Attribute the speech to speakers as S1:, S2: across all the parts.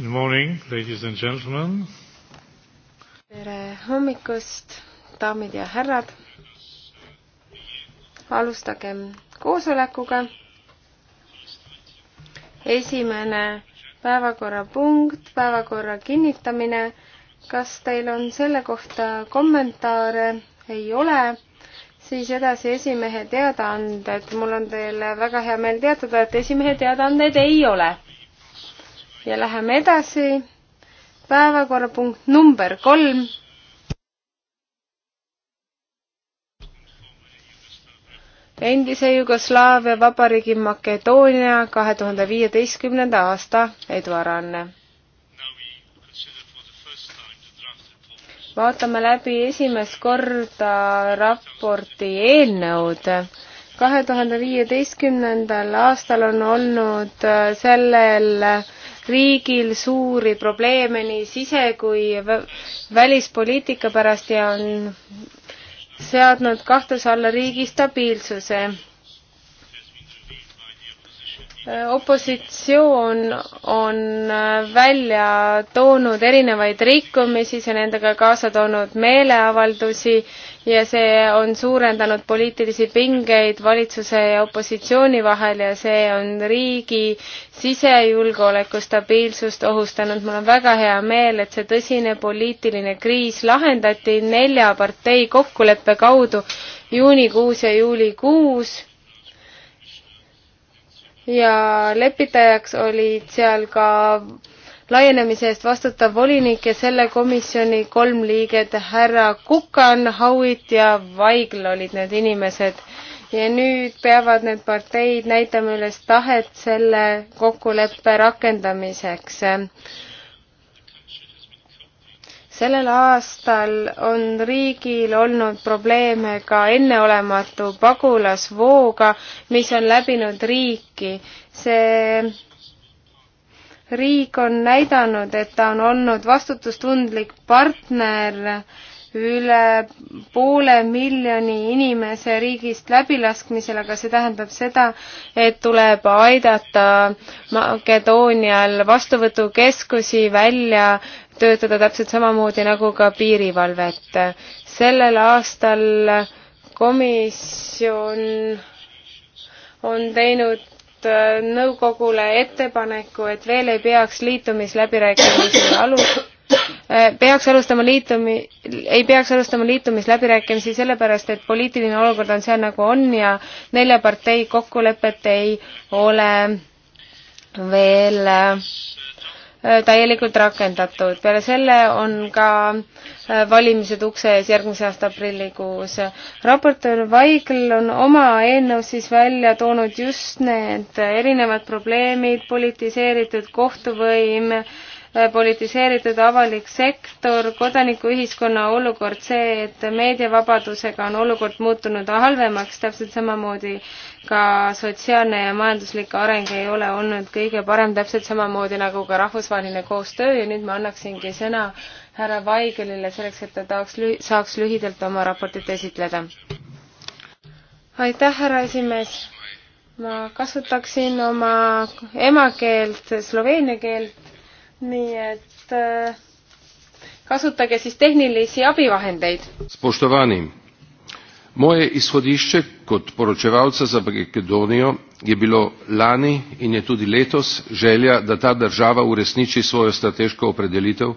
S1: Good morning, ladies and gentlemen.
S2: tere hommikust, daamid ja härrad. alustagem koosolekuga. esimene päevakorrapunkt, päevakorra kinnitamine. kas teil on selle kohta kommentaare? ei ole siis edasi esimehe teadaanded. mul on teile väga hea meel teatada, et esimehe teadaandeid ei ole ja läheme edasi. päevakorrapunkt number kolm. endise Jugoslaavia Vabariigi Makedoonia kahe tuhande viieteistkümnenda aasta eduaranne. vaatame läbi esimest korda raporti eelnõud kahe tuhande viieteistkümnendal aastal on olnud sellel riigil suuri probleeme nii sise- kui välispoliitika pärast ja on seadnud kahtluse alla riigi stabiilsuse. opositsioon on välja toonud erinevaid rikkumisi, see on endaga kaasa toonud meeleavaldusi ja see on suurendanud poliitilisi pingeid valitsuse ja opositsiooni vahel ja see on riigi sisejulgeoleku stabiilsust ohustanud. mul on väga hea meel, et see tõsine poliitiline kriis lahendati nelja partei kokkuleppe kaudu juunikuus ja juulikuus ja lepitajaks olid seal ka laienemise eest vastutav volinik ja selle komisjoni kolm liiget, härra Kukan, Howitt ja Vaigl olid need inimesed. ja nüüd peavad need parteid näitama üles tahet selle kokkuleppe rakendamiseks. sellel aastal on riigil olnud probleeme ka enneolematu pagulasvooga, mis on läbinud riiki. see riik on näidanud, et ta on olnud vastutustundlik partner üle poole miljoni inimese riigist läbilaskmisel, aga see tähendab seda, et tuleb aidata Makedoonial vastuvõtukeskusi välja töötada täpselt samamoodi nagu ka piirivalvet. sellel aastal komisjon on teinud Äh, nõukogule ettepaneku, et veel ei peaks liitumisläbirääkimisi alustama äh, peaks alustama liitumi, ei peaks alustama liitumisläbirääkimisi sellepärast, et poliitiline olukord on seal nagu on ja nelja partei kokkulepet ei ole veel äh, Äh, täielikult rakendatud. peale selle on ka äh, valimised ukse ees järgmise aasta aprillikuus. raportöör Vaigel on oma eelnõus siis välja toonud just need erinevad probleemid, politiseeritud kohtuvõim, Äh, politiseeritud avalik sektor, kodanikuühiskonna olukord, see, et meediavabadusega on olukord muutunud halvemaks, täpselt samamoodi ka sotsiaalne ja majanduslik areng ei ole olnud kõige parem, täpselt samamoodi nagu ka rahvusvaheline koostöö ja nüüd ma annaksingi sõna härra Vaigelile selleks, et ta tahaks, saaks lühidalt oma raportit esitleda. aitäh, härra esimees! ma kasutaksin oma emakeelt, sloveenia keelt nii et äh, kasutage siis tehnilisi abivahendeid.
S3: Spoštovani, moje izhodišče kot poročevalca za Makedonijo je bilo lani in je tudi letos želja, da ta država uresniči svojo strateško opredelitev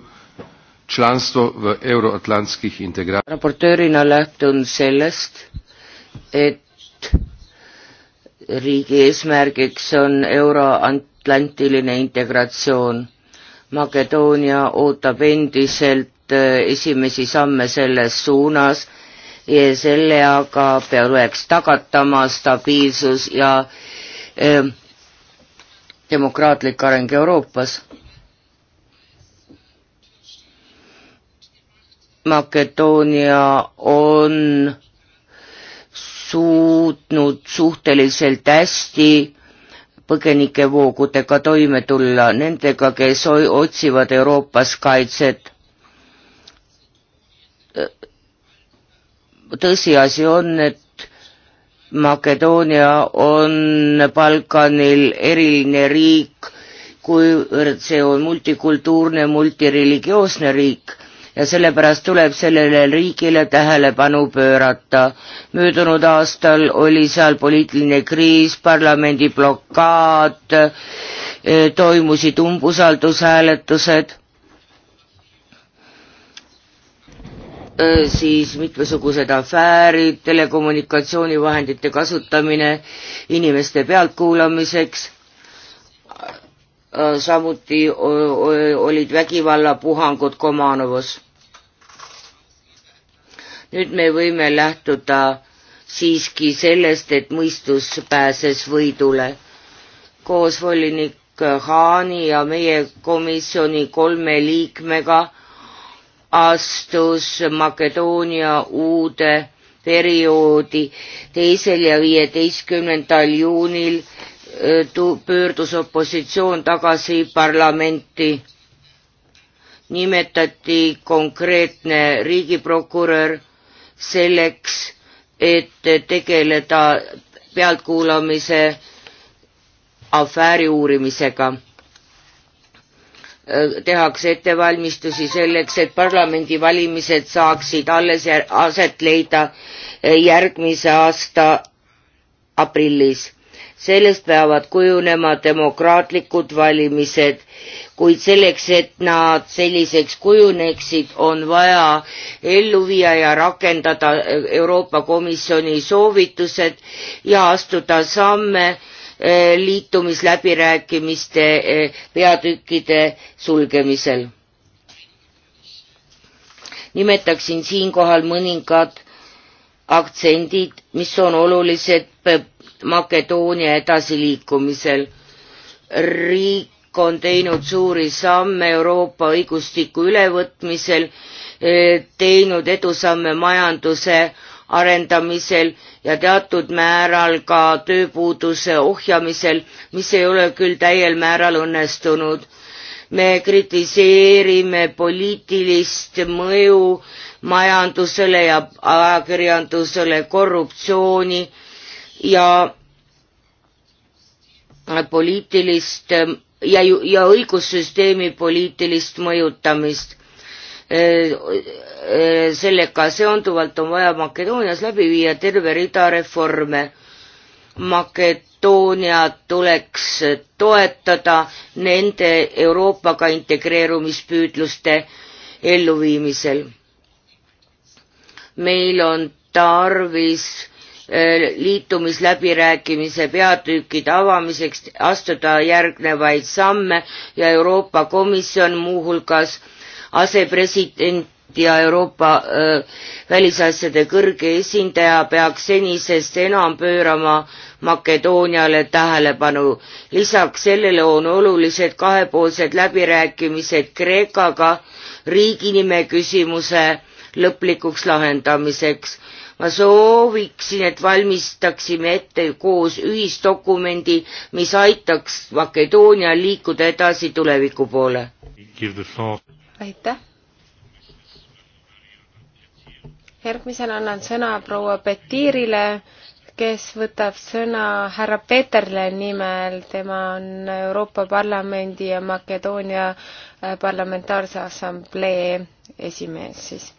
S3: članstvo v euroatlantskih integracijah.
S4: raportöörina lähtun sellest, et riigi eesmärgiks on euroatlantiline integratsioon Makedoonia ootab endiselt äh, esimesi samme selles suunas ja selle aga peaks tagatama stabiilsus ja eh, demokraatlik areng Euroopas. Makedoonia on suutnud suhteliselt hästi põgenikevoogudega toime tulla, nendega, kes otsivad Euroopas kaitset. tõsiasi on, et Makedoonia on Balkanil eriline riik, kuivõrd see on multikultuurne, multireligioosne riik ja sellepärast tuleb sellele riigile tähelepanu pöörata. möödunud aastal oli seal poliitiline kriis, parlamendi blokaad, e, toimusid umbusaldushääletused, e, siis mitmesugused afäärid, telekommunikatsioonivahendite kasutamine inimeste pealtkuulamiseks e, samuti olid vägivallapuhangud Komanovos nüüd me võime lähtuda siiski sellest, et mõistus pääses võidule. koos volinik Haani ja meie komisjoni kolme liikmega astus Makedoonia uude perioodi teisel ja viieteistkümnendal juunil pöördus opositsioon tagasi parlamenti. nimetati konkreetne riigiprokurör selleks, et tegeleda pealtkuulamise afääri uurimisega. tehakse ettevalmistusi selleks, et parlamendivalimised saaksid alles aset leida järgmise aasta aprillis sellest peavad kujunema demokraatlikud valimised, kuid selleks, et nad selliseks kujuneksid, on vaja ellu viia ja rakendada Euroopa Komisjoni soovitused ja astuda samme eh, liitumisläbirääkimiste eh, peatükkide sulgemisel. nimetaksin siinkohal mõningad aktsendid, mis on olulised Makedoonia edasiliikumisel. riik on teinud suuri samme Euroopa õigustiku ülevõtmisel, eh, teinud edusamme majanduse arendamisel ja teatud määral ka tööpuuduse ohjamisel, mis ei ole küll täiel määral õnnestunud. me kritiseerime poliitilist mõju majandusele ja ajakirjandusele, korruptsiooni ja poliitilist ja, ja õigussüsteemi poliitilist mõjutamist. sellega seonduvalt on vaja Makedoonias läbi viia terve rida reforme. Makedoonia tuleks toetada nende Euroopaga integreerumispüüdluste elluviimisel. meil on tarvis Äh, liitumisläbirääkimise peatükid avamiseks astuda järgnevaid samme ja Euroopa Komisjon muuhulgas asepresident ja Euroopa öö, äh, välisasjade kõrge esindaja peaks senisest enam pöörama Makedooniale tähelepanu. lisaks sellele on olulised kahepoolsed läbirääkimised Kreekaga riiginime küsimuse lõplikuks lahendamiseks ma sooviksin, et valmistaksime ette koos ühisdokumendi, mis aitaks Makedoonial liikuda edasi tuleviku poole. aitäh.
S2: järgmisena annan sõna proua Petirile, kes võtab sõna härra Peterle nimel, tema on Euroopa Parlamendi ja Makedoonia Parlamentaarse Assamblee esimees siis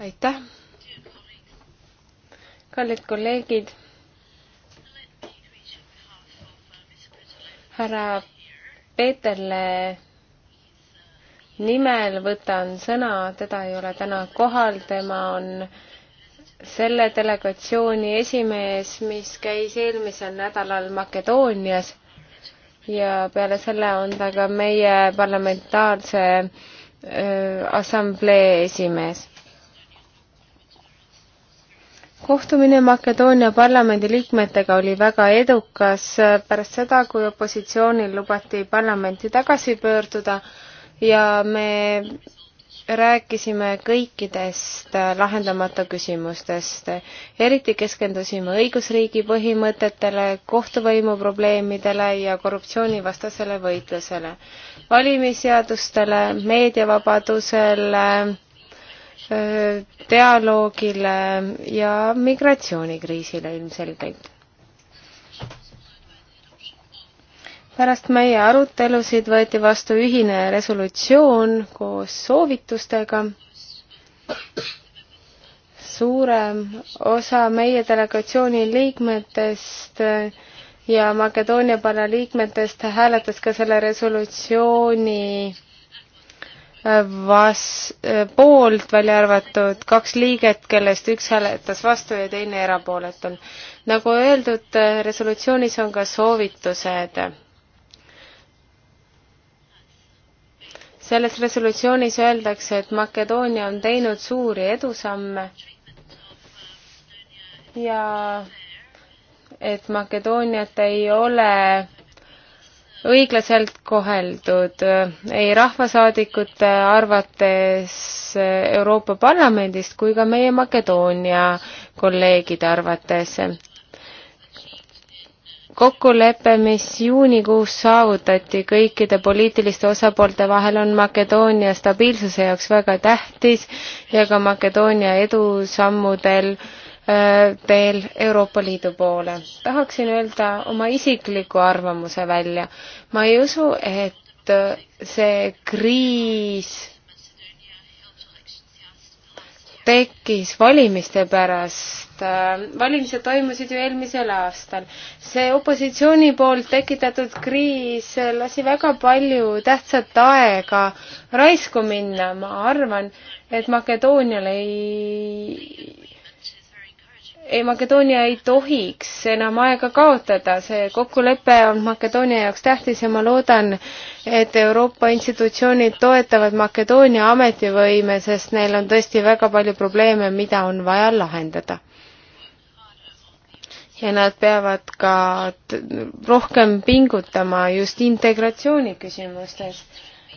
S2: aitäh. kallid kolleegid. härra Peeterle nimel võtan sõna, teda ei ole täna kohal, tema on selle delegatsiooni esimees, mis käis eelmisel nädalal Makedoonias ja peale selle on ta ka meie parlamentaarse Äh, assamblee esimees. kohtumine Makedoonia parlamendi liikmetega oli väga edukas pärast seda, kui opositsioonil lubati parlamenti tagasi pöörduda ja me rääkisime kõikidest äh, lahendamata küsimustest. eriti keskendusime õigusriigi põhimõtetele, kohtuvõimu probleemidele ja korruptsioonivastasele võitlusele, valimisseadustele, meediavabadusele, äh, dialoogile ja migratsioonikriisile ilmselgelt pärast meie arutelusid võeti vastu ühine resolutsioon koos soovitustega. suurem osa meie delegatsiooni liikmetest ja Makedoonia pala liikmetest hääletas ka selle resolutsiooni äh, vas-, äh, poolt, välja arvatud kaks liiget, kellest üks hääletas vastu ja teine erapooletul. nagu öeldud, äh, resolutsioonis on ka soovitused selles resolutsioonis öeldakse, et Makedoonia on teinud suuri edusamme ja et Makedooniat ei ole õiglaselt koheldud ei rahvasaadikute arvates Euroopa Parlamendist kui ka meie Makedoonia kolleegide arvates kokkulepe, mis juunikuus saavutati kõikide poliitiliste osapoolte vahel, on Makedoonia stabiilsuse jaoks väga tähtis ja ka Makedoonia edusammudel teel Euroopa Liidu poole. tahaksin öelda oma isikliku arvamuse välja. ma ei usu, et see kriis tekkis valimiste pärast. valimised toimusid ju eelmisel aastal. see opositsiooni poolt tekitatud kriis lasi väga palju tähtsat aega raisku minna. ma arvan, et Makedoonial ei ei, Makedoonia ei tohiks enam aega kaotada, see kokkulepe on Makedoonia jaoks tähtis ja ma loodan, et Euroopa institutsioonid toetavad Makedoonia ametivõime, sest neil on tõesti väga palju probleeme, mida on vaja lahendada. ja nad peavad ka rohkem pingutama just integratsiooni küsimustes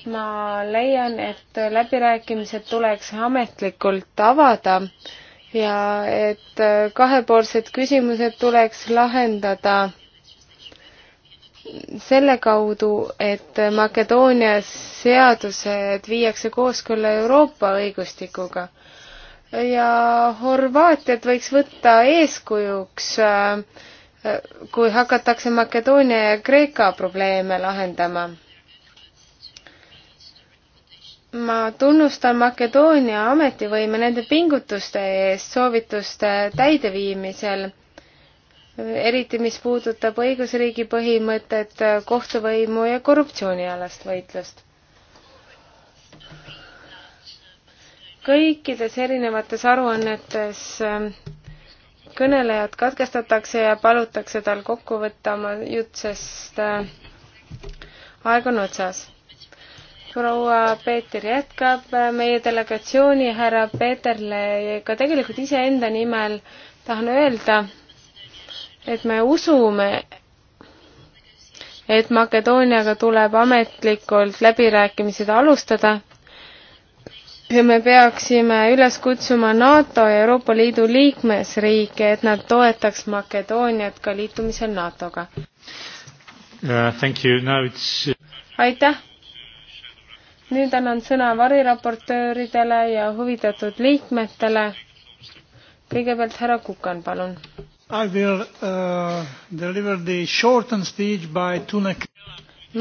S2: ma leian, et läbirääkimised tuleks ametlikult avada äh, ja et äh, kahepoolsed küsimused tuleks lahendada selle kaudu, et Makedoonias seadused viiakse kooskõlla Euroopa õigustikuga. ja Horvaatiat võiks võtta eeskujuks, äh, kui hakatakse Makedoonia ja Kreeka probleeme lahendama ma tunnustan Makedoonia ametivõime nende pingutuste eest soovituste täideviimisel, eriti mis puudutab õigusriigi põhimõtet, kohtuvõimu ja korruptsioonialast võitlust. kõikides erinevates aruannetes ähm, kõnelejad katkestatakse ja palutakse tal kokku võtta oma jutt, sest äh, aeg on otsas proua Peeter jätkab äh, meie delegatsiooni härra Peeterle ja ka tegelikult iseenda nimel tahan öelda, et me usume, et Makedooniaga tuleb ametlikult läbirääkimised alustada ja me peaksime üles kutsuma NATO ja Euroopa Liidu liikmesriike, et nad toetaks Makedooniat ka liitumisel NATO-ga
S1: uh,.
S2: aitäh! nüüd annan sõna variraportööridele ja huvitatud liikmetele. kõigepealt härra Kukan, palun.
S1: I will uh, deliver the shortened speech by Tune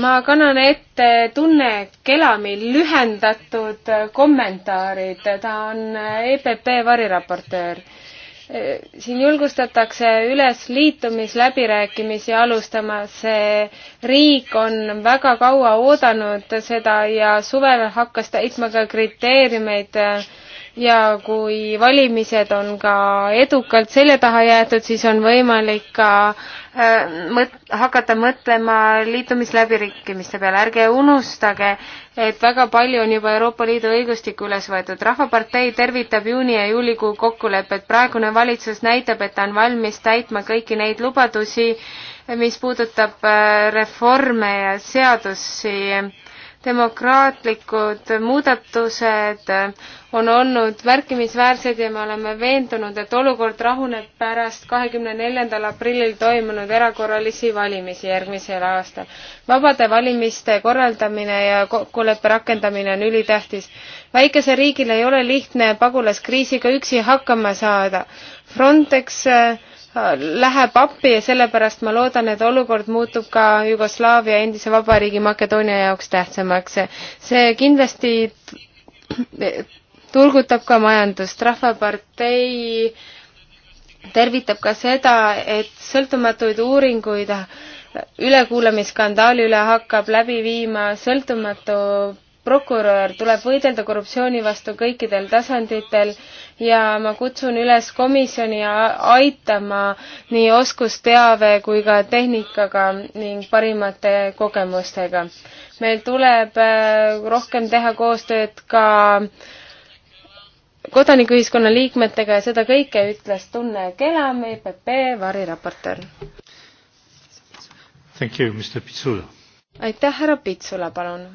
S2: ma kannan ette Tunne Kelami lühendatud kommentaarid, ta on EPP variraportöör siin julgustatakse üles liitumisläbirääkimisi alustama, see riik on väga kaua oodanud seda ja suvel hakkas täitma ka kriteeriumeid äh, ja kui valimised on ka edukalt selja taha jäetud, siis on võimalik ka äh, mõt-, hakata mõtlema liitumisläbirikkumiste peale, ärge unustage, et väga palju on juba Euroopa Liidu õigustikku üles võetud. rahvapartei tervitab juuni ja juulikuu kokkulepet, praegune valitsus näitab, et ta on valmis täitma kõiki neid lubadusi, mis puudutab äh, reforme ja seadusi demokraatlikud muudatused on olnud märkimisväärsed ja me oleme veendunud, et olukord rahuneb pärast kahekümne neljandal aprillil toimunud erakorralisi valimisi järgmisel aastal. vabade valimiste korraldamine ja kokkuleppe rakendamine on ülitähtis. väikesel riigil ei ole lihtne pagulaskriisiga üksi hakkama saada. Frontex äh, läheb appi ja sellepärast ma loodan, et olukord muutub ka Jugoslaavia endise vabariigi Makedoonia jaoks tähtsamaks. see kindlasti turgutab ka majandust. rahvapartei tervitab ka seda, et sõltumatuid uuringuid ülekuulamisskandaali üle hakkab läbi viima sõltumatu prokurör, tuleb võidelda korruptsiooni vastu kõikidel tasanditel ja ma kutsun üles komisjoni aitama nii oskusteave kui ka tehnikaga ning parimate kogemustega. meil tuleb äh, rohkem teha koostööd ka kodanikuühiskonna liikmetega ja seda kõike ütles Tunne Kelam, EPP variraportöör. aitäh, härra Pitsula, palun!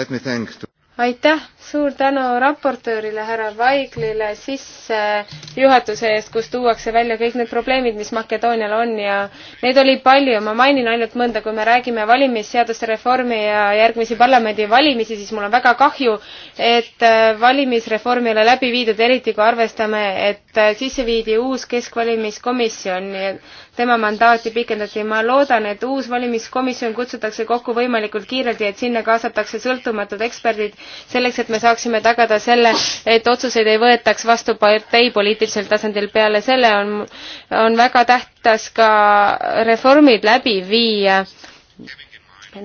S1: To...
S2: aitäh, suur tänu raportöörile härra Vaiglile sissejuhatuse eest, kus tuuakse välja kõik need probleemid, mis Makedoonial on ja neid oli palju, ma mainin ainult mõnda, kui me räägime valimisseaduste reformi ja järgmisi parlamendivalimisi, siis mul on väga kahju, et äh, valimisreform ei ole läbi viidud, eriti kui arvestame, et äh, sisse viidi uus keskvalimiskomisjon, nii et tema mandaati pikendati. ma loodan, et uus valimiskomisjon kutsutakse kokku võimalikult kiirelt ja et sinna kaasatakse sõltumatud eksperdid selleks, et me saaksime tagada selle, et otsuseid ei võetaks vastu parteipoliitilisel tasandil. peale selle on, on väga tähtis ka reformid läbi viia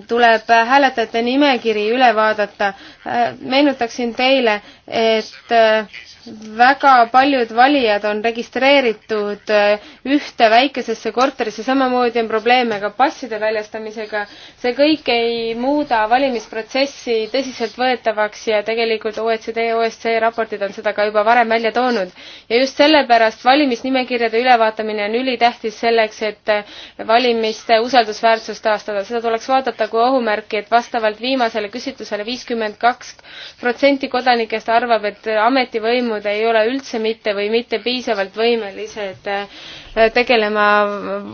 S2: tuleb hääletajate nimekiri üle vaadata. Äh, meenutaksin teile, et äh, väga paljud valijad on registreeritud äh, ühte väikesesse korterisse, samamoodi on probleeme ka passide väljastamisega. see kõik ei muuda valimisprotsessi tõsiseltvõetavaks ja tegelikult OECD, OSCE raportid on seda ka juba varem välja toonud. ja just sellepärast valimisnimekirjade ülevaatamine on ülitähtis selleks, et valimiste usaldusväärsust taastada. seda tuleks vaadata vaadata kui ohumärki, et vastavalt viimasele küsitlusele viiskümmend kaks protsenti kodanikest arvab, et ametivõimud ei ole üldse mitte või mitte piisavalt võimelised äh, tegelema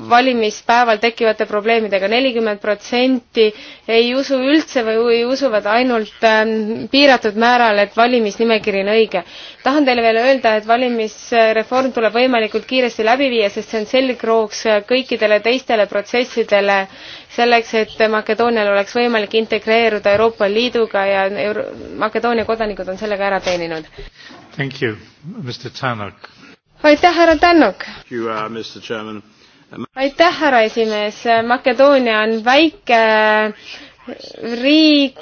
S2: valimispäeval tekkivate probleemidega. nelikümmend protsenti ei usu üldse või usuvad ainult äh, piiratud määral, et valimisnimekiri on õige. tahan teile veel öelda, et valimisreform tuleb võimalikult kiiresti läbi viia, sest see on selgrooks kõikidele teistele protsessidele selleks, et Makedoonial oleks võimalik integreeruda Euroopa Liiduga ja Euro Makedoonia kodanikud on sellega ära teeninud. aitäh, härra Tännok! Uh, aitäh, härra esimees, Makedoonia on väike riik,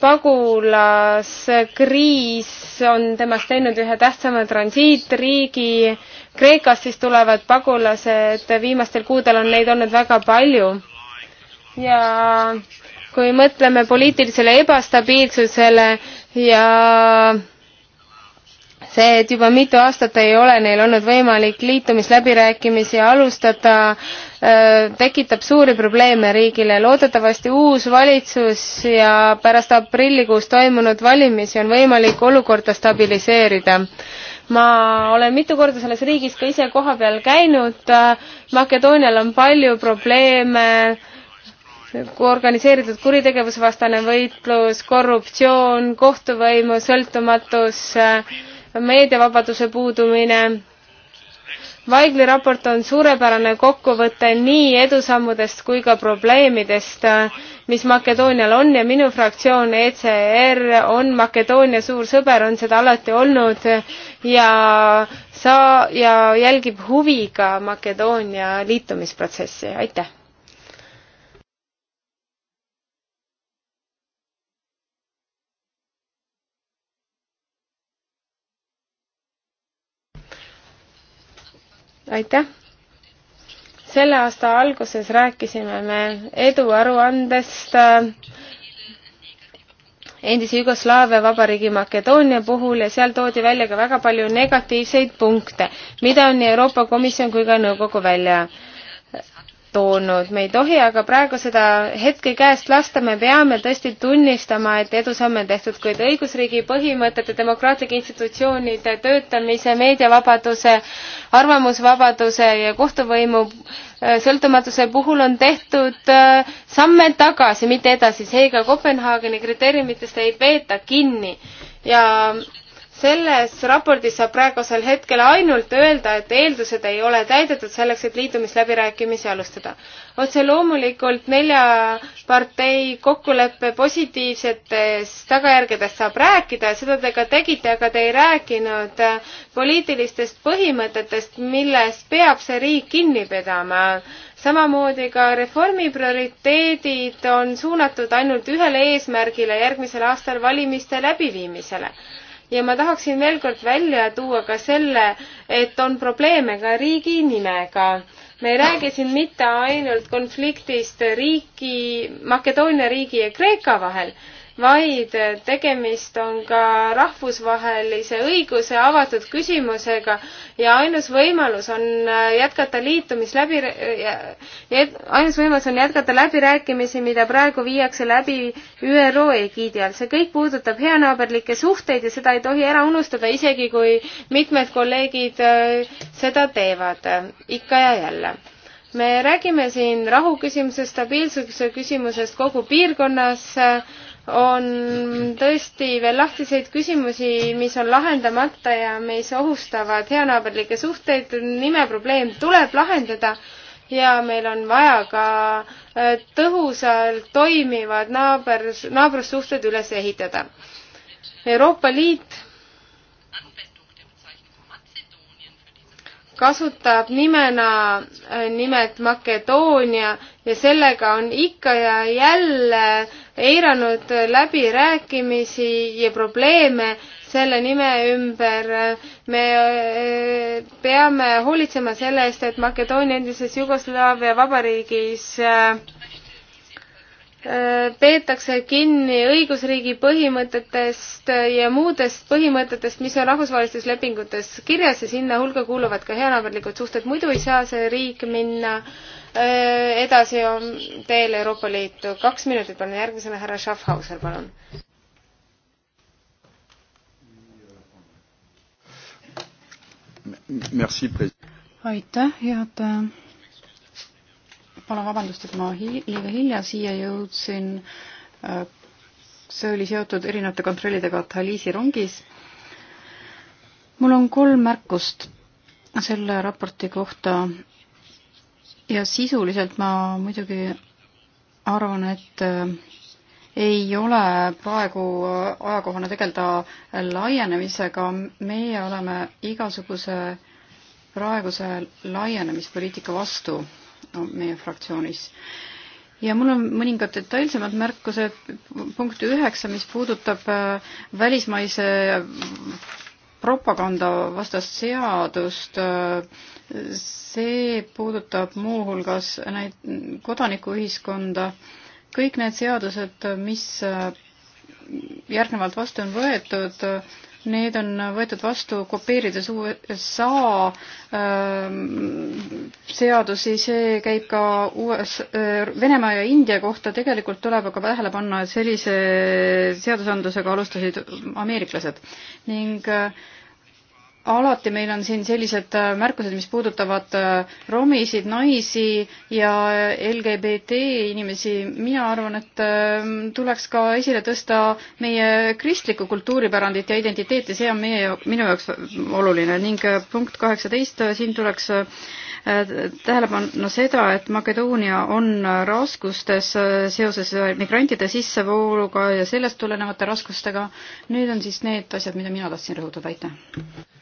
S2: pagulaskriis on temast teinud ühe tähtsama transiitriigi. Kreekast siis tulevad pagulased, viimastel kuudel on neid olnud väga palju ja kui mõtleme poliitilisele ebastabiilsusele ja see, et juba mitu aastat ei ole neil olnud võimalik liitumisläbirääkimisi alustada, tekitab suuri probleeme riigile. loodetavasti uus valitsus ja pärast aprillikuus toimunud valimisi on võimalik olukorda stabiliseerida. ma olen mitu korda selles riigis ka ise kohapeal käinud, Makedoonial on palju probleeme organiseeritud kuritegevusvastane võitlus, korruptsioon, kohtuvõimu sõltumatus, meediavabaduse puudumine. Vaigli raport on suurepärane kokkuvõte nii edusammudest kui ka probleemidest, mis Makedoonial on ja minu fraktsioon ECR on Makedoonia suur sõber, on seda alati olnud ja sa- ja jälgib huviga Makedoonia liitumisprotsessi, aitäh! aitäh! selle aasta alguses rääkisime me eduaruandest äh, endise Jugoslaavia vabariigi Makedoonia puhul ja seal toodi välja ka väga palju negatiivseid punkte, mida on nii Euroopa Komisjon kui ka nõukogu välja toonud, me ei tohi aga praegu seda hetke käest lasta, me peame tõesti tunnistama, et edusamme on tehtud, kuid õigusriigi põhimõtete, demokraatlike institutsioonide töötamise, meediavabaduse, arvamusvabaduse ja kohtuvõimu äh, sõltumatuse puhul on tehtud äh, samme tagasi, mitte edasi, seega Kopenhaageni kriteeriumitest ei peeta kinni ja selles raportis saab praegusel hetkel ainult öelda, et eeldused ei ole täidetud selleks, et liitumisläbirääkimisi alustada. otse loomulikult nelja partei kokkuleppe positiivsetest tagajärgedest saab rääkida ja seda te ka tegite, aga te ei rääkinud poliitilistest põhimõtetest, millest peab see riik kinni pidama samamoodi ka reformi prioriteedid on suunatud ainult ühele eesmärgile, järgmisel aastal valimiste läbiviimisele ja ma tahaksin veel kord välja tuua ka selle, et on probleeme ka riigi nimega. me ei räägi siin mitte ainult konfliktist riiki, Makedoonia riigi ja Kreeka vahel, vaid tegemist on ka rahvusvahelise õiguse avatud küsimusega ja ainus võimalus on jätkata liitumisläbi, ainus võimalus on jätkata läbirääkimisi, mida praegu viiakse läbi ÜRO egiidi all. see kõik puudutab heanaaberlikke suhteid ja seda ei tohi ära unustada, isegi kui mitmed kolleegid äh, seda teevad äh, ikka ja jälle me räägime siin rahu küsimusest, stabiilsuse küsimusest kogu piirkonnas äh, on tõesti veel lahtiseid küsimusi, mis on lahendamata ja mis ohustavad heanaaberlikke suhteid. nimeprobleem tuleb lahendada ja meil on vaja ka äh, tõhusalt toimivad naaber, naabrussuhted üles ehitada. Euroopa Liit kasutab nimena äh, nimet Makedoonia ja sellega on ikka ja jälle eiranud läbirääkimisi ja probleeme selle nime ümber. me äh, peame hoolitsema selle eest, et Makedoonia endises Jugoslaavia vabariigis äh, peetakse kinni õigusriigi põhimõtetest ja muudest põhimõtetest, mis on rahvusvahelistes lepingutes kirjas ja sinna hulka kuuluvad ka heanaaberlikud suhted, muidu ei saa see riik minna äh, Äh, edasi on teel Euroopa Liitu. kaks minutit, palun, järgmisena härra Schaffhauser, palun. aitäh,
S5: juhataja. palun vabandust, et ma hi liiga hilja siia jõudsin. Äh, see oli seotud erinevate kontrollidega Thalisi rongis. mul on kolm märkust selle raporti kohta ja sisuliselt ma muidugi arvan, et äh, ei ole praegu äh, ajakohane tegeleda laienemisega, meie oleme igasuguse praeguse laienemispoliitika vastu meie fraktsioonis. ja mul on mõningad detailsemad märkused punkti üheksa, mis puudutab äh, välismaise propagandavastast seadust, see puudutab muuhulgas neid kodanikuühiskonda, kõik need seadused, mis järgnevalt vastu on võetud, need on võetud vastu kopeerides USA ähm, seadusi, see käib ka US, äh, Venemaa ja India kohta, tegelikult tuleb aga tähele panna, et sellise seadusandlusega alustasid ameeriklased ning äh, alati meil on siin sellised äh, märkused, mis puudutavad äh, romisid, naisi ja äh, LGBT inimesi. mina arvan, et tuleks ka esile tõsta meie kristlikku kultuuripärandit ja identiteeti, see on meie, minu jaoks oluline ning punkt kaheksateist, siin tuleks tähelepanu seda, et Makedoonia on raskustes seoses migrantide sissevooluga ja sellest tulenevate raskustega. Need on siis need asjad, mida mina tahtsin rõhutada, aitäh.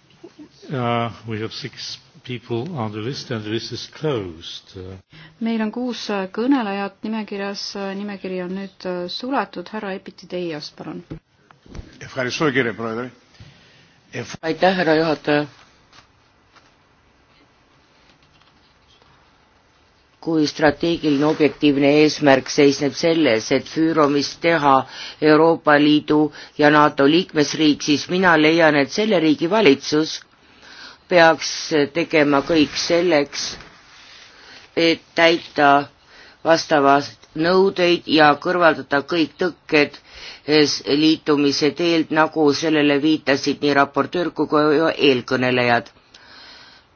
S1: Uh, we have six people on the list and the list is closed. Uh,
S5: meil on kuus uh, kõnelejat nimekirjas, uh, nimekiri on nüüd suletud, härra Epitideias, palun.
S4: aitäh, härra juhataja. kui strateegiline objektiivne eesmärk seisneb selles, et Füüromist teha Euroopa Liidu ja NATO liikmesriik, siis mina leian, et selle riigi valitsus peaks tegema kõik selleks, et täita vastavaid nõudeid ja kõrvaldada kõik tõkked liitumise teelt, nagu sellele viitasid nii raportöör kui ka eelkõnelejad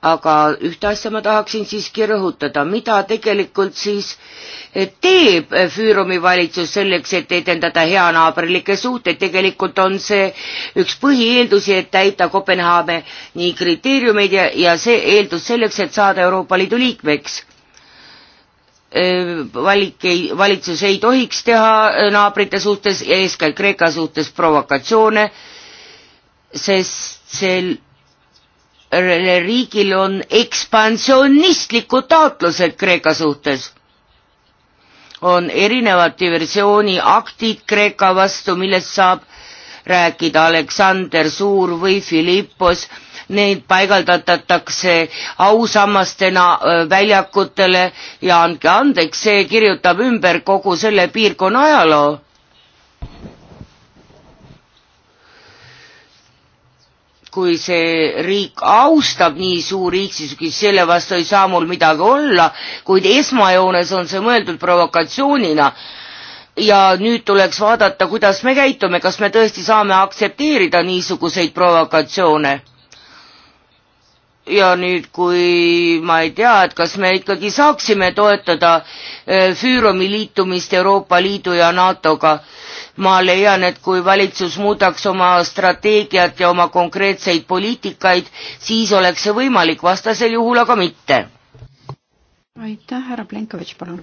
S4: aga ühte asja ma tahaksin siiski rõhutada, mida tegelikult siis teeb Füürumi valitsus selleks, et edendada heanaabrilikke suhteid, tegelikult on see üks põhieeldusi, et täita Kopenhaageni kriteeriumeid ja, ja see eeldus selleks, et saada Euroopa Liidu liikmeks. Valik ei, valitsus ei tohiks teha naabrite suhtes ja eeskätt Kreeka suhtes provokatsioone, sest sel riigil on ekspansionistlikud taotlused Kreeka suhtes. on erinevad diversiooniaktid Kreeka vastu, millest saab rääkida Aleksander Suur või Filippos, neid paigaldatatakse ausammastena väljakutele ja andke andeks, see kirjutab ümber kogu selle piirkonna ajaloo kui see riik austab nii suur riik, siis selle vastu ei saa mul midagi olla, kuid esmajoones on see mõeldud provokatsioonina. ja nüüd tuleks vaadata, kuidas me käitume, kas me tõesti saame aktsepteerida niisuguseid provokatsioone ja nüüd, kui ma ei tea, et kas me ikkagi saaksime toetada eh, Füürumi liitumist Euroopa Liidu ja NATO-ga äh, ma leian, et kui valitsus muudaks oma strateegiat ja oma konkreetseid poliitikaid, siis oleks see võimalik, vastasel juhul aga mitte.
S5: aitäh, härra Plenkovitš, palun.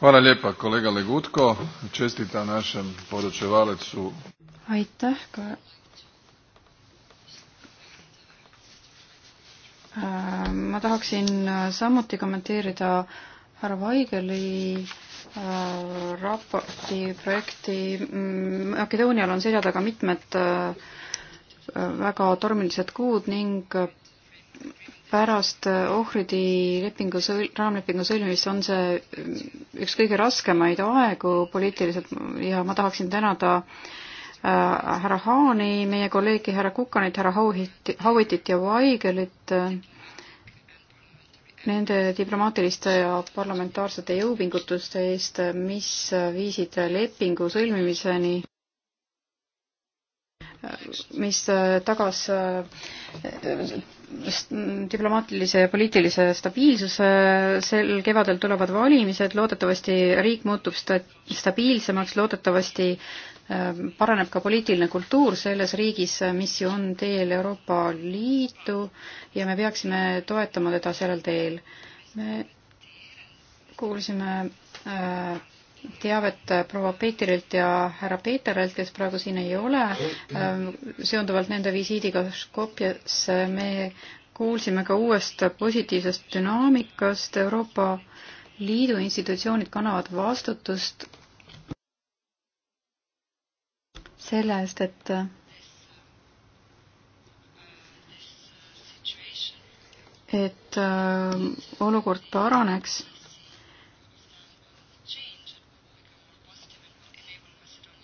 S6: Hvala lijepa kolegale Gutko, čestita našem poručevalecu.
S5: aitäh ka äh, ma tahaksin äh, samuti kommenteerida härra Vaigeli äh, raporti projekti mm, Makedoonial on selja taga mitmed äh, väga tormilised kuud ning äh, pärast äh, ohvridi lepingu sõl-, raamlepingu sõlmimist on see üks kõige raskemaid aegu poliitiliselt ja ma tahaksin tänada härra Haani, meie kolleegi härra Kukanit, härra Hauitit ja Vaigelit äh, nende diplomaatiliste ja parlamentaarsete jõupingutuste eest, mis viisid lepingu sõlmimiseni, mis tagas äh, diplomaatilise ja poliitilise stabiilsuse, sel kevadel tulevad valimised, loodetavasti riik muutub sta-, stabiilsemaks, loodetavasti äh, Äh, paraneb ka poliitiline kultuur selles riigis, äh, mis ju on teel Euroopa Liitu ja me peaksime toetama teda sellel teel. me kuulsime äh, teavet proua Peeterilt ja härra Peeterelt, kes praegu siin ei ole, seonduvalt nende visiidiga Skopjasse me kuulsime ka uuest positiivsest dünaamikast, Euroopa Liidu institutsioonid kannavad vastutust selle eest, et et äh, olukord paraneks.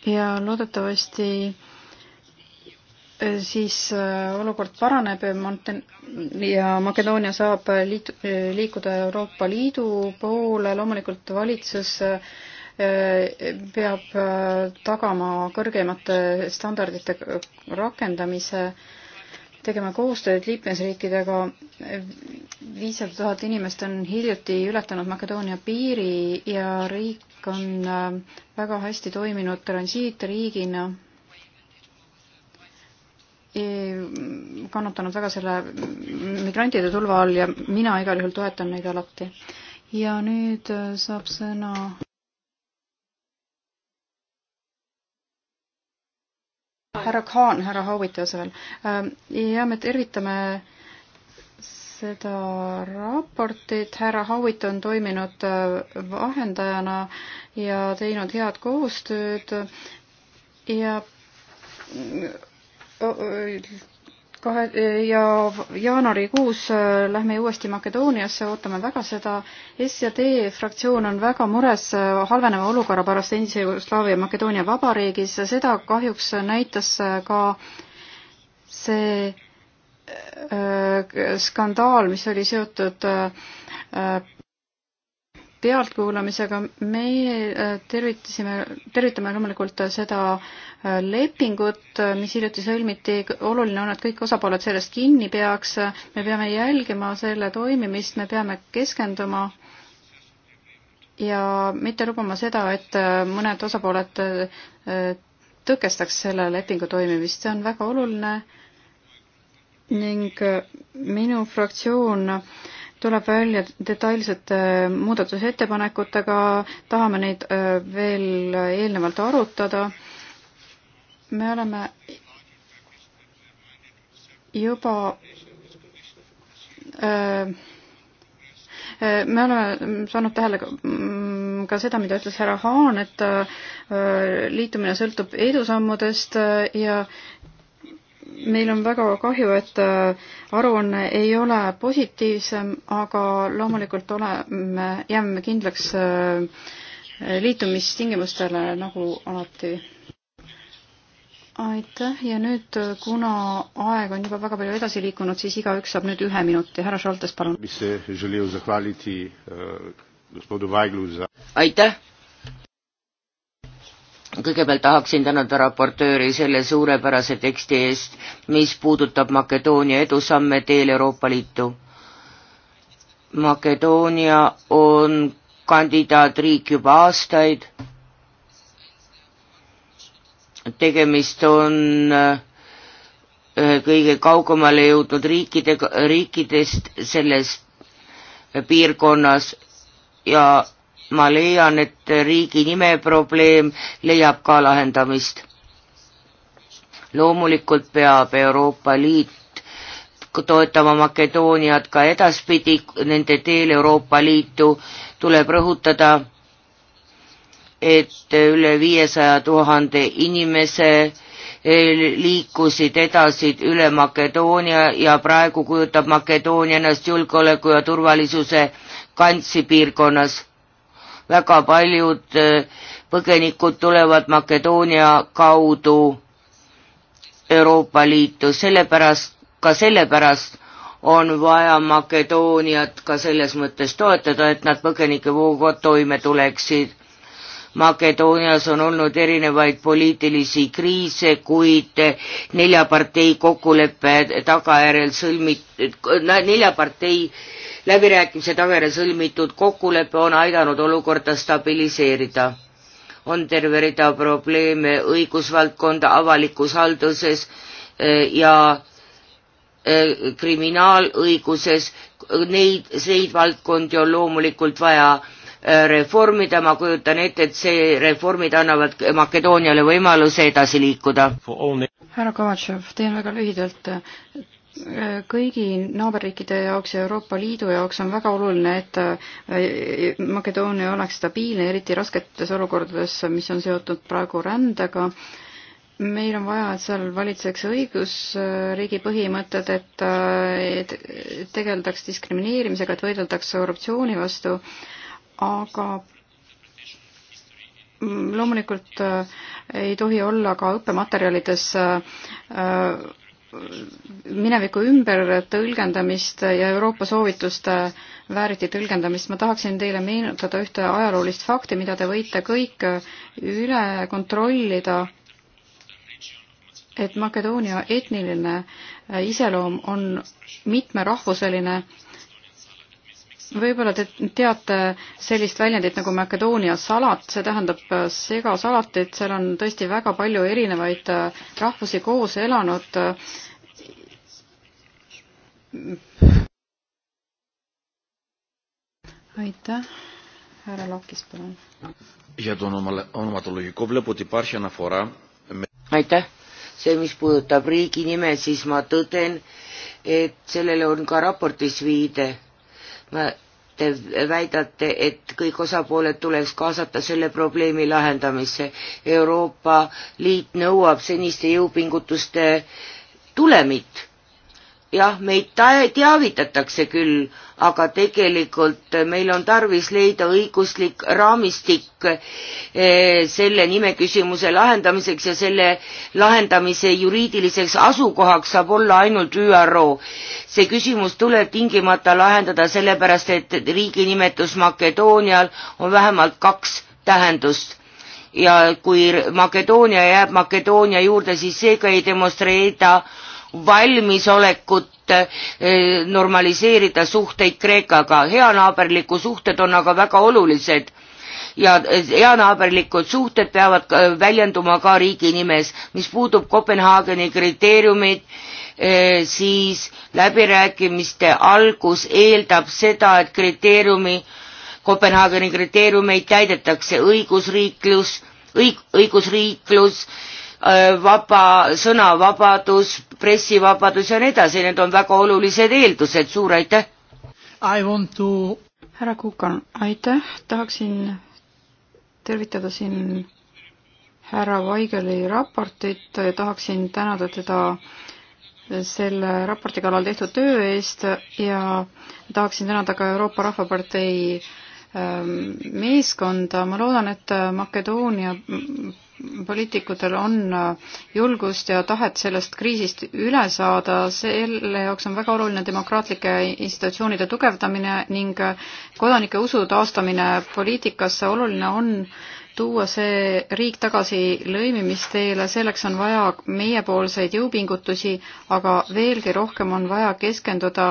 S5: ja loodetavasti äh, siis äh, olukord paraneb Monten- ja Makedoonia saab liit-, liikuda Euroopa Liidu poole, loomulikult valitsus äh, peab äh, tagama kõrgemate standardite rakendamise, tegema koostööd liikmesriikidega. viissada tuhat inimest on hiljuti ületanud Makedoonia piiri ja riik on äh, väga hästi toiminud transiitriigina e, kannatanud väga selle migrantide tulva all ja mina igal juhul toetan neid alati. ja nüüd äh, saab sõna härra Khan härra Howitti asemel. Ähm, ja me tervitame seda raportit, härra Howitt on toiminud äh, vahendajana ja teinud head koostööd ja mm, kahe ja jaanuarikuus äh, lähme uuesti Makedooniasse, ootame väga seda. S ja D fraktsioon on väga mures äh, halveneva olukorra pärast endise Jugoslaavia Makedoonia vabariigis. seda kahjuks näitas äh, ka see skandaal, mis oli seotud pealtkuulamisega. meie äh, tervitasime, tervitame loomulikult äh, seda äh, lepingut, mis hiljuti sõlmiti. oluline on, et kõik osapooled sellest kinni peaks. me peame jälgima selle toimimist, me peame keskenduma ja mitte lubama seda, et mõned osapooled tõkestaks selle lepingu toimimist, see on väga oluline ning minu fraktsioon äh, tuleb välja detailsete äh, muudatusettepanekutega, tahame neid äh, veel eelnevalt arutada. me oleme juba äh, me oleme saanud tähele mm, ka seda, mida ütles härra Haan, et liitumine sõltub edusammudest ja meil on väga kahju, et äh, aruanne ei ole positiivsem, aga loomulikult oleme, jääme kindlaks äh, liitumistingimustele nagu alati. aitäh ja nüüd, kuna aeg on juba väga palju edasi liikunud, siis igaüks saab nüüd ühe minuti.
S1: härra Šoltes, palun. Äh,
S4: aitäh kõigepealt tahaksin tänada raportööri selle suurepärase teksti eest, mis puudutab Makedoonia edusamme teel Euroopa Liitu. Makedoonia on kandidaatriik juba aastaid. tegemist on äh, kõige kaugemale jõudnud riikide, riikidest selles piirkonnas ja ma leian, et riigi nime probleem leiab ka lahendamist. loomulikult peab Euroopa Liit toetama Makedooniat ka edaspidi, nende teel Euroopa Liitu tuleb rõhutada, et üle viiesaja tuhande inimese eh, liikusid edasi üle Makedoonia ja praegu kujutab Makedoonia ennast julgeoleku ja turvalisuse kantsi piirkonnas väga paljud eh, põgenikud tulevad Makedoonia kaudu Euroopa Liitu, sellepärast, ka sellepärast on vaja Makedooniat ka selles mõttes toetada, et nad põgenikevooga toime tuleksid. Makedoonias on olnud erinevaid poliitilisi kriise, kuid nelja partei kokkuleppe tagajärjel sõlmit-, nelja partei läbirääkimise tagajärjel sõlmitud kokkulepe on aidanud olukorda stabiliseerida. on terve rida probleeme õigusvaldkonda, avalikus halduses eh, ja eh, kriminaalõiguses, neid, neid valdkondi on loomulikult vaja eh, reformida, ma kujutan ette, et see reformid annavad Makedooniale võimaluse edasi liikuda.
S5: härra Kovatšev, teen väga lühidalt, kõigi naaberriikide jaoks ja Euroopa Liidu jaoks on väga oluline, et äh, Makedoonia oleks stabiilne, eriti rasketes olukordades, mis on seotud praegu rändega. meil on vaja, et seal valitseks õigusriigi põhimõtted, et äh, tegeldaks diskrimineerimisega, et võideldaks korruptsiooni vastu, aga loomulikult äh, ei tohi olla ka õppematerjalides äh, mineviku ümbertõlgendamist ja Euroopa soovituste vääriti tõlgendamist, ma tahaksin teile meenutada ühte ajaloolist fakti, mida te võite kõik üle kontrollida, et Makedoonia etniline iseloom on mitmerahvuseline võib-olla te teate sellist väljendit nagu Makedoonia salat, see tähendab äh, segasalatit, seal on tõesti väga palju erinevaid äh, rahvusi koos elanud. Äh. aitäh, härra Lokis, palun.
S4: aitäh, see, mis puudutab riigi nime, siis ma tõden, et sellele on ka raportis viide Te väidate, et kõik osapooled tuleks kaasata selle probleemi lahendamisse. Euroopa Liit nõuab seniste jõupingutuste tulemit jah, meid teavitatakse küll, aga tegelikult meil on tarvis leida õiguslik raamistik eh, selle nimeküsimuse lahendamiseks ja selle lahendamise juriidiliseks asukohaks saab olla ainult ÜRO. see küsimus tuleb tingimata lahendada sellepärast, et riigi nimetus Makedoonial on vähemalt kaks tähendust ja kui Makedoonia jääb Makedoonia juurde, siis seega ei demonstreerida äh, valmisolekut eh, normaliseerida suhteid Kreekaga. heanaaberlikud suhted on aga väga olulised ja eh, heanaaberlikud suhted peavad eh, väljenduma ka riigi nimes. mis puudub Kopenhaageni kriteeriumid, siis läbirääkimiste algus eeldab seda, et kriteeriumi, Kopenhaageni kriteeriumeid täidetakse õigusriiklus, õig-, õigusriiklus, Äh, vaba sõnavabadus, pressivabadus ja nii edasi, need on väga olulised eeldused, suur aitäh!
S1: To...
S5: härra Kukan, aitäh, tahaksin tervitada siin härra Vaigeli raportit ja tahaksin tänada teda selle raporti kallal tehtud töö eest ja tahaksin tänada ka Euroopa Rahvapartei ähm, meeskonda, ma loodan, et Makedoonia poliitikutel on äh, julgust ja tahet sellest kriisist üle saada, selle jaoks on väga oluline demokraatlike institutsioonide tugevdamine ning äh, kodanike usu taastamine poliitikasse. oluline on tuua see riik tagasi lõimimisteele, selleks on vaja meiepoolseid jõupingutusi, aga veelgi rohkem on vaja keskenduda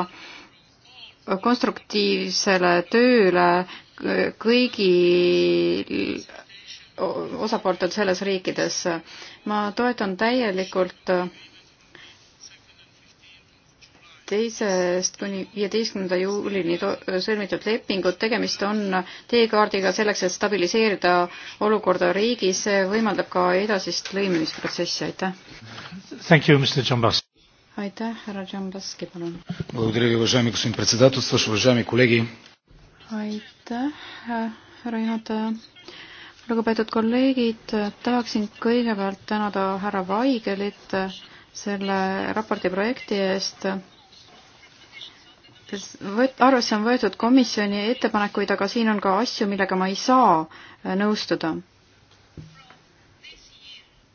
S5: konstruktiivsele tööle kõigi osapooltel selles riikides. ma toetan täielikult teisest kuni viieteistkümnenda juulini sõlmitud lepingut. tegemist on teekaardiga selleks, et stabiliseerida olukorda riigis, see võimaldab ka edasist lõimimisprotsessi, aitäh. aitäh, härra Džambaski, palun. aitäh, härra juhataja lugupeetud kolleegid, tahaksin kõigepealt tänada härra Vaigelit selle raporti projekti eest võt-, arvesse on võetud komisjoni ettepanekuid, aga siin on ka asju, millega ma ei saa nõustuda.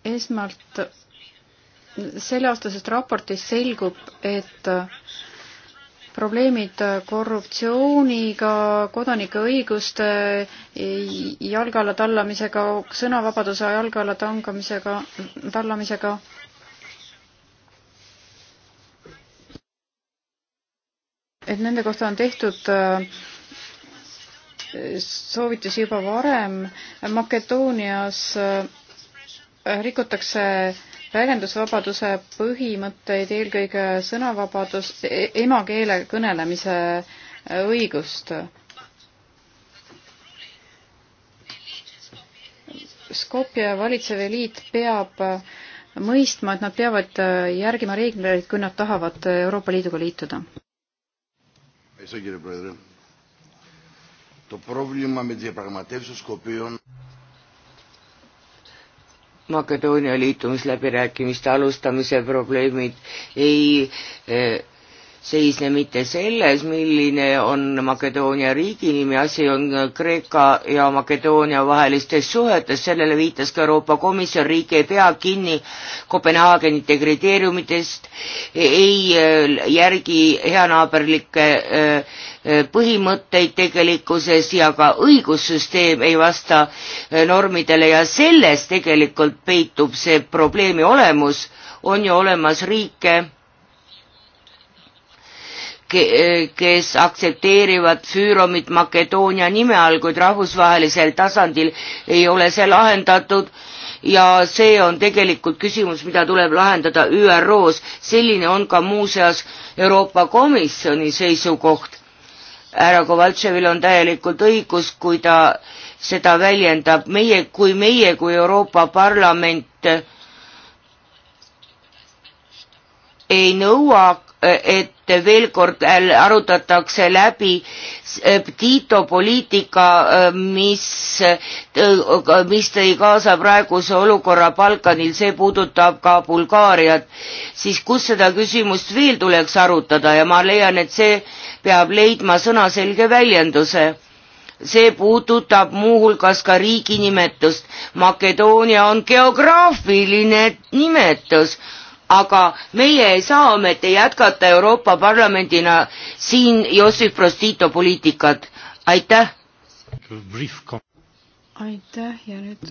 S5: esmalt selleaastasest raportist selgub, et probleemid korruptsiooniga, kodanike õiguste jalge alla tallamisega, sõnavabaduse jalge alla tangamisega, tallamisega. et nende kohta on tehtud äh, soovitusi juba varem. Makedoonias äh, rikutakse äh, väljendusvabaduse põhimõtteid, eelkõige sõnavabadus, e-, emakeele kõnelemise õigust. Skopje valitsev eliit peab mõistma, et nad peavad järgima reegleid, kui nad tahavad Euroopa Liiduga liituda.
S4: Makedoonia liitumisläbirääkimiste alustamise probleemid ei eh, seisne mitte selles, milline on Makedoonia riigi nimi, asi on Kreeka ja Makedoonia vahelistes suhetes, sellele viitas ka Euroopa Komisjon, riik ei pea kinni Kopenhaagenite kriteeriumitest, ei äh, järgi heanaaberlikke äh, äh, põhimõtteid tegelikkuses ja ka õigussüsteem ei vasta normidele ja selles tegelikult peitub see probleemi olemus, on ju olemas riike, kes aktsepteerivad Füüromit Makedoonia nime all, kuid rahvusvahelisel tasandil ei ole see lahendatud ja see on tegelikult küsimus, mida tuleb lahendada ÜRO-s. selline on ka muuseas Euroopa Komisjoni seisukoht. härra Kovaltševil on täielikult õigus, kui ta seda väljendab. meie, kui meie kui Euroopa Parlament ei nõua et veel kord arutatakse läbi äh, Tiito poliitika, äh, mis, äh, mis tõi kaasa praeguse olukorra Balkanil, see puudutab ka Bulgaariat, siis kus seda küsimust veel tuleks arutada ja ma leian, et see peab leidma sõnaselge väljenduse see puudutab muuhulgas ka riigi nimetust. Makedoonia on geograafiline nimetus aga meie ei saa ometi jätkata Euroopa Parlamendina siin Jossif Prostito poliitikat. aitäh! aitäh ja nüüd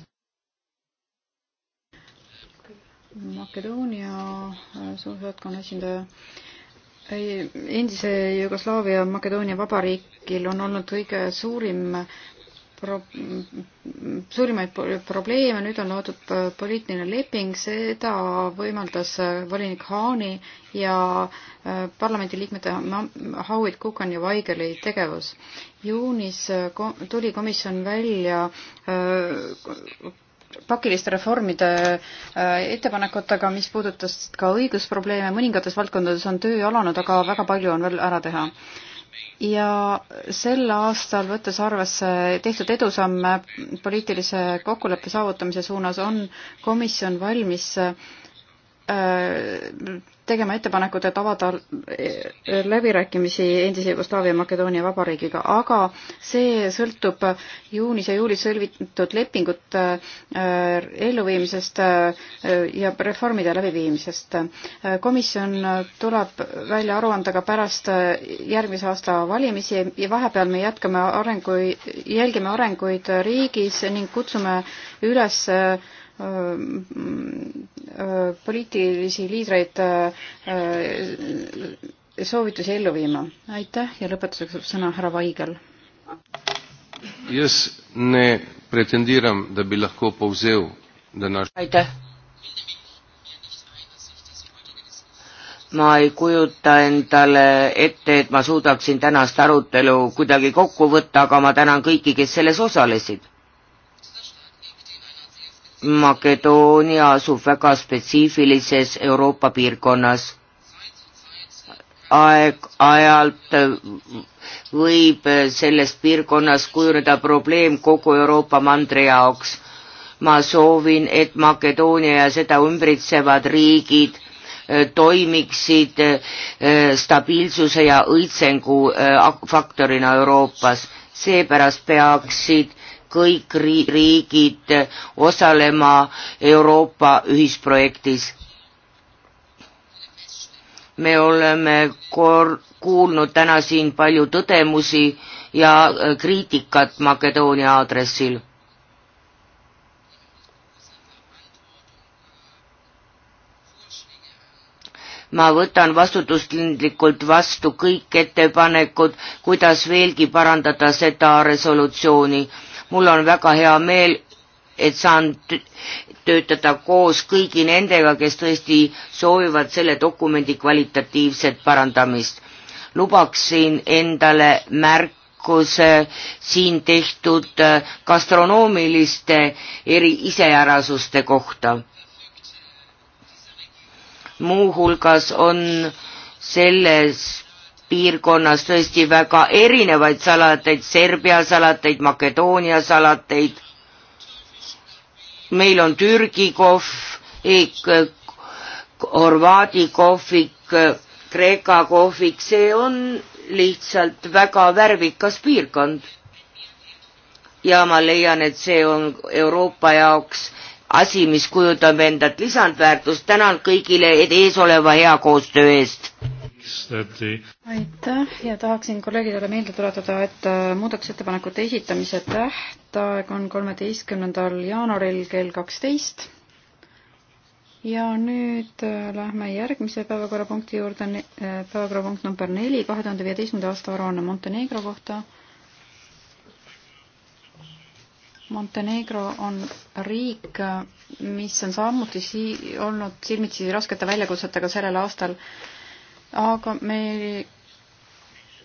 S5: Makedoonia äh, suursaatkonna esindaja endise Jugoslaavia Makedoonia vabariigil on olnud kõige suurim pro-, suurimaid probleeme, nüüd on loodud äh, poliitiline leping, seda võimaldas äh, volinik Haani ja äh, parlamendiliikmete Howitt, Kukan ja Vaigeli tegevus. juunis tuli komisjon välja pakiliste reformide ettepanekutega, mis puudutas ka õigusprobleeme, mõningates valdkondades on töö alanud, aga väga palju on veel ära teha ja sel aastal, võttes arvesse tehtud edusamme poliitilise kokkuleppe saavutamise suunas, on komisjon valmis äh, Äh, tegema ettepanekut, et avada äh, äh, läbirääkimisi endise Jugoslaavia Makedoonia Vabariigiga, aga see sõltub juunis ja juulis sõlmitud lepingute elluviimisest ja reformide läbiviimisest. komisjon tuleb välja aruandega pärast järgmise aasta valimisi ja vahepeal me jätkame arenguid, jälgime arenguid riigis ning kutsume üles poliitilisi liidreid äh, äh, soovitusi ellu viima. aitäh ja lõpetuseks saab sõna härra Vaigel.
S4: aitäh. ma ei kujuta endale ette, et ma suudaksin tänast arutelu kuidagi kokku võtta, aga ma tänan kõiki, kes selles osalesid Makedoonia asub väga spetsiifilises Euroopa piirkonnas. Aeg, ajalt võib sellest piirkonnas kujuneda probleem kogu Euroopa mandri jaoks. Ma soovin, et Makedoonia ja seda ümbritsevad riigid eh, toimiksid eh, stabiilsuse ja õitsengu eh, faktorina Euroopas. Seepärast peaksid kõik riigid osalema Euroopa ühisprojektis. me oleme kuulnud täna siin palju tõdemusi ja kriitikat Makedoonia aadressil. ma võtan vastutustundlikult vastu kõik ettepanekud, kuidas veelgi parandada seda resolutsiooni mul on väga hea meel, et saan töötada koos kõigi nendega, kes tõesti soovivad selle dokumendi kvalitatiivset parandamist. lubaksin endale märkuse siin tehtud äh, gastronoomiliste eri iseärasuste kohta. muuhulgas on selles piirkonnas tõesti väga erinevaid salateid, Serbia salateid, Makedoonia salateid. meil on Türgi kohv, e-, Horvaadi kohvik, Kreeka kohvik, see on lihtsalt väga värvikas piirkond. ja ma leian, et see on Euroopa jaoks asi, mis kujutab endalt lisandväärtust. tänan kõigile eesoleva hea koostöö eest
S5: aitäh ja tahaksin kolleegidele meelde tuletada, et äh, muudatusettepanekute esitamise tähtaeg on kolmeteistkümnendal jaanuaril kell kaksteist. ja nüüd äh, lähme järgmise päevakorrapunkti juurde, äh, päevakorrapunkt number neli, kahe tuhande viieteistkümnenda aasta aruanne Montenegro kohta. Montenegro on riik, mis on samuti sii-, olnud silmitsi raskete väljakutsetega sellel aastal aga me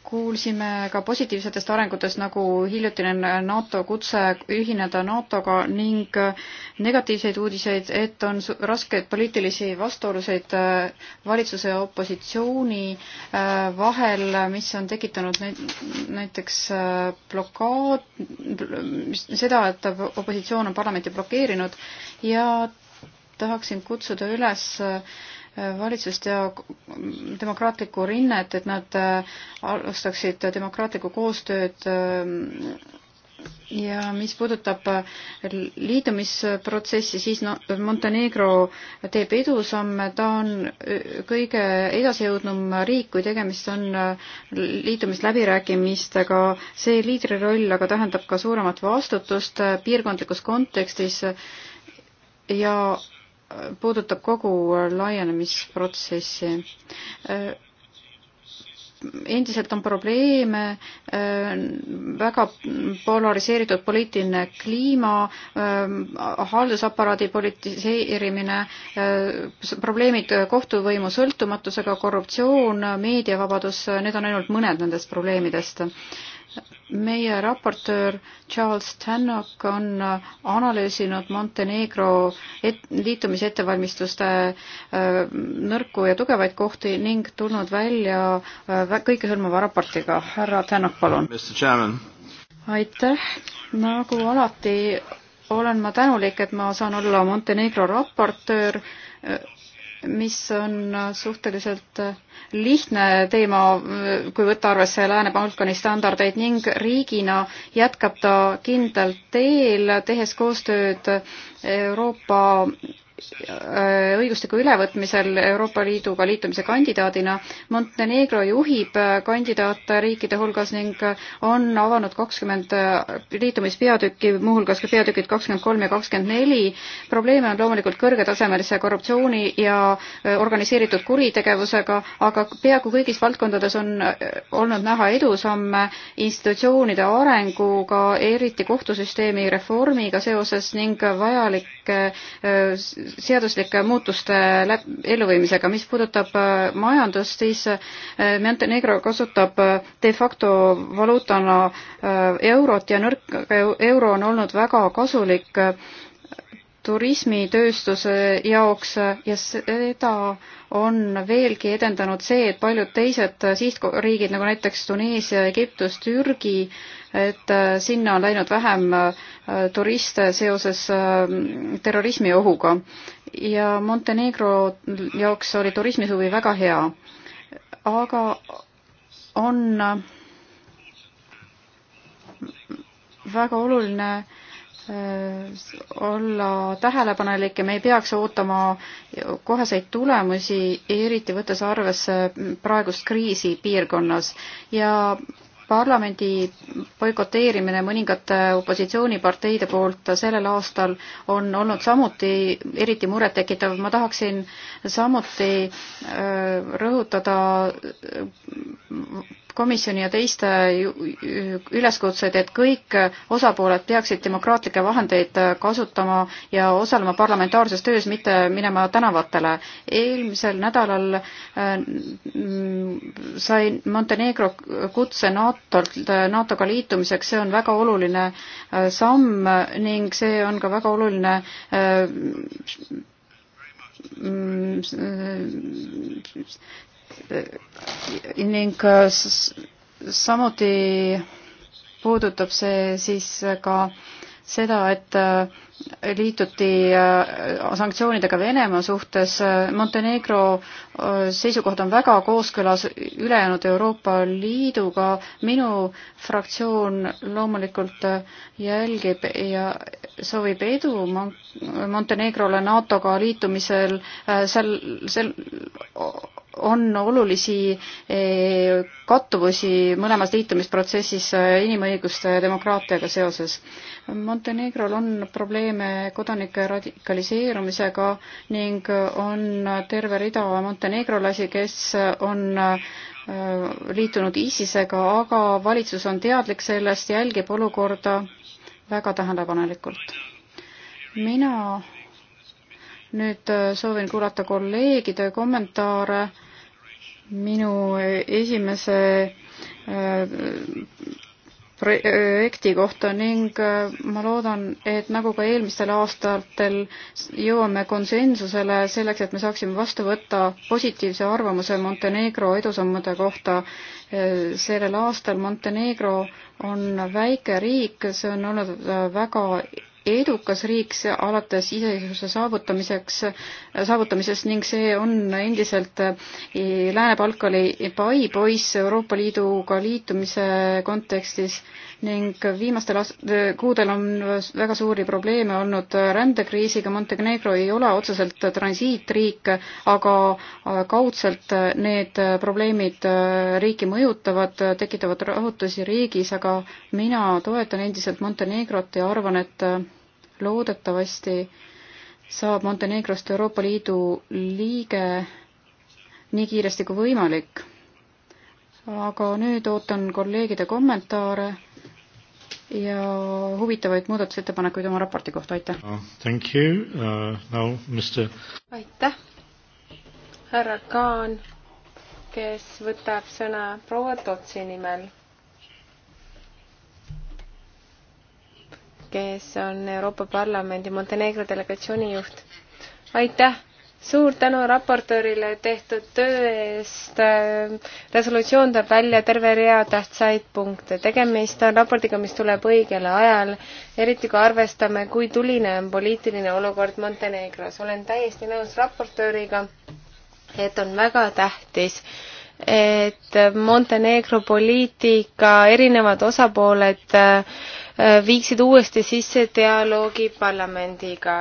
S5: kuulsime ka positiivsetest arengutest, nagu hiljutine NATO kutse ühineda NATO-ga ning negatiivseid uudiseid, et on raskeid poliitilisi vastuolusid äh, valitsuse ja opositsiooni äh, vahel, mis on tekitanud näiteks äh, blokaad, seda, et opositsioon on parlamenti blokeerinud ja tahaksin kutsuda üles äh, valitsust ja demokraatlikku rinnet, et nad äh, alustaksid demokraatlikku koostööd äh, ja mis puudutab äh, liidumisprotsessi, siis no Montenegro teeb edusamme, ta on kõige edasijõudnum riik, kui tegemist on liitumisläbirääkimistega. see liidri roll aga tähendab ka suuremat vastutust piirkondlikus kontekstis ja puudutab kogu laienemisprotsessi. endiselt on probleeme, väga polariseeritud poliitiline kliima, haldusaparaadi politiseerimine, probleemid kohtuvõimu sõltumatusega, korruptsioon, meediavabadus, need on ainult mõned nendest probleemidest meie raportöör Charles Tannock on äh, analüüsinud Montenegro et, liitumisettevalmistuste äh, nõrku ja tugevaid kohti ning tulnud välja äh, kõikehõlmava raportiga. härra Tannock, palun. aitäh, nagu alati olen ma tänulik, et ma saan olla Montenegro raportöör mis on suhteliselt lihtne teema, kui võtta arvesse Lääne-Balkani standardeid ning riigina jätkab ta kindlal teel, tehes koostööd Euroopa Äh, õigustiku ülevõtmisel Euroopa Liiduga liitumise kandidaadina. Montenegro juhib äh, kandidaatriikide hulgas ning äh, on avanud kakskümmend liitumispeatükki, muuhulgas ka peatükid kakskümmend kolm ja kakskümmend neli. probleeme on loomulikult kõrgetasemelise korruptsiooni ja organiseeritud kuritegevusega, aga peaaegu kõigis valdkondades on olnud näha edusamme institutsioonide arenguga, eriti kohtusüsteemi reformiga seoses ning vajalike seaduslike muutuste elluviimisega. mis puudutab äh, majandust, siis äh, Montenegro kasutab äh, de facto valuutana eurot ja nõrk euro on olnud väga kasulik turismitööstuse jaoks ja seda on veelgi edendanud see, et paljud teised sihtriigid nagu näiteks Tuneesia, Egiptus, Türgi, et äh, sinna on läinud vähem äh, turiste seoses äh, terrorismiohuga. ja Montenegro jaoks oli turismisuvi väga hea. aga on väga oluline olla tähelepanelik ja me ei peaks ootama koheseid tulemusi, eriti võttes arvesse praegust kriisi piirkonnas ja parlamendi boikoteerimine mõningate opositsiooniparteide poolt sellel aastal on olnud samuti eriti murettekitav. ma tahaksin samuti äh, rõhutada komisjoni ja teiste üleskutseid, et kõik osapooled peaksid demokraatlikke vahendeid kasutama ja osalema parlamentaarses töös, mitte minema tänavatele. eelmisel nädalal äh, sai Montenegro kutse NATO-lt, NATO-ga liitumiseks, see on väga oluline äh, samm ning see on ka väga oluline äh, mm, ning äh, samuti puudutab see siis ka seda, et äh, liituti äh, sanktsioonidega Venemaa suhtes. Montenegro seisukoht on väga kooskõlas ülejäänud Euroopa Liiduga. minu fraktsioon loomulikult jälgib ja soovib edu Montenegrole NATO-ga liitumisel. seal, seal on olulisi eh, kattuvusi mõlemas liitumisprotsessis eh, inimõiguste ja demokraatiaga seoses. Montenegrol on probleeme kodanike radikaliseerumisega ning on terve rida montenegrolasi, kes on eh, liitunud ISISega, aga valitsus on teadlik sellest, jälgib olukorda väga tähelepanelikult. mina nüüd soovin kuulata kolleegide kommentaare minu esimese äh, projekti kohta ning äh, ma loodan, et nagu ka eelmistel aastatel jõuame konsensusele selleks, et me saaksime vastu võtta positiivse arvamuse Montenegro edusammude kohta äh, sellel aastal. Montenegro on väike riik, see on olnud väga edukas riik alates iseseisvuse saavutamiseks, saavutamisest ning see on endiselt e, Lääne-Balkani paipoiss Euroopa Liiduga liitumise kontekstis ning viimastel kuudel on väga suuri probleeme olnud rändekriisiga. Montenegro ei ole otseselt transiitriik, aga kaudselt need probleemid riiki mõjutavad, tekitavad rahutusi riigis, aga mina toetan endiselt Montenegrot ja arvan, et loodetavasti saab Montenegrost Euroopa Liidu liige nii kiiresti kui võimalik aga nüüd ootan kolleegide kommentaare ja huvitavaid muudatusettepanekuid oma raporti kohta, aitäh
S1: oh,! Thank you uh,, now Mr.
S2: aitäh, härra Kaan, kes võtab sõna proua Totsi nimel, kes on Euroopa Parlamendi Montenegro delegatsiooni juht. aitäh! suur tänu raportöörile tehtud töö eest. resolutsioon toob välja terve rea tähtsaid punkte. tegemist on raportiga, mis tuleb õigel ajal, eriti kui arvestame, kui tuline on poliitiline olukord Montenegros. olen täiesti nõus raportööriga, et on väga tähtis et Montenegro poliitika erinevad osapooled äh, viiksid uuesti sisse dialoogi parlamendiga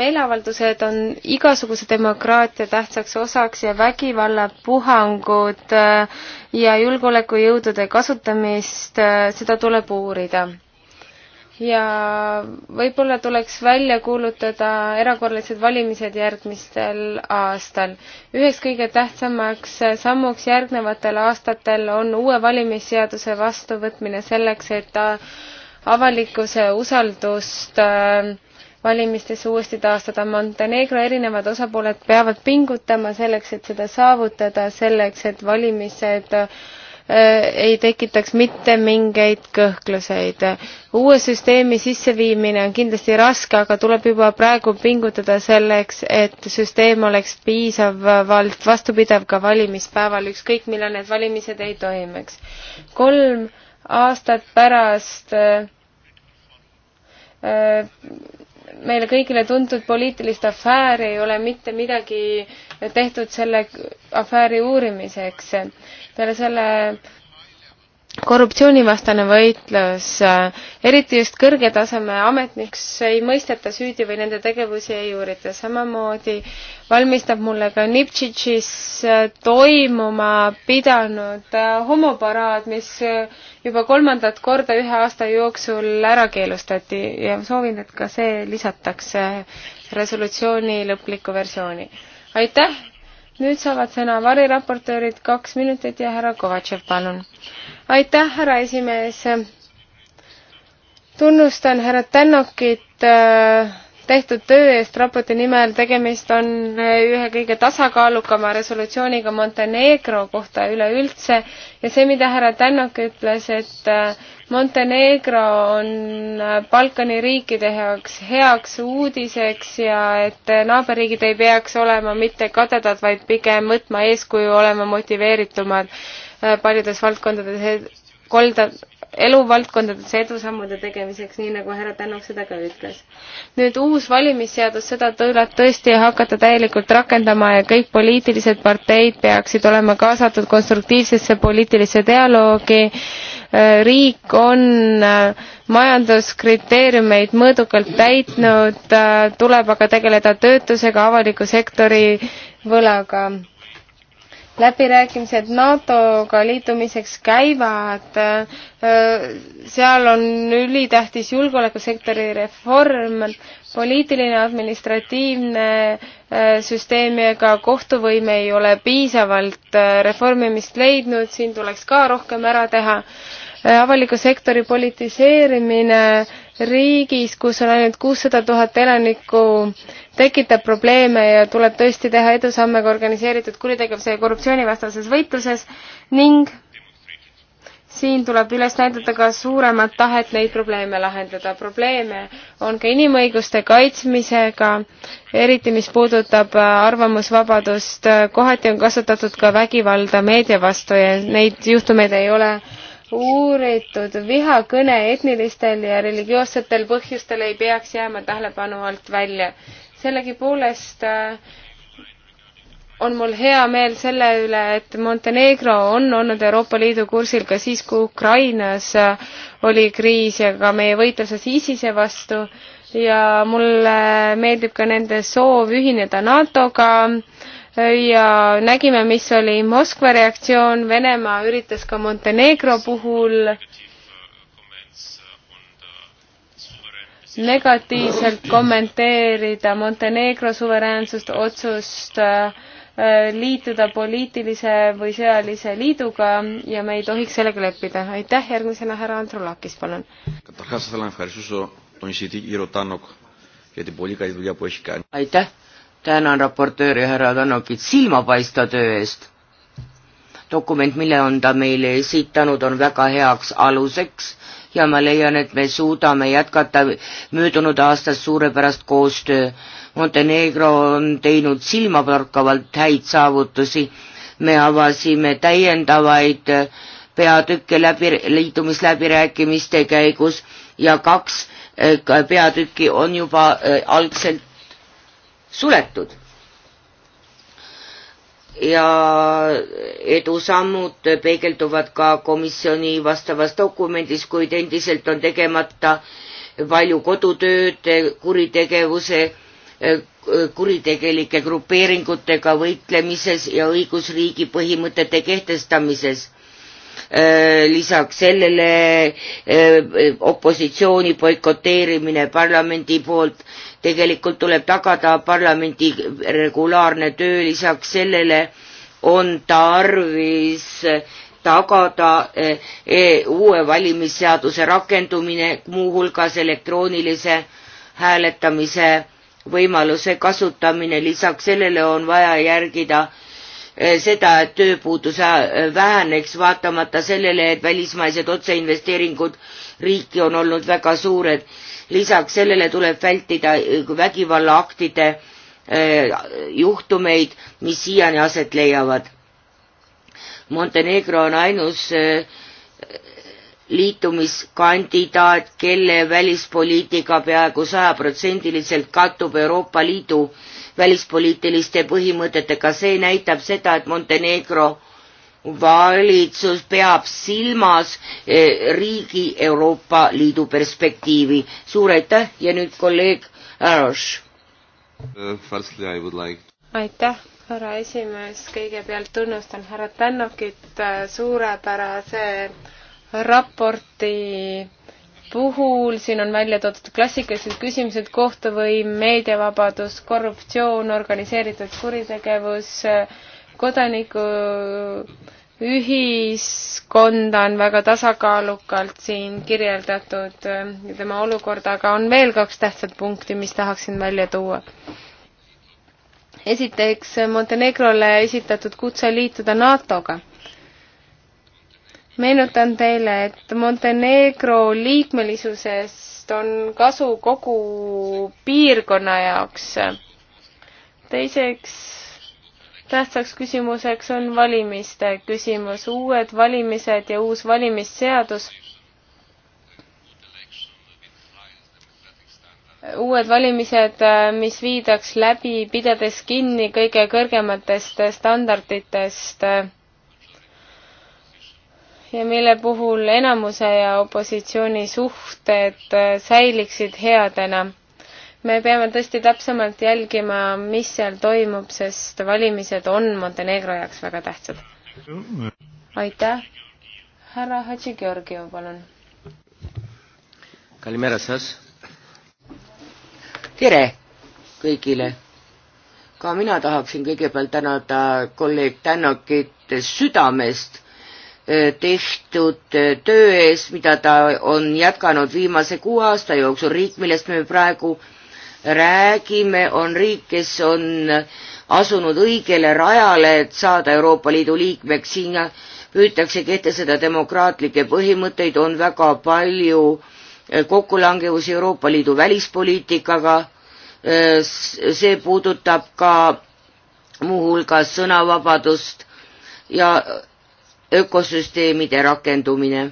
S2: meeleavaldused on igasuguse demokraatia tähtsaks osaks ja vägivallapuhangud äh, ja julgeolekujõudude kasutamist, äh, seda tuleb uurida. ja võib-olla tuleks välja kuulutada erakorralised valimised järgmistel aastal. üheks kõige tähtsamaks äh, sammuks järgnevatel aastatel on uue valimisseaduse vastuvõtmine selleks, et avalikkuse usaldust äh, valimistesse uuesti taastada. Montenegro erinevad osapooled peavad pingutama selleks, et seda saavutada, selleks, et valimised äh, ei tekitaks mitte mingeid kõhkluseid. uue süsteemi sisseviimine on kindlasti raske, aga tuleb juba praegu pingutada selleks, et süsteem oleks piisavalt vastupidav ka valimispäeval, ükskõik millal need valimised ei toimuks. kolm aastat pärast äh, äh meile kõigile tuntud poliitilist afääri, ei ole mitte midagi tehtud selle afääri uurimiseks. peale selle korruptsioonivastane võitlus, äh, eriti just kõrge taseme ametniks ei mõisteta süüdi või nende tegevusi ei uurita. samamoodi valmistab mulle ka Nipšitšis äh, toimuma pidanud äh, homoparaad, mis juba kolmandat korda ühe aasta jooksul ära keelustati ja soovin, et ka see lisatakse resolutsiooni lõplikku versiooni. aitäh nüüd saavad sõna variraportöörid, kaks minutit ja härra Kovatšev, palun. aitäh, härra esimees. tunnustan härra Tännokit äh, tehtud töö eest raporti nimel, tegemist on äh, ühe kõige tasakaalukama resolutsiooniga Montenegro kohta üleüldse ja see, mida härra Tännok ütles, et äh, Montenegro on äh, Balkani riikide jaoks heaks uudiseks ja et naaberriigid ei peaks olema mitte kadedad, vaid pigem võtma eeskuju, olema motiveeritumad paljudes valdkondades kolda, eluvaldkondades edusammude tegemiseks, nii nagu härra Tänak seda ka ütles. nüüd uus valimisseadus, seda tuleb tõesti hakata täielikult rakendama ja kõik poliitilised parteid peaksid olema kaasatud konstruktiivsesse poliitilisse dialoogi. Äh, riik on äh, majanduskriteeriumeid mõõdukalt täitnud, äh, tuleb aga tegeleda töötusega, avaliku sektori võlaga läbirääkimised NATO-ga liitumiseks käivad, seal on ülitähtis julgeolekusektori reform, poliitiline, administratiivne süsteem ja ka kohtuvõim ei ole piisavalt reformimist leidnud, siin tuleks ka rohkem ära teha Äh, avaliku sektori politiseerimine riigis, kus on ainult kuussada tuhat elanikku, tekitab probleeme ja tuleb tõesti teha edusamme ka organiseeritud kuritegevuse ja korruptsioonivastases võitluses ning siin tuleb üles näidata ka suuremat tahet neid probleeme lahendada. probleeme on ka inimõiguste kaitsmisega, eriti mis puudutab äh, arvamusvabadust. kohati on kasutatud ka vägivalda meedia vastu ja neid juhtumeid ei ole äh, uuritud vihakõne etnilistel ja religioossetel põhjustel ei peaks jääma tähelepanu alt välja. sellegipoolest äh, on mul hea meel selle üle, et Montenegro on olnud Euroopa Liidu kursil ka siis, kui Ukrainas äh, oli kriis ja ka meie võitluses ISISe vastu ja mulle meeldib ka nende soov ühineda NATO-ga ja nägime, mis oli Moskva reaktsioon, Venemaa üritas ka Montenegro puhul negatiivselt kommenteerida Montenegro suveräänsust, otsust äh, liituda poliitilise või sõjalise liiduga ja me ei tohiks sellega leppida. aitäh, järgmisena härra Andrulakis, palun.
S4: aitäh tänan raportööri härra Tanokit silmapaistva töö eest. dokument, mille on ta meile esitanud, on väga heaks aluseks ja ma leian, et me suudame jätkata möödunud aastast suurepärast koostöö. Montenegro on teinud silmatorkavalt häid saavutusi. me avasime täiendavaid peatükke läbi, liitumisläbirääkimiste käigus ja kaks eh, peatükki on juba eh, algselt suletud. ja edusammud peegelduvad ka komisjoni vastavas dokumendis, kuid endiselt on tegemata palju kodutööd kuritegevuse kuritegelike grupeeringutega võitlemises ja õigusriigi põhimõtete kehtestamises. Äh, lisaks sellele äh, opositsiooni boikoteerimine parlamendi poolt, tegelikult tuleb tagada parlamendi regulaarne töö, lisaks sellele on tarvis tagada äh, e, uue valimisseaduse rakendumine, muuhulgas elektroonilise hääletamise võimaluse kasutamine, lisaks sellele on vaja järgida Eh, seda, et tööpuudus äh, väheneks, vaatamata sellele, et välismaised otseinvesteeringud riiki on olnud väga suured. lisaks sellele tuleb vältida äh, vägivallaaktide äh, juhtumeid, mis siiani aset leiavad. Montenegro on ainus liitumiskandidaat, kelle välispoliitika peaaegu sajaprotsendiliselt kattub Euroopa Liidu äh, välispoliitiliste põhimõtetega, see näitab seda, et Montenegro valitsus peab silmas eh, riigi Euroopa Liidu perspektiivi. suur aitäh ja nüüd kolleeg Aroš.
S1: Uh,
S2: aitäh, härra esimees, kõigepealt tunnustan härra Tännokit eh, suurepärase raporti puhul, siin on välja toodud klassikalised küsimused, kohtuvõim, meediavabadus, korruptsioon, organiseeritud kuritegevus, kodanikuühiskonda on väga tasakaalukalt siin kirjeldatud ja tema olukord, aga on veel kaks tähtsat punkti, mis tahaksin välja tuua. esiteks Montenegrole esitatud kutse liituda NATO-ga meenutan teile, et Montenegro liikmelisusest on kasu kogu piirkonna jaoks. teiseks tähtsaks küsimuseks on valimiste küsimus, uued valimised ja uus valimisseadus. uued valimised, mis viidaks läbi, pidades kinni kõige kõrgematest standarditest ja mille puhul enamuse ja opositsiooni suhted äh, säiliksid headena. me peame tõesti täpsemalt jälgima, mis seal toimub, sest valimised on Montenegro jaoks väga tähtsad. aitäh, härra Hadži Georgiev, palun.
S4: tere kõigile ka mina tahaksin kõigepealt tänada kolleeg Tänakit südamest tehtud töö eest, mida ta on jätkanud viimase kuue aasta jooksul. riik, millest me praegu räägime, on riik, kes on asunud õigele rajale, et saada Euroopa Liidu liikmeks. siin püütakse kehtestada demokraatlikke põhimõtteid, on väga palju kokkulangevusi Euroopa Liidu välispoliitikaga. see puudutab ka muuhulgas sõnavabadust ja ökosüsteemide rakendumine.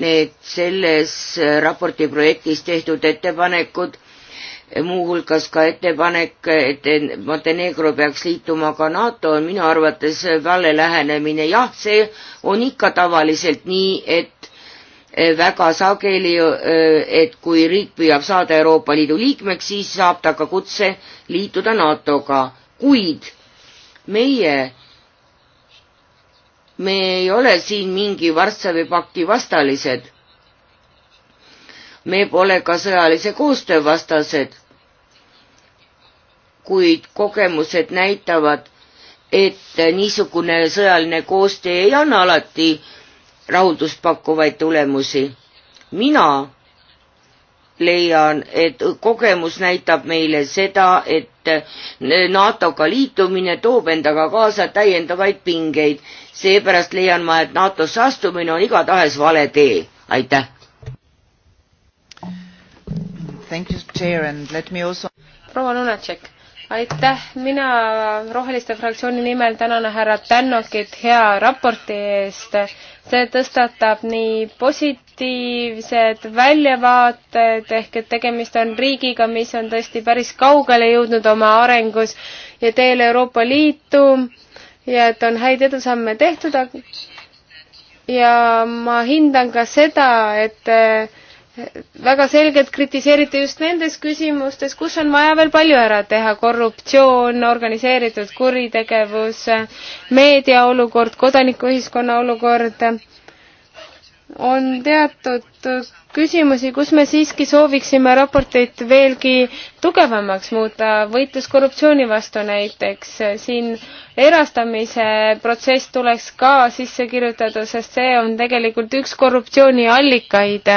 S4: Need selles raporti projektis tehtud ettepanekud, muuhulgas ka ettepanek, et Montenegro peaks liituma ka NATO, on minu arvates vale lähenemine. jah, see on ikka tavaliselt nii, et eh, väga sageli, eh, et kui riik püüab saada Euroopa Liidu liikmeks, siis saab ta ka kutse liituda NATO-ga, kuid meie me ei ole siin mingi Varssavi pakti vastalised. me pole ka sõjalise koostöö vastased. kuid kogemused näitavad, et niisugune sõjaline koostöö ei anna alati rahulduspakkuvaid tulemusi. mina leian, et kogemus näitab meile seda, et eh, NATO-ga liitumine toob endaga kaasa täiendavaid pingeid. seepärast leian ma, et NATO-sse astumine on igatahes vale tee. aitäh!
S2: proua Lunatšek aitäh, mina Roheliste fraktsiooni nimel tänan härra Tännokit hea raporti eest. see tõstatab nii positiivsed väljavaated ehk et tegemist on riigiga, mis on tõesti päris kaugele jõudnud oma arengus ja teel Euroopa Liitu ja et on häid edusamme tehtud. ja ma hindan ka seda, et väga selgelt kritiseerite just nendes küsimustes, kus on vaja veel palju ära teha, korruptsioon, organiseeritud kuritegevus, meedia olukord, kodanikuühiskonna olukord. on teatud küsimusi, kus me siiski sooviksime raporteid veelgi tugevamaks muuta, võitlus korruptsiooni vastu näiteks, siin erastamise protsess tuleks ka sisse kirjutada, sest see on tegelikult üks korruptsiooniallikaid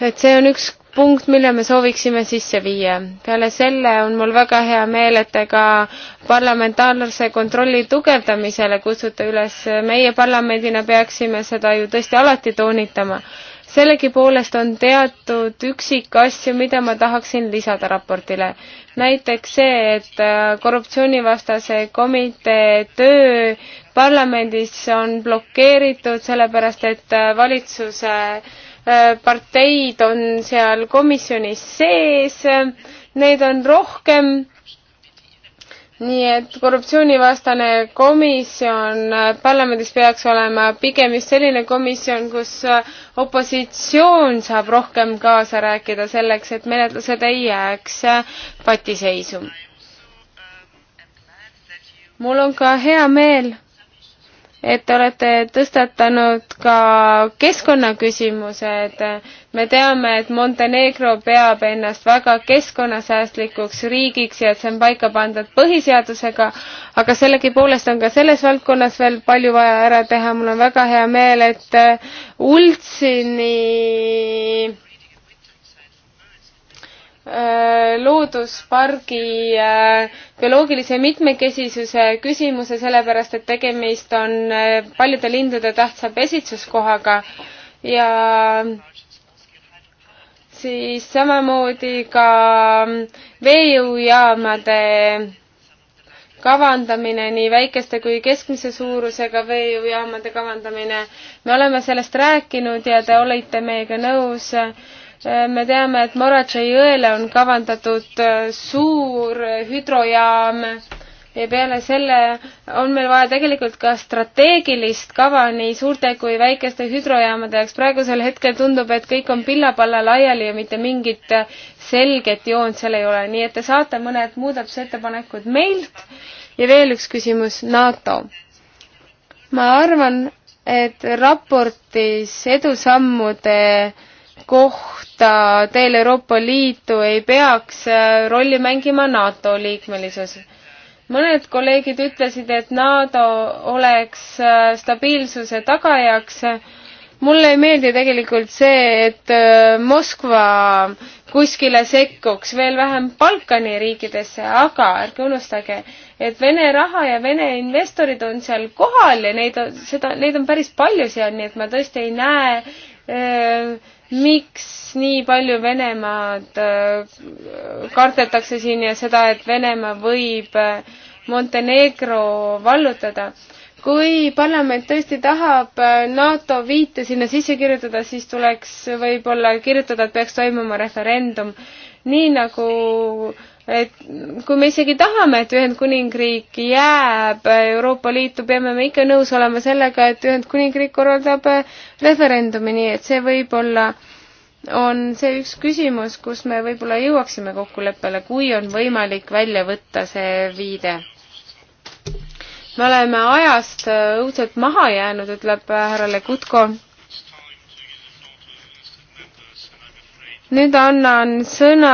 S2: et see on üks punkt, mille me sooviksime sisse viia. peale selle on mul väga hea meel, et te ka parlamentaarse kontrolli tugevdamisele kutsute üles. meie parlamendina peaksime seda ju tõesti alati toonitama. sellegipoolest on teatud üksikasju, mida ma tahaksin lisada raportile. näiteks see, et äh, korruptsioonivastase komitee töö parlamendis on blokeeritud sellepärast, et äh, valitsuse äh, Äh, parteid on seal komisjonis sees, neid on rohkem nii et korruptsioonivastane komisjon äh, parlamendis peaks olema pigem just selline komisjon, kus äh, opositsioon saab rohkem kaasa rääkida selleks, et menetlused ei jääks patiseisu. mul on ka hea meel, et te olete tõstatanud ka keskkonnaküsimused. me teame, et Montenegro peab ennast väga keskkonnasäästlikuks riigiks ja et see on paika pandud põhiseadusega, aga sellegipoolest on ka selles valdkonnas veel palju vaja ära teha. mul on väga hea meel, et Ultsini Äh, looduspargi äh, bioloogilise mitmekesisuse küsimuse, sellepärast et tegemist on äh, paljude lindude tähtsa pesitsuskohaga ja siis samamoodi ka mm, veejõujaamade kavandamine, nii väikeste kui keskmise suurusega veejõujaamade kavandamine. me oleme sellest rääkinud ja te olite meiega nõus äh, me teame, et Moratšai jõele on kavandatud äh, suur äh, hüdrojaam ja peale selle on meil vaja tegelikult ka strateegilist kava nii suurte kui väikeste hüdrojaamade jaoks. praegusel hetkel tundub, et kõik on pillapalla laiali ja mitte mingit äh, selget joont seal ei ole, nii et te saate mõned muudatusettepanekud meilt. ja veel üks küsimus, NATO. ma arvan, et raportis edusammude kohta teel Euroopa Liitu ei peaks äh, rolli mängima NATO liikmelisus. mõned kolleegid ütlesid, et NATO oleks äh, stabiilsuse tagajaks. mulle ei meeldi tegelikult see, et äh, Moskva kuskile sekkuks, veel vähem Balkani riikidesse, aga ärge unustage, et Vene raha ja Vene investorid on seal kohal ja neid, seda, neid on päris palju seal, nii et ma tõesti ei näe öö, miks nii palju Venemaad äh, kardetakse siin ja seda, et Venemaa võib äh, Montenegro vallutada. kui parlament tõesti tahab äh, NATO viite sinna sisse kirjutada, siis tuleks võib-olla kirjutada, et peaks toimuma referendum, nii nagu et kui me isegi tahame, et Ühendkuningriik jääb Euroopa Liitu, peame me ikka nõus olema sellega, et Ühendkuningriik korraldab referendumi, nii et see võib-olla on see üks küsimus, kus me võib-olla jõuaksime kokkuleppele, kui on võimalik välja võtta see viide. me oleme ajast õudselt maha jäänud, ütleb härra Legutko nüüd annan sõna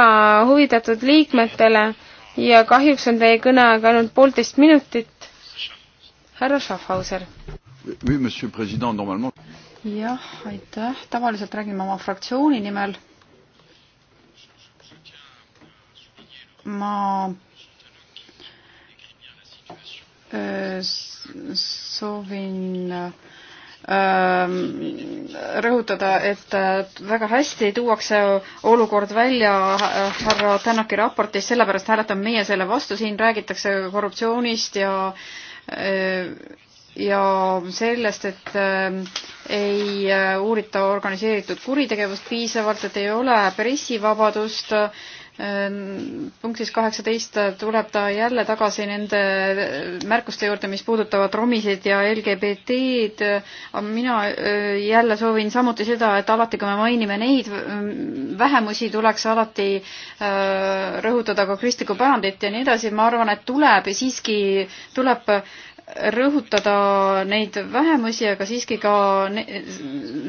S2: huvitatud liikmetele ja kahjuks on teie kõne aeg ainult poolteist minutit. härra Schaffhauser.
S5: jah, aitäh, tavaliselt räägin ma oma fraktsiooni nimel. ma äh, soovin äh, Ehm, rõhutada, et äh, väga hästi tuuakse olukord välja äh, härra Tänaki raportis, sellepärast hääletame meie selle vastu, siin räägitakse korruptsioonist ja äh, ja sellest, et ei uurita organiseeritud kuritegevust piisavalt, et ei ole pressivabadust äh, Ehm, punktis kaheksateist tuleb ta jälle tagasi nende märkuste juurde, mis puudutavad romisid ja LGBT-d. mina jälle soovin samuti seda, et alati, kui me mainime neid vähemusi, tuleks alati rõhutada ka kristlikku pärandit ja nii edasi. ma arvan, et tuleb siiski, tuleb rõhutada neid vähemusi, aga siiski ka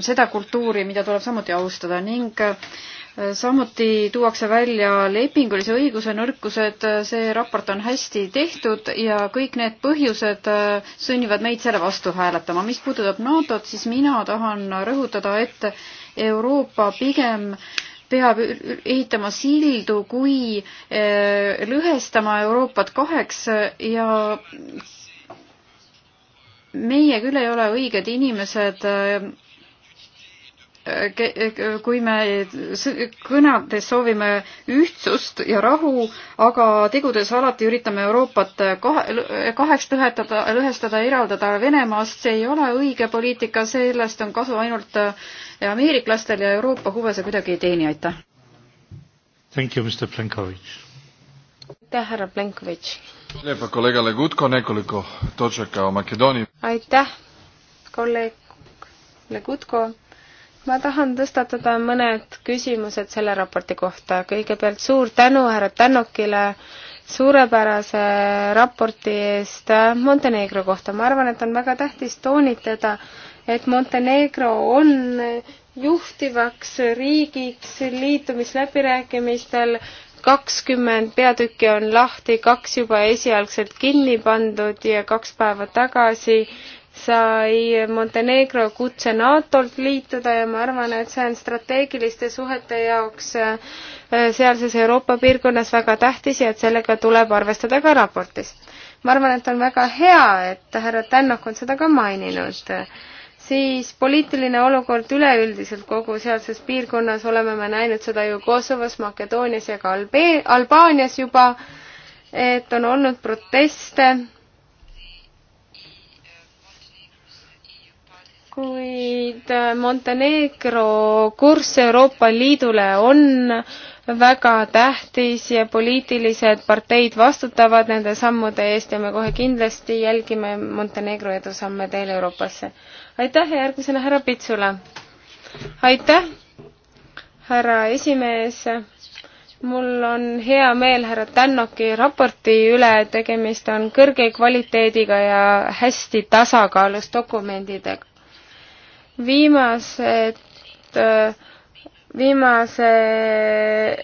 S5: seda kultuuri, mida tuleb samuti austada ning samuti tuuakse välja lepingulise õiguse nõrkused, see raport on hästi tehtud ja kõik need põhjused äh, sunnivad meid selle vastu hääletama. mis puudutab NATO-t, siis mina tahan rõhutada, et Euroopa pigem peab ehitama sildu, kui äh, lõhestama Euroopat kaheks ja meie küll ei ole õiged inimesed äh, kui me kõnades soovime ühtsust ja rahu, aga tegudes alati üritame Euroopat kahe, kaheks lõhetada, lõhestada, eraldada Venemaast, see ei ole õige poliitika, sellest on kasu ainult ameeriklastel ja Euroopa huve see kuidagi ei teeni, aitäh.
S2: aitäh, härra Plenkovitš. aitäh, kolleeg Legutko ma tahan tõstatada mõned küsimused selle raporti kohta. kõigepealt suur tänu härra Tänokile suurepärase raporti eest Montenegro kohta. ma arvan, et on väga tähtis toonitada, et Montenegro on juhtivaks riigiks liitumisläbirääkimistel kakskümmend peatükki on lahti, kaks juba esialgselt kinni pandud ja kaks päeva tagasi sai Montenegro kutse NATO-lt liituda ja ma arvan, et see on strateegiliste suhete jaoks äh, sealses Euroopa piirkonnas väga tähtis ja et sellega tuleb arvestada ka raportis. ma arvan, et on väga hea, et härra Tännok on seda ka maininud. siis poliitiline olukord üleüldiselt kogu sealses piirkonnas, oleme me näinud seda ju Kosovos, Makedoonias ja ka Albe-, Albaanias juba, et on olnud proteste kuid äh, Montenegro kurss Euroopa Liidule on väga tähtis ja poliitilised parteid vastutavad nende sammude eest ja me kohe kindlasti jälgime Montenegro edusamme teel Euroopasse. aitäh ja järgmisena härra Pitsula. aitäh, härra esimees mul on hea meel härra Tännoki raporti üle, tegemist on kõrge kvaliteediga ja hästi tasakaalus dokumendidega viimased, viimased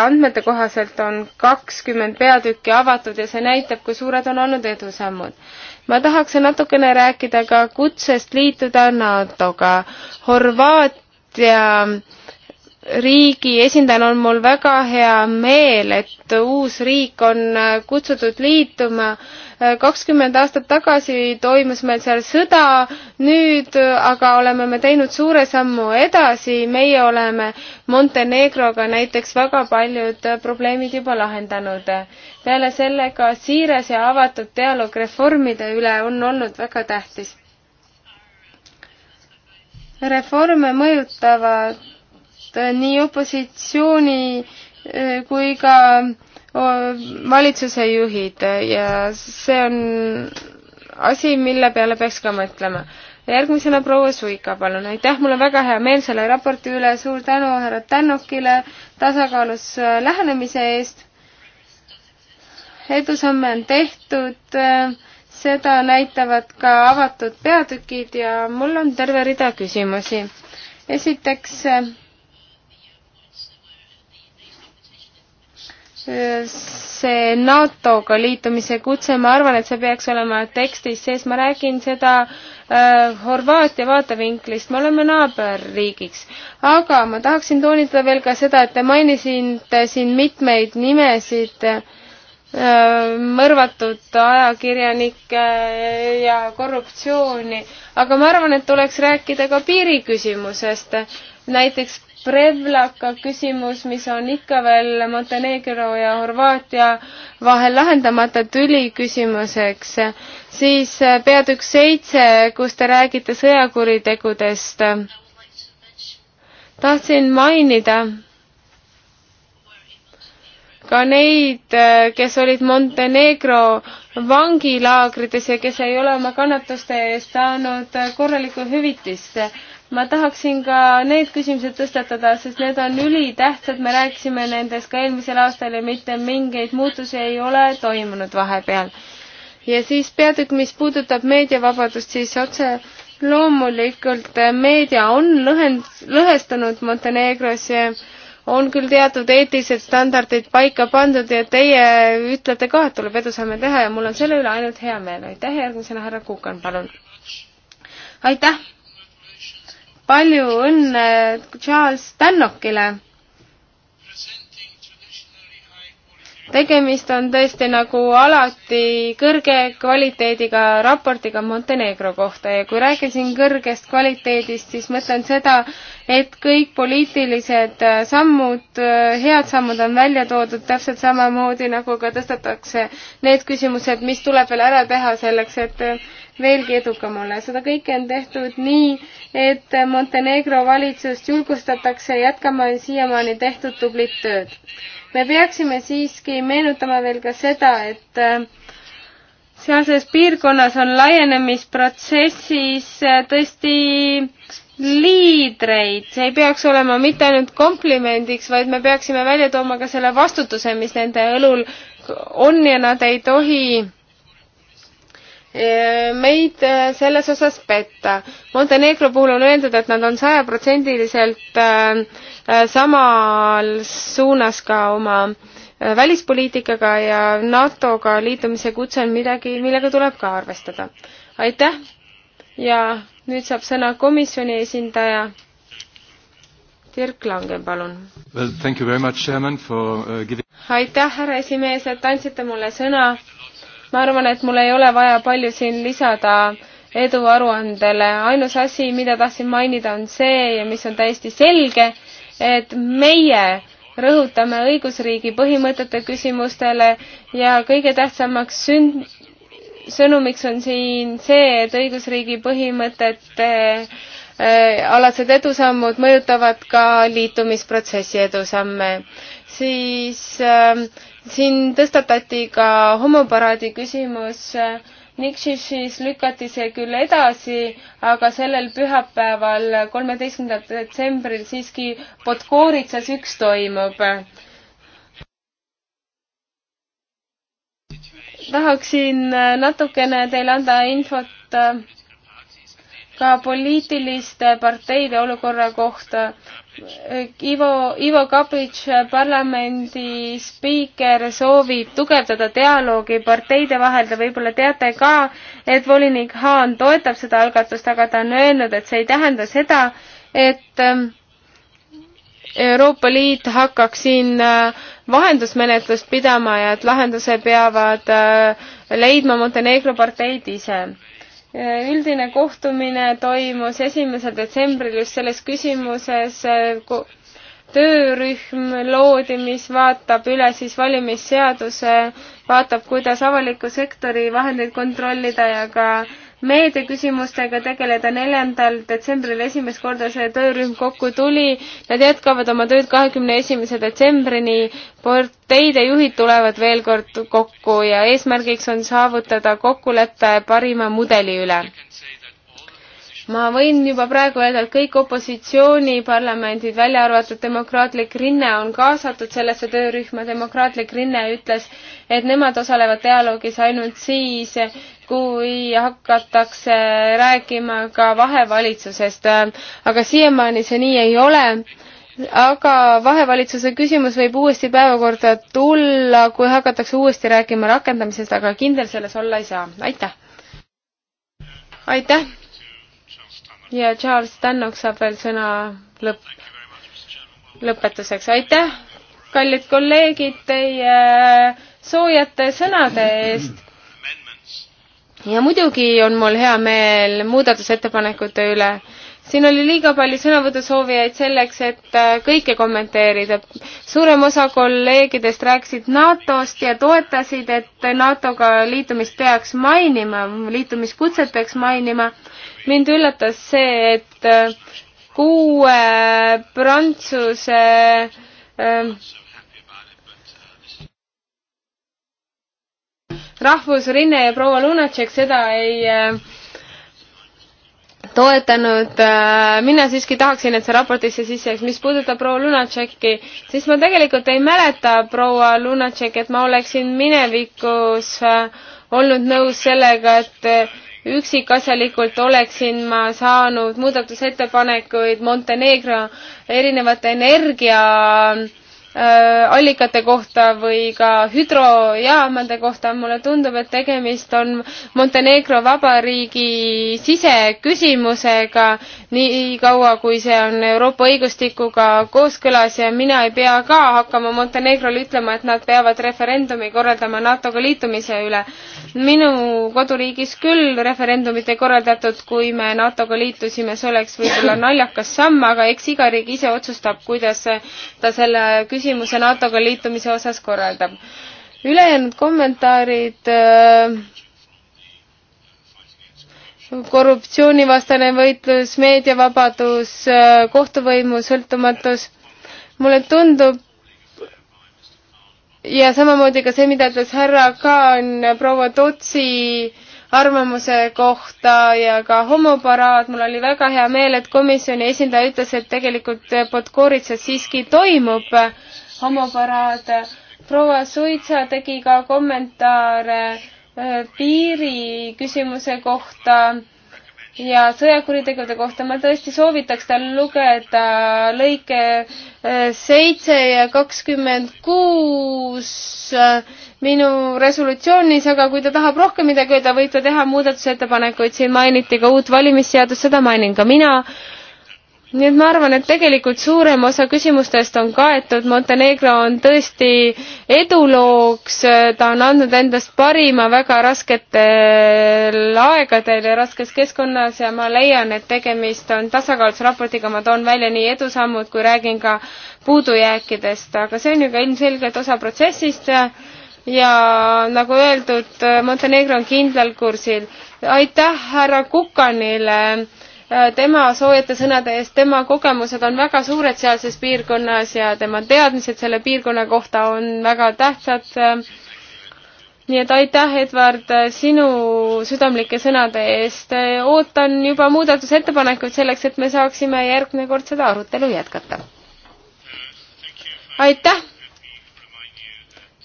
S2: andmete kohaselt on kakskümmend peatükki avatud ja see näitab, kui suured on olnud edusammud. ma tahaksin natukene rääkida ka kutsest liituda NATO-ga. Horvaatia riigi esindajana on mul väga hea meel, et uus riik on äh, kutsutud liituma. Äh, kakskümmend aastat tagasi toimus meil seal sõda, nüüd äh, aga oleme me teinud suure sammu edasi, meie oleme Montenegroga näiteks väga paljud probleemid juba lahendanud. peale selle ka siiras ja avatud dialoog reformide üle on olnud väga tähtis. reforme mõjutavad nii opositsiooni eh, kui ka valitsuse juhid ja see on asi, mille peale peaks ka mõtlema. järgmisena proua Suika, palun. aitäh, mul on väga hea meel selle raporti üle, suur tänu härra Tännokile tasakaalus eh, lähenemise eest. edusamme on tehtud, eh, seda näitavad ka avatud peatükid ja mul on terve rida küsimusi. esiteks see NATO-ga liitumise kutse, ma arvan, et see peaks olema tekstis sees, ma räägin seda äh, Horvaatia vaatevinklist, me oleme naaberriigiks. aga ma tahaksin toonitada veel ka seda, et te mainisite siin mitmeid nimesid äh, mõrvatud ajakirjanikke ja korruptsiooni, aga ma arvan, et tuleks rääkida ka piiriküsimusest. näiteks Prevlaka küsimus, mis on ikka veel Montenegro ja Horvaatia vahel lahendamata tüli küsimuseks, siis äh, peatükk seitse, kus te räägite sõjakuritegudest. tahtsin mainida ka neid, äh, kes olid Montenegro vangilaagrites ja kes ei ole oma kannatuste eest saanud äh, korralikku hüvitist ma tahaksin ka need küsimused tõstatada, sest need on ülitähtsad, me rääkisime nendest ka eelmisel aastal ja mitte mingeid muutusi ei ole toimunud vahepeal. ja siis peatükk, mis puudutab meediavabadust, siis otse loomulikult meedia on lõhend, lõhestunud Montenegros ja on küll teatud eetilised standardid paika pandud ja teie ütlete ka, et tuleb edusamme teha ja mul on selle üle ainult hea meel. aitäh, järgmisena härra Kukan, palun. aitäh palju õnne Charles Stannokile. tegemist on tõesti nagu alati kõrge kvaliteediga raportiga Montenegro kohta ja kui rääkisin kõrgest kvaliteedist, siis mõtlen seda, et kõik poliitilised sammud, head sammud on välja toodud täpselt samamoodi nagu ka tõstetakse need küsimused, mis tuleb veel ära teha selleks, et veelgi edukam olla. seda kõike on tehtud nii, et Montenegro valitsust julgustatakse jätkama siiamaani tehtud tublit tööd. me peaksime siiski meenutama veel ka seda, et äh, sealses piirkonnas on laienemisprotsessis äh, tõesti liidreid, see ei peaks olema mitte ainult komplimendiks, vaid me peaksime välja tooma ka selle vastutuse, mis nende õlul on ja nad ei tohi Eh, meid eh, selles osas petta. Montenegro puhul on öeldud, et nad on sajaprotsendiliselt eh, samal suunas ka oma välispoliitikaga ja NATO-ga liitumise kutse on midagi, millega tuleb ka arvestada. aitäh ja nüüd saab sõna komisjoni esindaja. Dirk Langen, palun
S1: well,. Uh, giving...
S2: aitäh, härra esimees, et andsite mulle sõna ma arvan, et mul ei ole vaja palju siin lisada eduaruandele, ainus asi, mida tahtsin mainida, on see ja mis on täiesti selge, et meie rõhutame õigusriigi põhimõtete küsimustele ja kõige tähtsamaks sünd-, sõnumiks on siin see, et õigusriigi põhimõtete äh, alased edusammud mõjutavad ka liitumisprotsessi edusamme. siis äh, siin tõstatati ka homoparaadi küsimus. Nikšišis lükati see küll edasi, aga sellel pühapäeval, kolmeteistkümnendal detsembril siiski Podgoritsas üks toimub. tahaksin natukene teile anda infot ka poliitiliste parteide olukorra kohta. Ivo, Ivo Kapits, parlamendi spiiker, soovib tugevdada dialoogi parteide vahel. Te võib-olla teate ka, et volinik Haan toetab seda algatust, aga ta on öelnud, et see ei tähenda seda, et ähm, Euroopa Liit hakkaks siin äh, vahendusmenetlust pidama ja et lahenduse peavad äh, leidma Montenegro parteid ise üldine kohtumine toimus esimesel detsembril just selles küsimuses. töörühm loodi, mis vaatab üle siis valimisseaduse, vaatab, kuidas avaliku sektori vahendeid kontrollida ja ka meediaküsimustega tegeleda. neljandal detsembril esimest korda see töörühm kokku tuli. Nad jätkavad oma tööd kahekümne esimese detsembrini. parteide juhid tulevad veel kord kokku ja eesmärgiks on saavutada kokkulepe parima mudeli üle ma võin juba praegu öelda, et kõik opositsiooniparlamendid, välja arvatud Demokraatlik Rinne, on kaasatud sellesse töörühma. demokraatlik Rinne ütles, et nemad osalevad dialoogis ainult siis, kui hakatakse rääkima ka vahevalitsusest. aga siiamaani see nii ei ole aga vahevalitsuse küsimus võib uuesti päevakorda tulla, kui hakatakse uuesti rääkima rakendamisest, aga kindel selles olla ei saa. aitäh! aitäh! ja Charles Tannock saab veel sõna lõpp, lõpetuseks. aitäh, kallid kolleegid, teie soojate sõnade eest. ja muidugi on mul hea meel muudatusettepanekute üle siin oli liiga palju sõnavõtusoovijaid selleks, et äh, kõike kommenteerida. suurem osa kolleegidest rääkisid NATO-st ja toetasid, et NATO-ga liitumist peaks mainima, liitumiskutset peaks mainima mind üllatas see, et äh, kuue Prantsuse äh, rahvusrinne ja proua Lunatšek seda ei äh, toetanud, mina siiski tahaksin, et see raportisse sisse jääks. mis puudutab proua Lunatšeki, siis ma tegelikult ei mäleta, proua Lunatšek, et ma oleksin minevikus olnud nõus sellega, et üksikasjalikult oleksin ma saanud muudatusettepanekuid Montenegro erinevate energia Äh, allikate kohta või ka hüdrojaamade kohta, mulle tundub, et tegemist on Montenegro vabariigi siseküsimusega, nii kaua, kui see on Euroopa õigustikuga kooskõlas ja mina ei pea ka hakkama Montenegrole ütlema, et nad peavad referendumi korraldama NATO-ga liitumise üle. minu koduriigis küll referendumit ei korraldatud, kui me NATO-ga liitusime, see oleks võib-olla naljakas samm, aga eks iga riik ise otsustab, kuidas ta selle küsimuse küsimuse NATO-ga liitumise osas korraldab. ülejäänud kommentaarid äh, korruptsioonivastane võitlus, meediavabadus, äh, kohtuvõimu sõltumatus, mulle tundub, ja samamoodi ka see, mida ütles härra Kaan proua Tootsi arvamuse kohta ja ka homoparaad, mul oli väga hea meel, et komisjoni esindaja ütles, et tegelikult Podgoritsas siiski toimub äh, homoparaad. proua Suitsa tegi ka kommentaare äh, piiri küsimuse kohta ja sõjakuritegude kohta ma tõesti soovitaks tal lugeda lõike äh, seitse ja kakskümmend kuus äh, minu resolutsioonis, aga kui ta tahab rohkem midagi öelda, võib ta teha muudatusettepanekuid, siin mainiti ka uut valimisseadust, seda mainin ka mina nii et ma arvan, et tegelikult suurem osa küsimustest on kaetud, Montenegro on tõesti edulooks, ta on andnud endast parima väga rasketel aegadel ja raskes keskkonnas ja ma leian, et tegemist on tasakaalus raportiga, ma toon välja nii edusammud kui räägin ka puudujääkidest, aga see on ju ka ilmselgelt osa protsessist ja ja nagu öeldud, Montenegro on kindlal kursil. aitäh härra Kukanile Äh, tema soojate sõnade eest, tema kogemused on väga suured sealses piirkonnas ja tema teadmised selle piirkonna kohta on väga tähtsad. nii et aitäh, Edward, sinu südamlike sõnade eest. ootan juba muudatusettepanekuid selleks, et me saaksime järgmine kord seda arutelu jätkata. aitäh!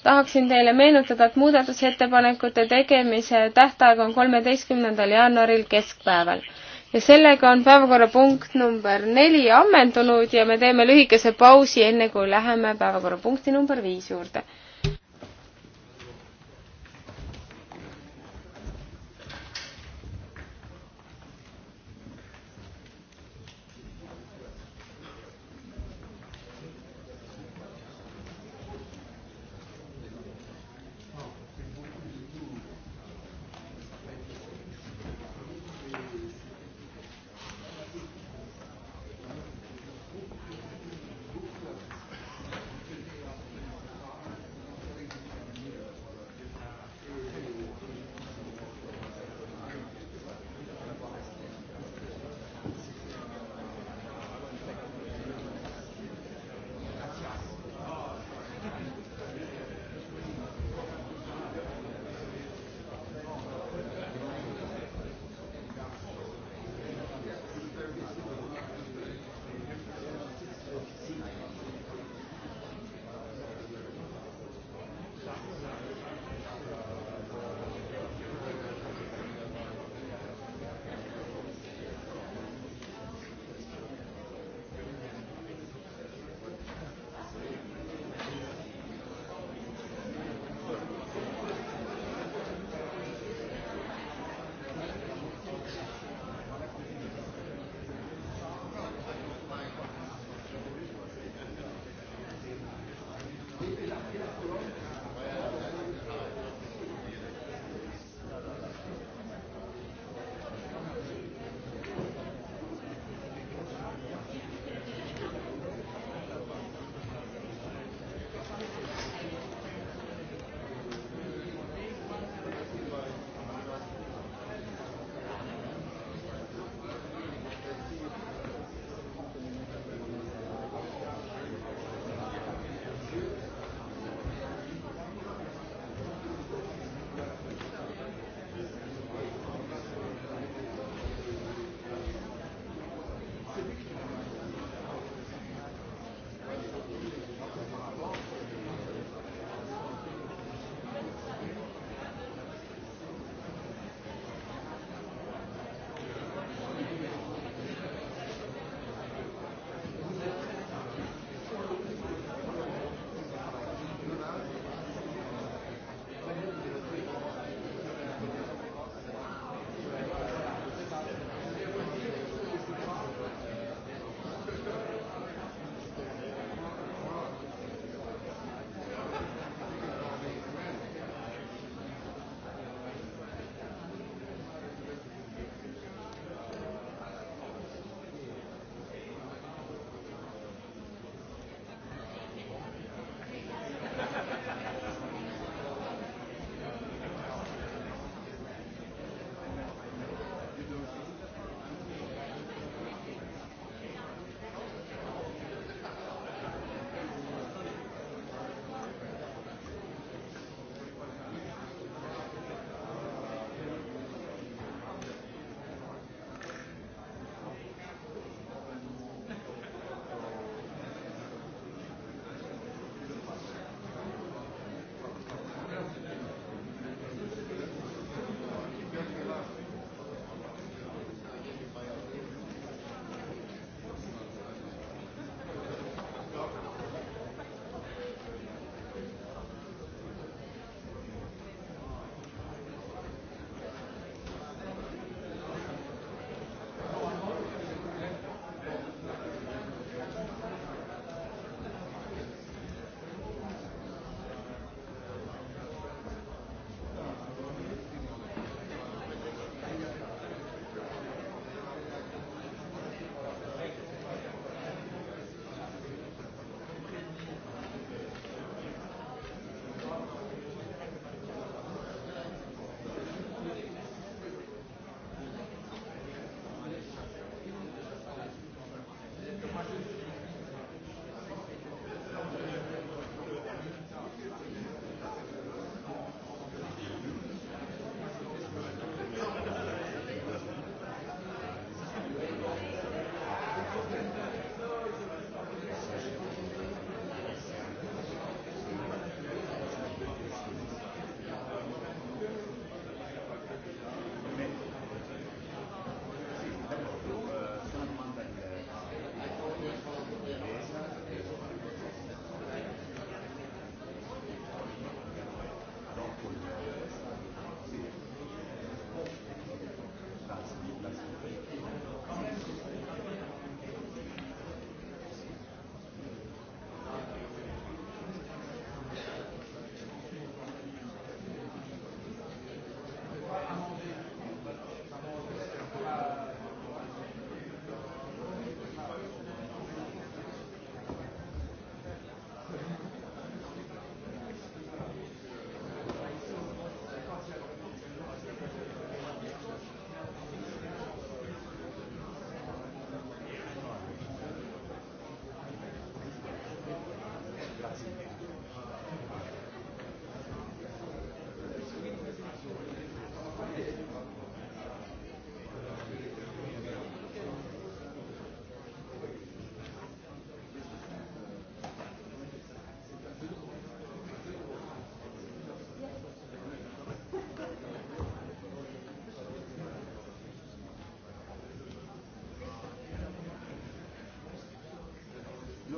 S2: tahaksin teile meenutada, et muudatusettepanekute tegemise tähtaeg on kolmeteistkümnendal jaanuaril keskpäeval ja sellega on päevakorrapunkt number neli ammendunud ja me teeme lühikese pausi, enne kui läheme päevakorrapunkti number viis juurde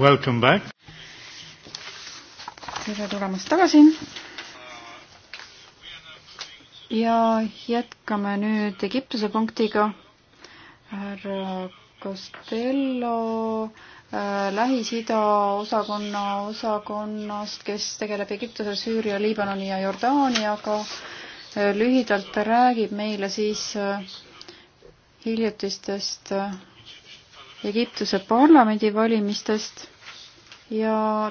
S1: Welcome back.
S5: tere tulemast tagasi. ja jätkame nüüd Egiptuse punktiga. härra Costello äh, Lähis-Ida osakonna osakonnast, kes tegeleb Egiptuse, Süüria, Liibanoni ja Jordaaniaga, äh, lühidalt räägib meile siis äh, hiljutistest Egiptuse parlamendivalimistest ja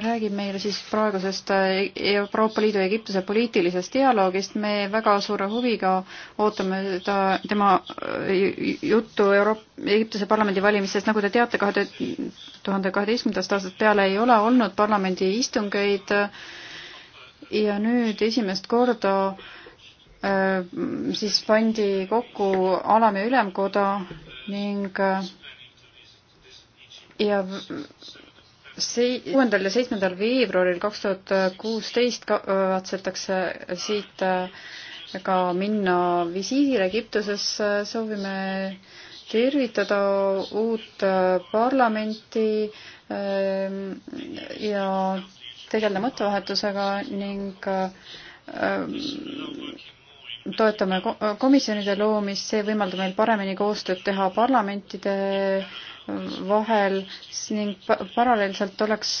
S5: räägib meile siis praegusest eh, Euroopa Liidu ja Egiptuse poliitilisest dialoogist. me väga suure huviga ootame ta, tema eh, juttu Euroop-, Egiptuse parlamendivalimistest. nagu te teate, kahe tuhande kaheteistkümnendast aastast peale ei ole olnud parlamendi istungeid eh, ja nüüd esimest korda siis pandi kokku alam- ja ülemkoda ning äh, ja see kuuendal ja seitsmendal veebruaril kaks tuhat kuusteist kavatsetakse siit äh, ka minna visiidile Egiptusesse, soovime tervitada uut äh, parlamenti ja tegeleda mõttevahetusega ning toetame komisjonide loomist, see võimaldab meil paremini koostööd teha parlamentide mm, vahel ning paralleelselt oleks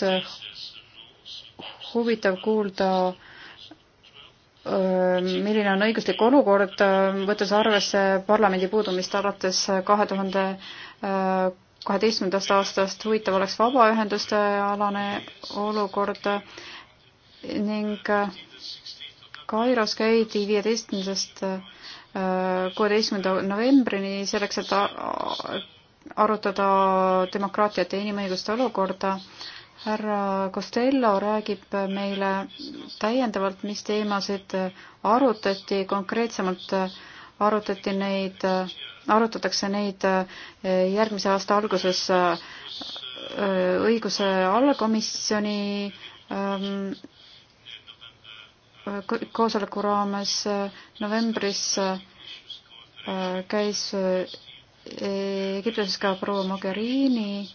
S5: huvitav kuulda, milline on õiguslik olukord, võttes arvesse parlamendi puudumist alates kahe tuhande kaheteistkümnendast aastast, huvitav oleks vabaühenduste alane olukord ning Kairos käidi viieteistkümnendast äh, kuueteistkümnenda novembrini selleks, et arutada demokraatiat ja inimõiguste olukorda. härra Costello räägib meile täiendavalt, mis teemasid arutati, konkreetsemalt arutati neid, arutatakse neid järgmise aasta alguses äh, õiguse allakomisjoni ähm, koosoleku raames äh, novembris äh, käis äh, Egiptuses ka proua Mogherini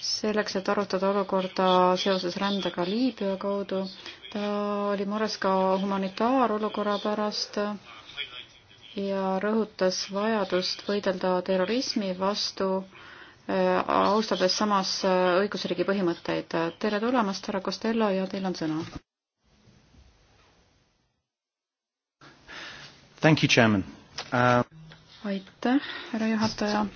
S5: selleks, et arutada olukorda seoses rändega Liibüa kaudu. ta oli mures ka humanitaarolukorra pärast ja rõhutas vajadust võidelda terrorismi vastu, austades samas õigusriigi põhimõtteid. tere tulemast, härra Costello ja teil on sõna.
S1: Thank you, chairman uh....
S5: aitäh, härra juhataja.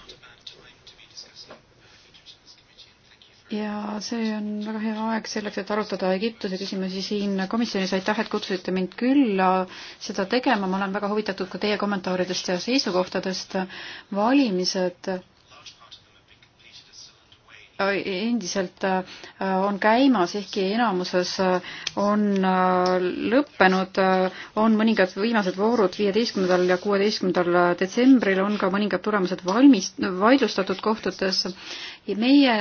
S5: ja see on väga hea aeg selleks, et arutada Egiptuse küsimusi siin komisjonis. aitäh, et kutsusite mind külla seda tegema, ma olen väga huvitatud ka teie kommentaaridest ja seisukohtadest. valimised Äh, endiselt äh, on käimas, ehkki enamuses äh, on lõppenud, on mõningad viimased voorud viieteistkümnendal ja kuueteistkümnendal detsembril, on ka mõningad tulemused valmis, vaidlustatud kohtutes. meie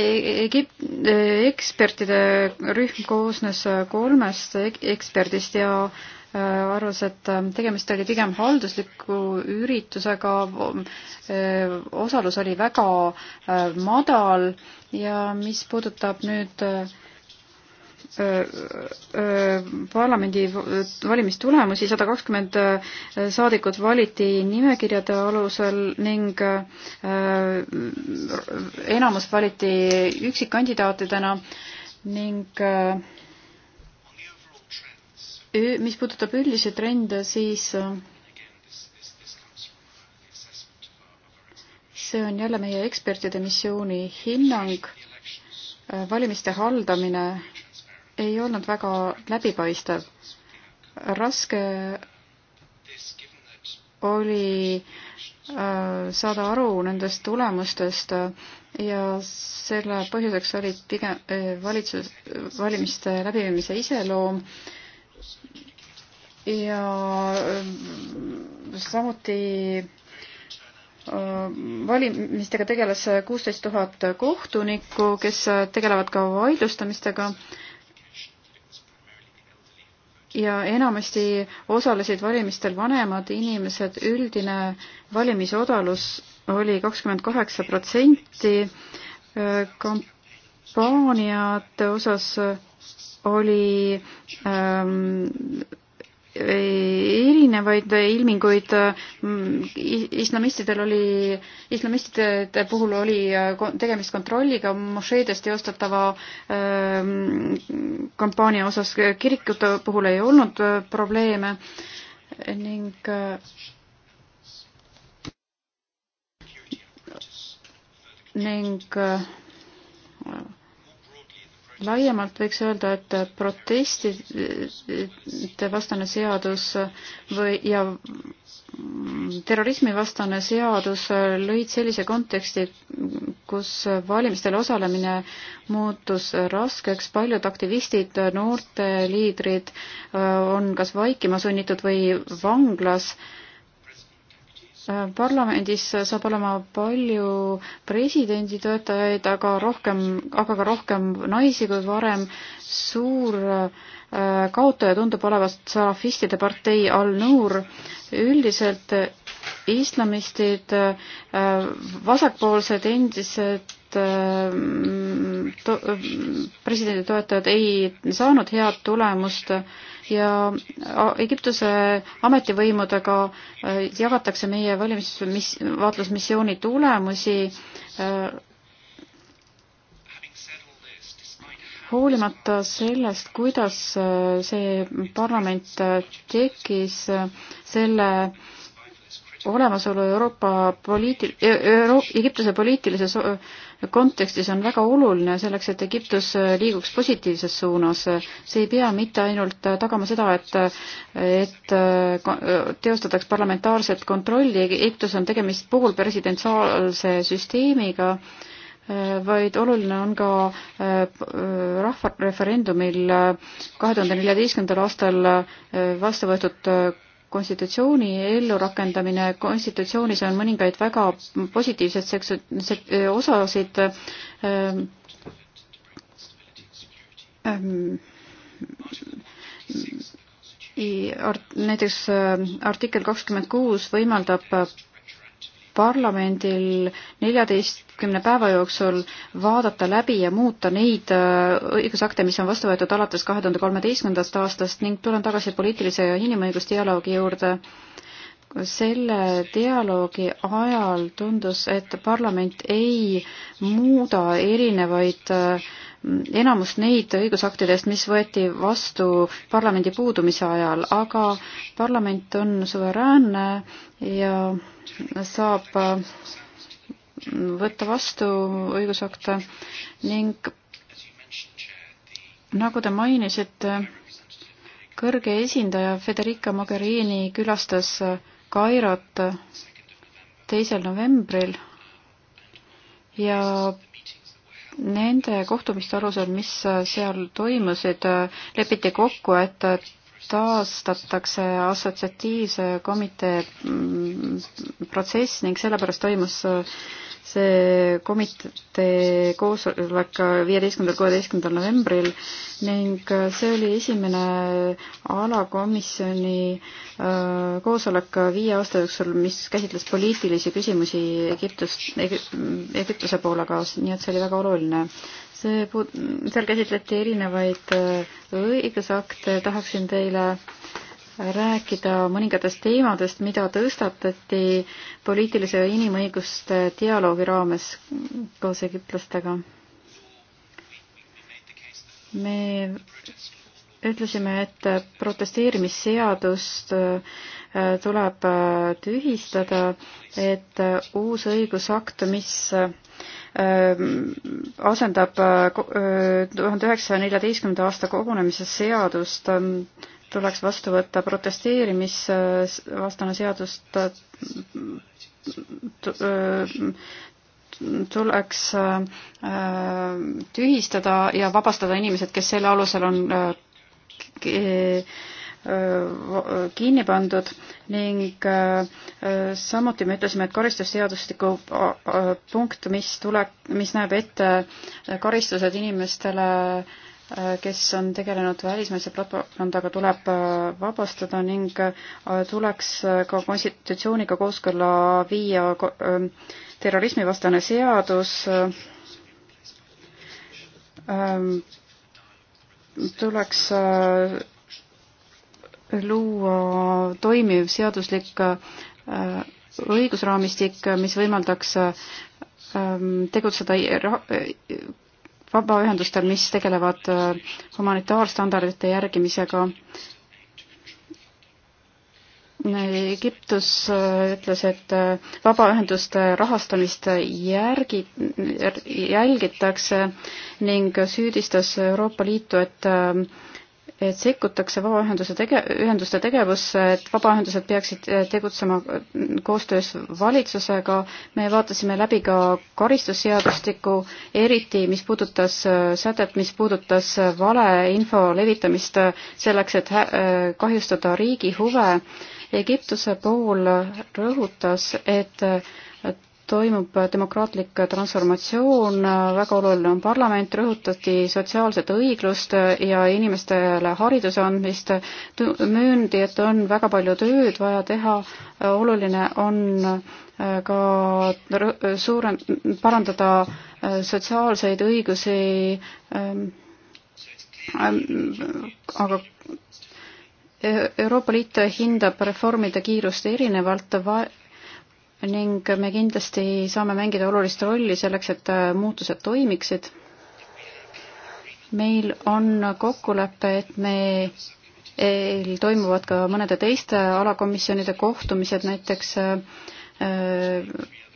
S5: Egip-, e-, e-, ekspertide rühm koosnes kolmest e-, eksperdist ja Äh, arvas, et ähm, tegemist oli pigem haldusliku üritusega, äh, osalus oli väga äh, madal ja mis puudutab nüüd parlamendi valimistulemusi, sada kakskümmend saadikut valiti nimekirjade alusel ning enamus valiti üksikkandidaatidena ning äh, mis puudutab üldisi trende, siis äh, see on jälle meie ekspertide missiooni hinnang. Äh, valimiste haldamine ei olnud väga läbipaistev. raske oli äh, saada aru nendest tulemustest ja selle põhjuseks olid pigem valitsus, valimiste läbiviimise iseloom äh, ja ähm, samuti äh, valimistega tegeles kuusteist tuhat kohtunikku, kes tegelevad ka vaidlustamistega. ja enamasti osalesid valimistel vanemad inimesed, üldine valimisosalus oli kakskümmend kaheksa protsenti, äh, kampaaniate osas oli ähm, erinevaid ilminguid. Mm, islamistidel oli, islamistide puhul oli äh, tegemist kontrolliga mošeedes teostatava ähm, kampaania osas, kirikute puhul ei olnud äh, probleeme ning äh, ning laiemalt võiks öelda, et protestide vastane seadus või, ja terrorismivastane seadus lõid sellise konteksti, kus valimistel osalemine muutus raskeks, paljud aktivistid, noorte liidrid on kas vaikima sunnitud või vanglas äh, parlamendis saab olema palju presidendi töötajaid, aga rohkem, aga ka rohkem naisi kui varem. suur äh, kaotaja tundub olevat salafistide partei Al-Nur. üldiselt islamistid, äh, vasakpoolsed, endised Mm, to, presidendi toetajad ei saanud head tulemust ja Egiptuse ametivõimudega äh, jagatakse meie valimisvaatlusmissiooni tulemusi äh, hoolimata sellest, kuidas äh, see parlament tekkis, selle äh, olemasolu Euroopa poliiti-, Euro-, Egiptuse poliitilises kontekstis on väga oluline selleks, et Egiptus liiguks positiivses suunas. see ei pea mitte ainult tagama seda, et, et teostataks parlamentaarset kontrolli, Egiptus on tegemist poolpresidentsiaalse süsteemiga, vaid oluline on ka rahvareferendumil kahe tuhande neljateistkümnendal aastal vastu võetud konstitutsiooni ellurakendamine, konstitutsioonis on mõningaid väga positiivseid seksu-, sek-, osasid ähm, ähm, näiteks äh, artikkel kakskümmend kuus võimaldab parlamendil neljateistkümne päeva jooksul vaadata läbi ja muuta neid äh, õigusakte, mis on vastu võetud alates kahe tuhande kolmeteistkümnendast aastast ning tulen tagasi poliitilise ja inimõigusdialoogi juurde. selle dialoogi ajal tundus, et parlament ei muuda erinevaid äh, enamus neid õigusaktidest, mis võeti vastu parlamendi puudumise ajal, aga parlament on suveräänne ja saab äh, võtta vastu õigusakte ning nagu te mainisite, kõrge esindaja Federica Mogherini külastas Kairot teisel novembril ja nende kohtumiste alusel, mis seal toimusid, lepiti kokku, et taastatakse assotsiatiivse komitee mm, protsess ning sellepärast toimus äh, see komitee koosolek äh, viieteistkümnendal, kuueteistkümnendal novembril ning äh, see oli esimene alakomisjoni koosolek viie aasta jooksul, mis käsitles poliitilisi küsimusi Egiptust, Egiptuse poole kaas, nii et see oli väga oluline see puud-, seal käsitleti erinevaid äh, õigusakte, tahaksin teile rääkida mõningatest teemadest, mida tõstatati poliitilise ja inimõiguste dialoogi raames koos egiptlastega. me ütlesime, et protesteerimisseadust äh, tuleb äh, tühistada, et äh, uus õigusakt, mis asendab tuhande üheksasaja neljateistkümnenda aasta kogunemise seadust, ähm, tuleks vastu võtta protesteerimisvastane seadust, tuleks tühistada ja vabastada inimesed, kes selle alusel on Äh, kinni pandud ning äh, samuti me ütlesime, et karistusseadustiku äh, punkt, mis tuleb, mis näeb ette karistused inimestele, kes on tegelenud välismaise propagandaga, tuleb vabastada ning tuleks ka konstitutsiooniga kooskõlla viia terrorismivastane seadus tuleks äh, luua toimiv seaduslik äh, õigusraamistik, mis võimaldaks äh, tegutseda vabaühendustel, mis tegelevad humanitaarstandardite järgimisega Äh, Egiptus äh, ütles, et äh, vabaühenduste rahastamist järgi, jälgitakse ning süüdistas Euroopa Liitu, et et sekkutakse vabaühenduse tege-, ühenduste tegevusse, et vabaühendused peaksid tegutsema koostöös valitsusega. me vaatasime läbi ka karistusseadustikku, eriti mis puudutas sätet, mis puudutas valeinfo levitamist selleks, et kahjustada riigi huve Egiptuse pool rõhutas, et toimub demokraatlik transformatsioon, väga oluline on parlament, rõhutati sotsiaalset õiglust ja inimestele hariduse andmist, mööndi, et on väga palju tööd vaja teha, oluline on äh, ka suurem, parandada äh, sotsiaalseid õigusi, ähm, ähm, aga Euroopa Liit hindab reformide kiirust erinevalt ning me kindlasti saame mängida olulist rolli selleks, et muutused toimiksid. meil on kokkulepe, et me toimuvad ka mõnede teiste alakomisjonide kohtumised, näiteks äh,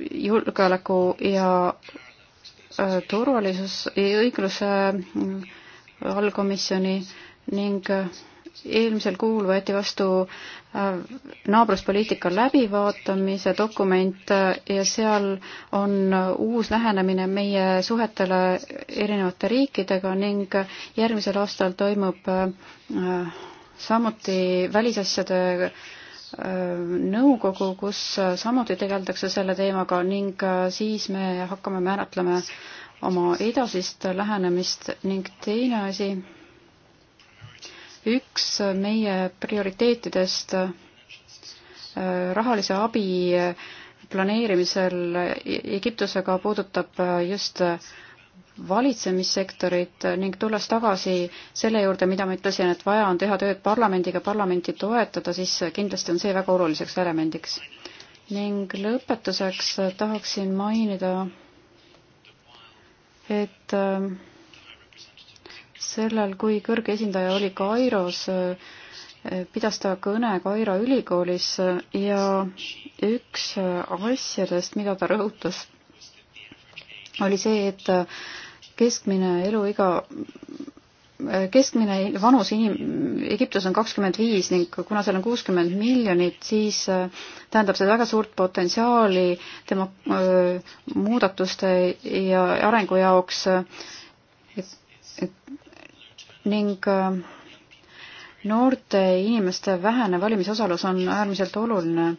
S5: julgeoleku ja äh, turvalisus ja õigluse äh, allkomisjoni ning eelmisel kuul võeti vastu äh, naabruspoliitika läbivaatamise dokument äh, ja seal on äh, uus lähenemine meie suhetele erinevate riikidega ning järgmisel aastal toimub samuti välisasjade nõukogu, kus samuti tegeldakse selle teemaga ning siis me hakkame määratlema oma edasist lähenemist ning teine asi, üks meie prioriteetidest äh, rahalise abi äh, planeerimisel äh, Egiptusega puudutab just valitsemissektorit ning tulles tagasi selle juurde, mida ma ütlesin, et vaja on teha tööd parlamendiga, parlamenti toetada, siis kindlasti on see väga oluliseks elemendiks. ning lõpetuseks tahaksin mainida, et äh, sellel, kui kõrge esindaja oli Kairos, pidas ta kõne Kaira ülikoolis ja üks asjadest, mida ta rõhutas, oli see, et keskmine eluiga keskmine vanus inim-, Egiptus on kakskümmend viis ning kuna seal on kuuskümmend miljonit, siis äh, tähendab see väga suurt potentsiaali tema äh, muudatuste ja arengu jaoks. Äh, ning äh, noorte inimeste vähene valimisosalus on äärmiselt oluline.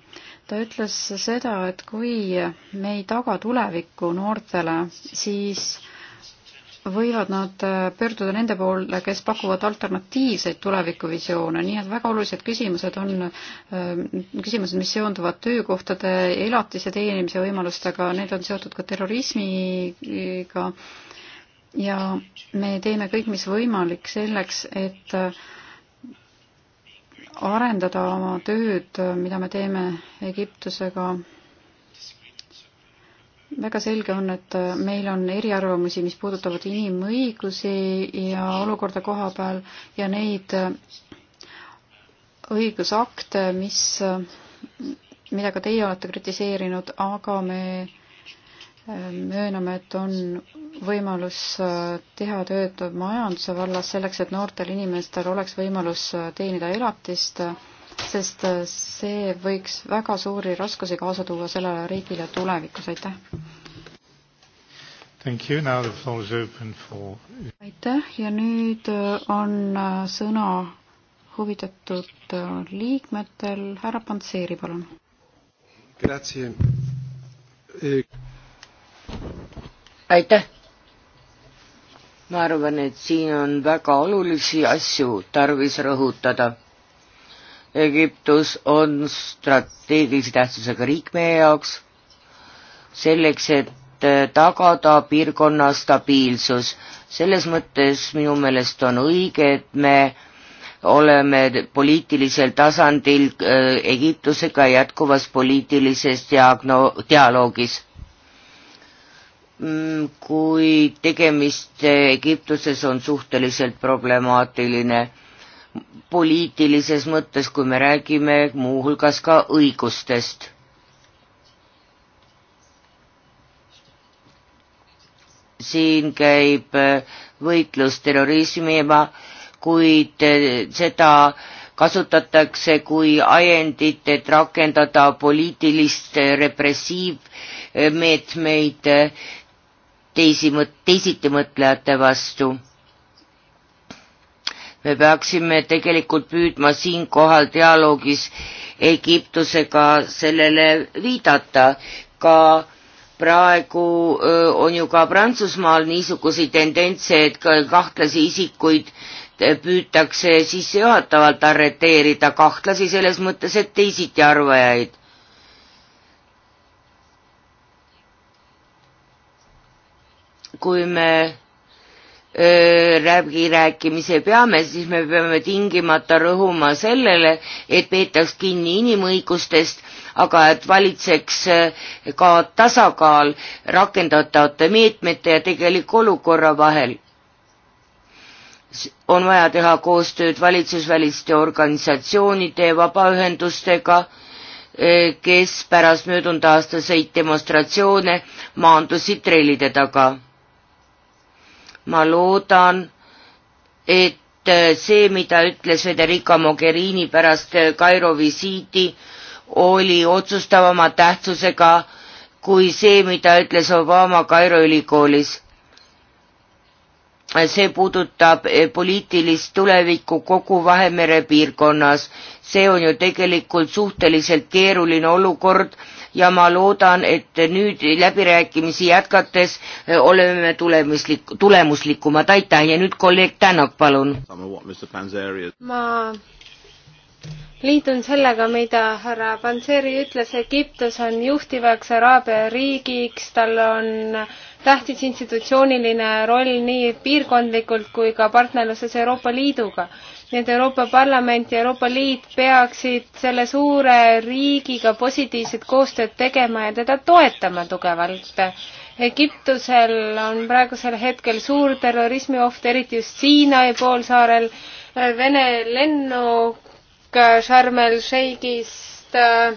S5: ta ütles seda, et kui me ei taga tulevikku noortele, siis võivad nad äh, pöörduda nende poole, kes pakuvad alternatiivseid tulevikuvisioone, nii et väga olulised küsimused on äh, küsimused, mis seonduvad töökohtade, elatise teenimise võimalustega, need on seotud ka terrorismiga ja me teeme kõik, mis võimalik selleks, et arendada oma tööd, mida me teeme Egiptusega. väga selge on, et meil on eriarvamusi, mis puudutavad inimõigusi ja olukorda koha peal ja neid õigusakte, mis, mida ka teie olete kritiseerinud, aga me mööname, et on võimalus äh, teha tööd majanduse vallas selleks, et noortel inimestel oleks võimalus äh, teenida elatist, äh, sest see võiks väga suuri raskusi kaasa tuua sellele riigile tulevikus, aitäh!
S1: For...
S5: aitäh ja nüüd on sõna huvitatud liikmetel, härra Pantseeri, palun!
S3: aitäh!
S4: ma arvan, et siin on väga olulisi asju tarvis rõhutada. Egiptus on strateegilise tähtsusega riik meie jaoks, selleks, et äh, tagada piirkonna stabiilsus. selles mõttes minu meelest on õige, et me oleme poliitilisel tasandil äh, Egiptusega jätkuvas poliitilises diagno-, dialoogis Mm, kui tegemist Egiptuses on suhteliselt problemaatiline poliitilises mõttes, kui me räägime muuhulgas ka õigustest. siin käib võitlus terrorismiga, kuid seda kasutatakse kui ajendit, et rakendada poliitilist repressiivmeetmeid teisi mõt-, teisitimõtlejate vastu. me peaksime tegelikult püüdma siinkohal dialoogis Egiptusega sellele viidata, ka praegu öö, on ju ka Prantsusmaal niisuguseid tendentse, et kahtlasi isikuid püütakse sissejuhatavalt arreteerida, kahtlasi selles mõttes, et teisiti arvajaid kui me läbirääkimise peame, siis me peame tingimata rõhuma sellele, et peetaks kinni inimõigustest, aga et valitseks ka tasakaal rakendatavate meetmete ja tegeliku olukorra vahel. on vaja teha koostööd valitsusväliste organisatsioonide ja vabaühendustega, kes pärast möödunud aasta sõit demonstratsioone maandusid trellide taga ma loodan, et see, mida ütles Federica Mogherini pärast Kairo visiiti, oli otsustavama tähtsusega kui see, mida ütles Obama Kairo ülikoolis. see puudutab eh, poliitilist tulevikku kogu Vahemere piirkonnas. see on ju tegelikult suhteliselt keeruline olukord ja ma loodan, et nüüd läbirääkimisi jätkates eh, oleme tulemuslik, tulemuslikumad, aitäh ja nüüd kolleeg Tänak, palun.
S1: ma
S2: liitun sellega, mida härra Panseri ütles, Egiptus on juhtivaks Araabia riigiks, tal on tähtis institutsiooniline roll nii piirkondlikult kui ka partnerluses Euroopa Liiduga nii et Euroopa Parlament ja Euroopa Liit peaksid selle suure riigiga positiivset koostööd tegema ja teda toetama tugevalt. Egiptusel on praegusel hetkel suur terrorismioht, eriti just Siinai poolsaarel. Vene lennuk Sharm el Sheikist äh,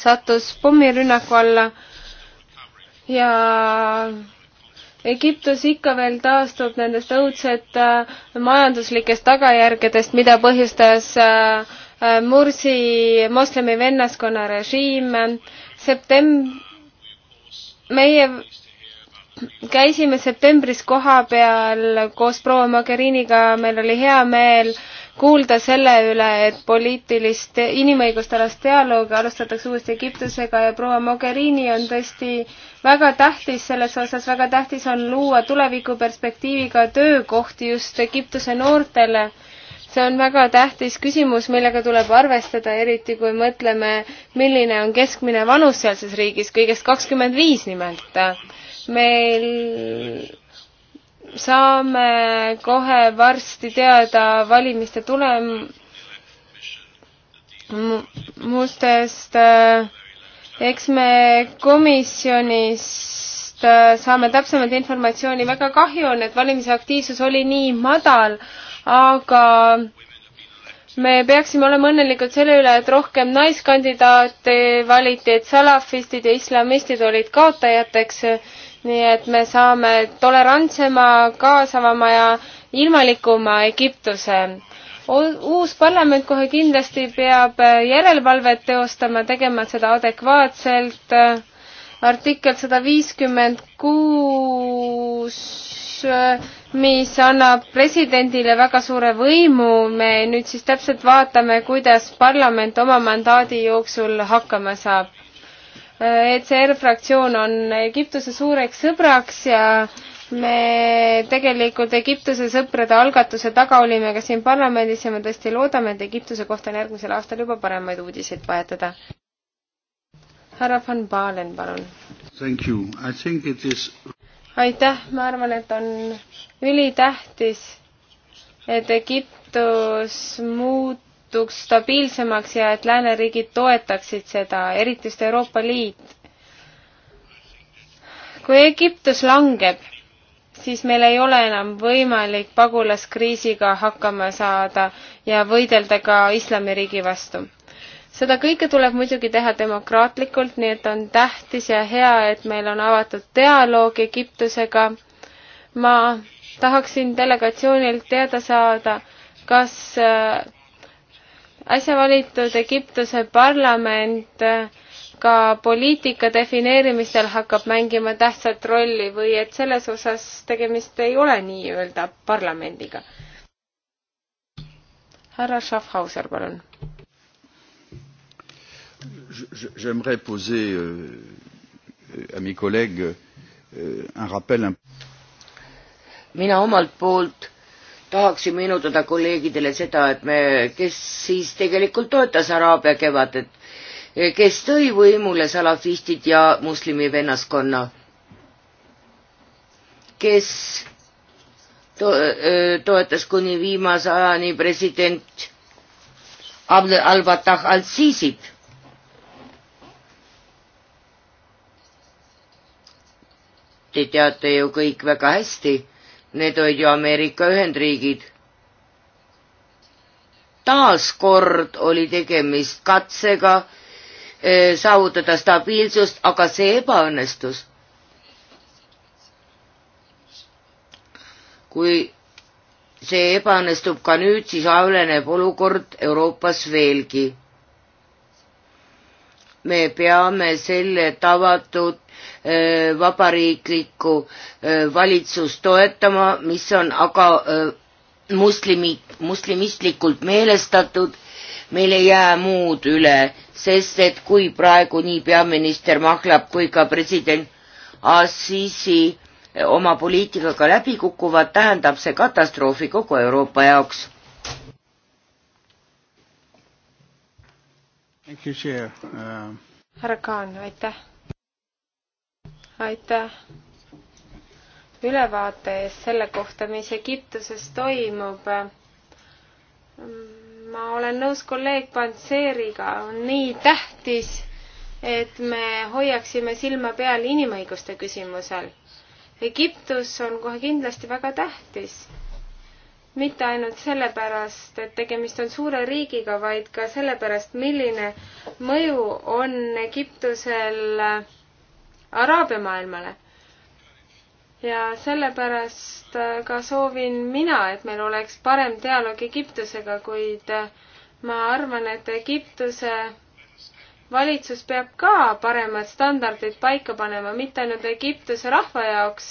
S2: sattus pommirünnaku alla ja Egiptus ikka veel taastub nendest õudset äh, majanduslikest tagajärgedest, mida põhjustas äh, äh, Mursi moslemi vennaskonna režiim. septem-, meie käisime septembris koha peal koos proua Mogheriniga, meil oli hea meel kuulda selle üle, et poliitilist inimõigustealast dialoogi alustatakse uuesti Egiptusega ja proua Mogherini on tõesti väga tähtis selles osas, väga tähtis on luua tulevikuperspektiiviga töökohti just Egiptuse noortele. see on väga tähtis küsimus, millega tuleb arvestada, eriti kui mõtleme, milline on keskmine vanus sealses riigis, kõigest kakskümmend viis nimelt. meil saame kohe varsti teada valimiste tulemustest. Äh, eks me komisjonist äh, saame täpsemat informatsiooni. väga kahju on, et valimise aktiivsus oli nii madal, aga me peaksime olema õnnelikud selle üle, et rohkem naiskandidaate valiti, et salafistid ja islamistid olid kaotajateks nii et me saame tolerantsema, kaasavama ja ilmalikuma Egiptuse. uus parlament kohe kindlasti peab äh, järelevalvet teostama, tegema seda adekvaatselt. artikkel sada viiskümmend kuus, äh, mis annab presidendile väga suure võimu, me nüüd siis täpselt vaatame, kuidas parlament oma mandaadi jooksul hakkama saab ECR fraktsioon on Egiptuse suureks sõbraks ja me tegelikult Egiptuse sõprade algatuse taga olime ka siin parlamendis ja me tõesti loodame, et Egiptuse kohta on järgmisel aastal juba paremaid uudiseid paetada. härra Van Balen, palun. Is... aitäh, ma arvan, et on ülitähtis, et Egiptus muut-, muutuks stabiilsemaks ja et lääneriigid toetaksid seda, eriti just Euroopa Liit. kui Egiptus langeb, siis meil ei ole enam võimalik pagulaskriisiga hakkama saada ja võidelda ka islamiriigi vastu. seda kõike tuleb muidugi teha demokraatlikult, nii et on tähtis ja hea, et meil on avatud dialoog Egiptusega. ma tahaksin delegatsioonilt teada saada, kas äsja valitud Egiptuse parlament ka poliitika defineerimisel hakkab mängima tähtsat rolli või et selles osas tegemist ei ole nii-öelda parlamendiga? härra Schaffhauser, palun.
S6: J'aimerais poser euh, à mes collègues euh, un rappel.
S4: mina omalt poolt tahaksin meenutada kolleegidele seda, et me, kes siis tegelikult toetas Araabia kevadet, kes tõi võimule salafistid ja muslimi vennaskonna, kes to toetas kuni viimase ajani president Abd al-Fatah al-Sisid, Te teate ju kõik väga hästi need olid ju Ameerika Ühendriigid. taaskord oli tegemist katsega eh, saavutada stabiilsust, aga see ebaõnnestus. kui see ebaõnnestub ka nüüd, siis halveneb olukord Euroopas veelgi me peame selle tavatud äh, vabariiklikku äh, valitsust toetama, mis on aga äh, muslimi, muslimistlikult meelestatud, meil ei jää muud üle, sest et kui praegu nii peaminister Mahlab kui ka president Assisi oma poliitikaga läbi kukuvad, tähendab see katastroofi kogu Euroopa jaoks Um,
S2: härra Kaan, aitäh! aitäh ülevaate eest selle kohta, mis Egiptuses toimub. ma olen nõus kolleeg Panseeriga, on nii tähtis, et me hoiaksime silma peal inimõiguste küsimusel. Egiptus on kohe kindlasti väga tähtis mitte ainult sellepärast, et tegemist on suure riigiga, vaid ka sellepärast, milline mõju on Egiptusel araabia maailmale. ja sellepärast ka soovin mina, et meil oleks parem dialoog Egiptusega, kuid ma arvan, et Egiptuse valitsus peab ka paremad standardid paika panema, mitte ainult Egiptuse rahva jaoks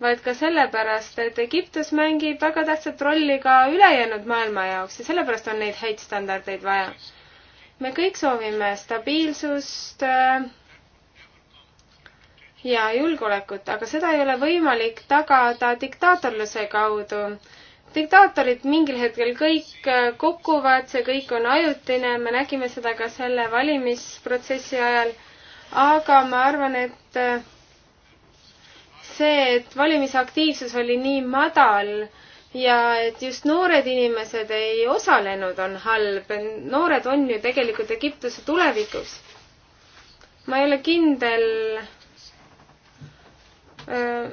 S2: vaid ka sellepärast, et Egiptus mängib väga tähtsat rolli ka ülejäänud maailma jaoks ja sellepärast on neid häid standardeid vaja. me kõik soovime stabiilsust äh, ja julgeolekut, aga seda ei ole võimalik tagada diktaatorluse kaudu. diktaatorid mingil hetkel kõik äh, kukuvad, see kõik on ajutine, me nägime seda ka selle valimisprotsessi ajal, aga ma arvan, et äh, see, et valimisaktiivsus oli nii madal ja et just noored inimesed ei osalenud, on halb. noored on ju tegelikult Egiptuse tulevikuks. ma ei ole kindel, äh,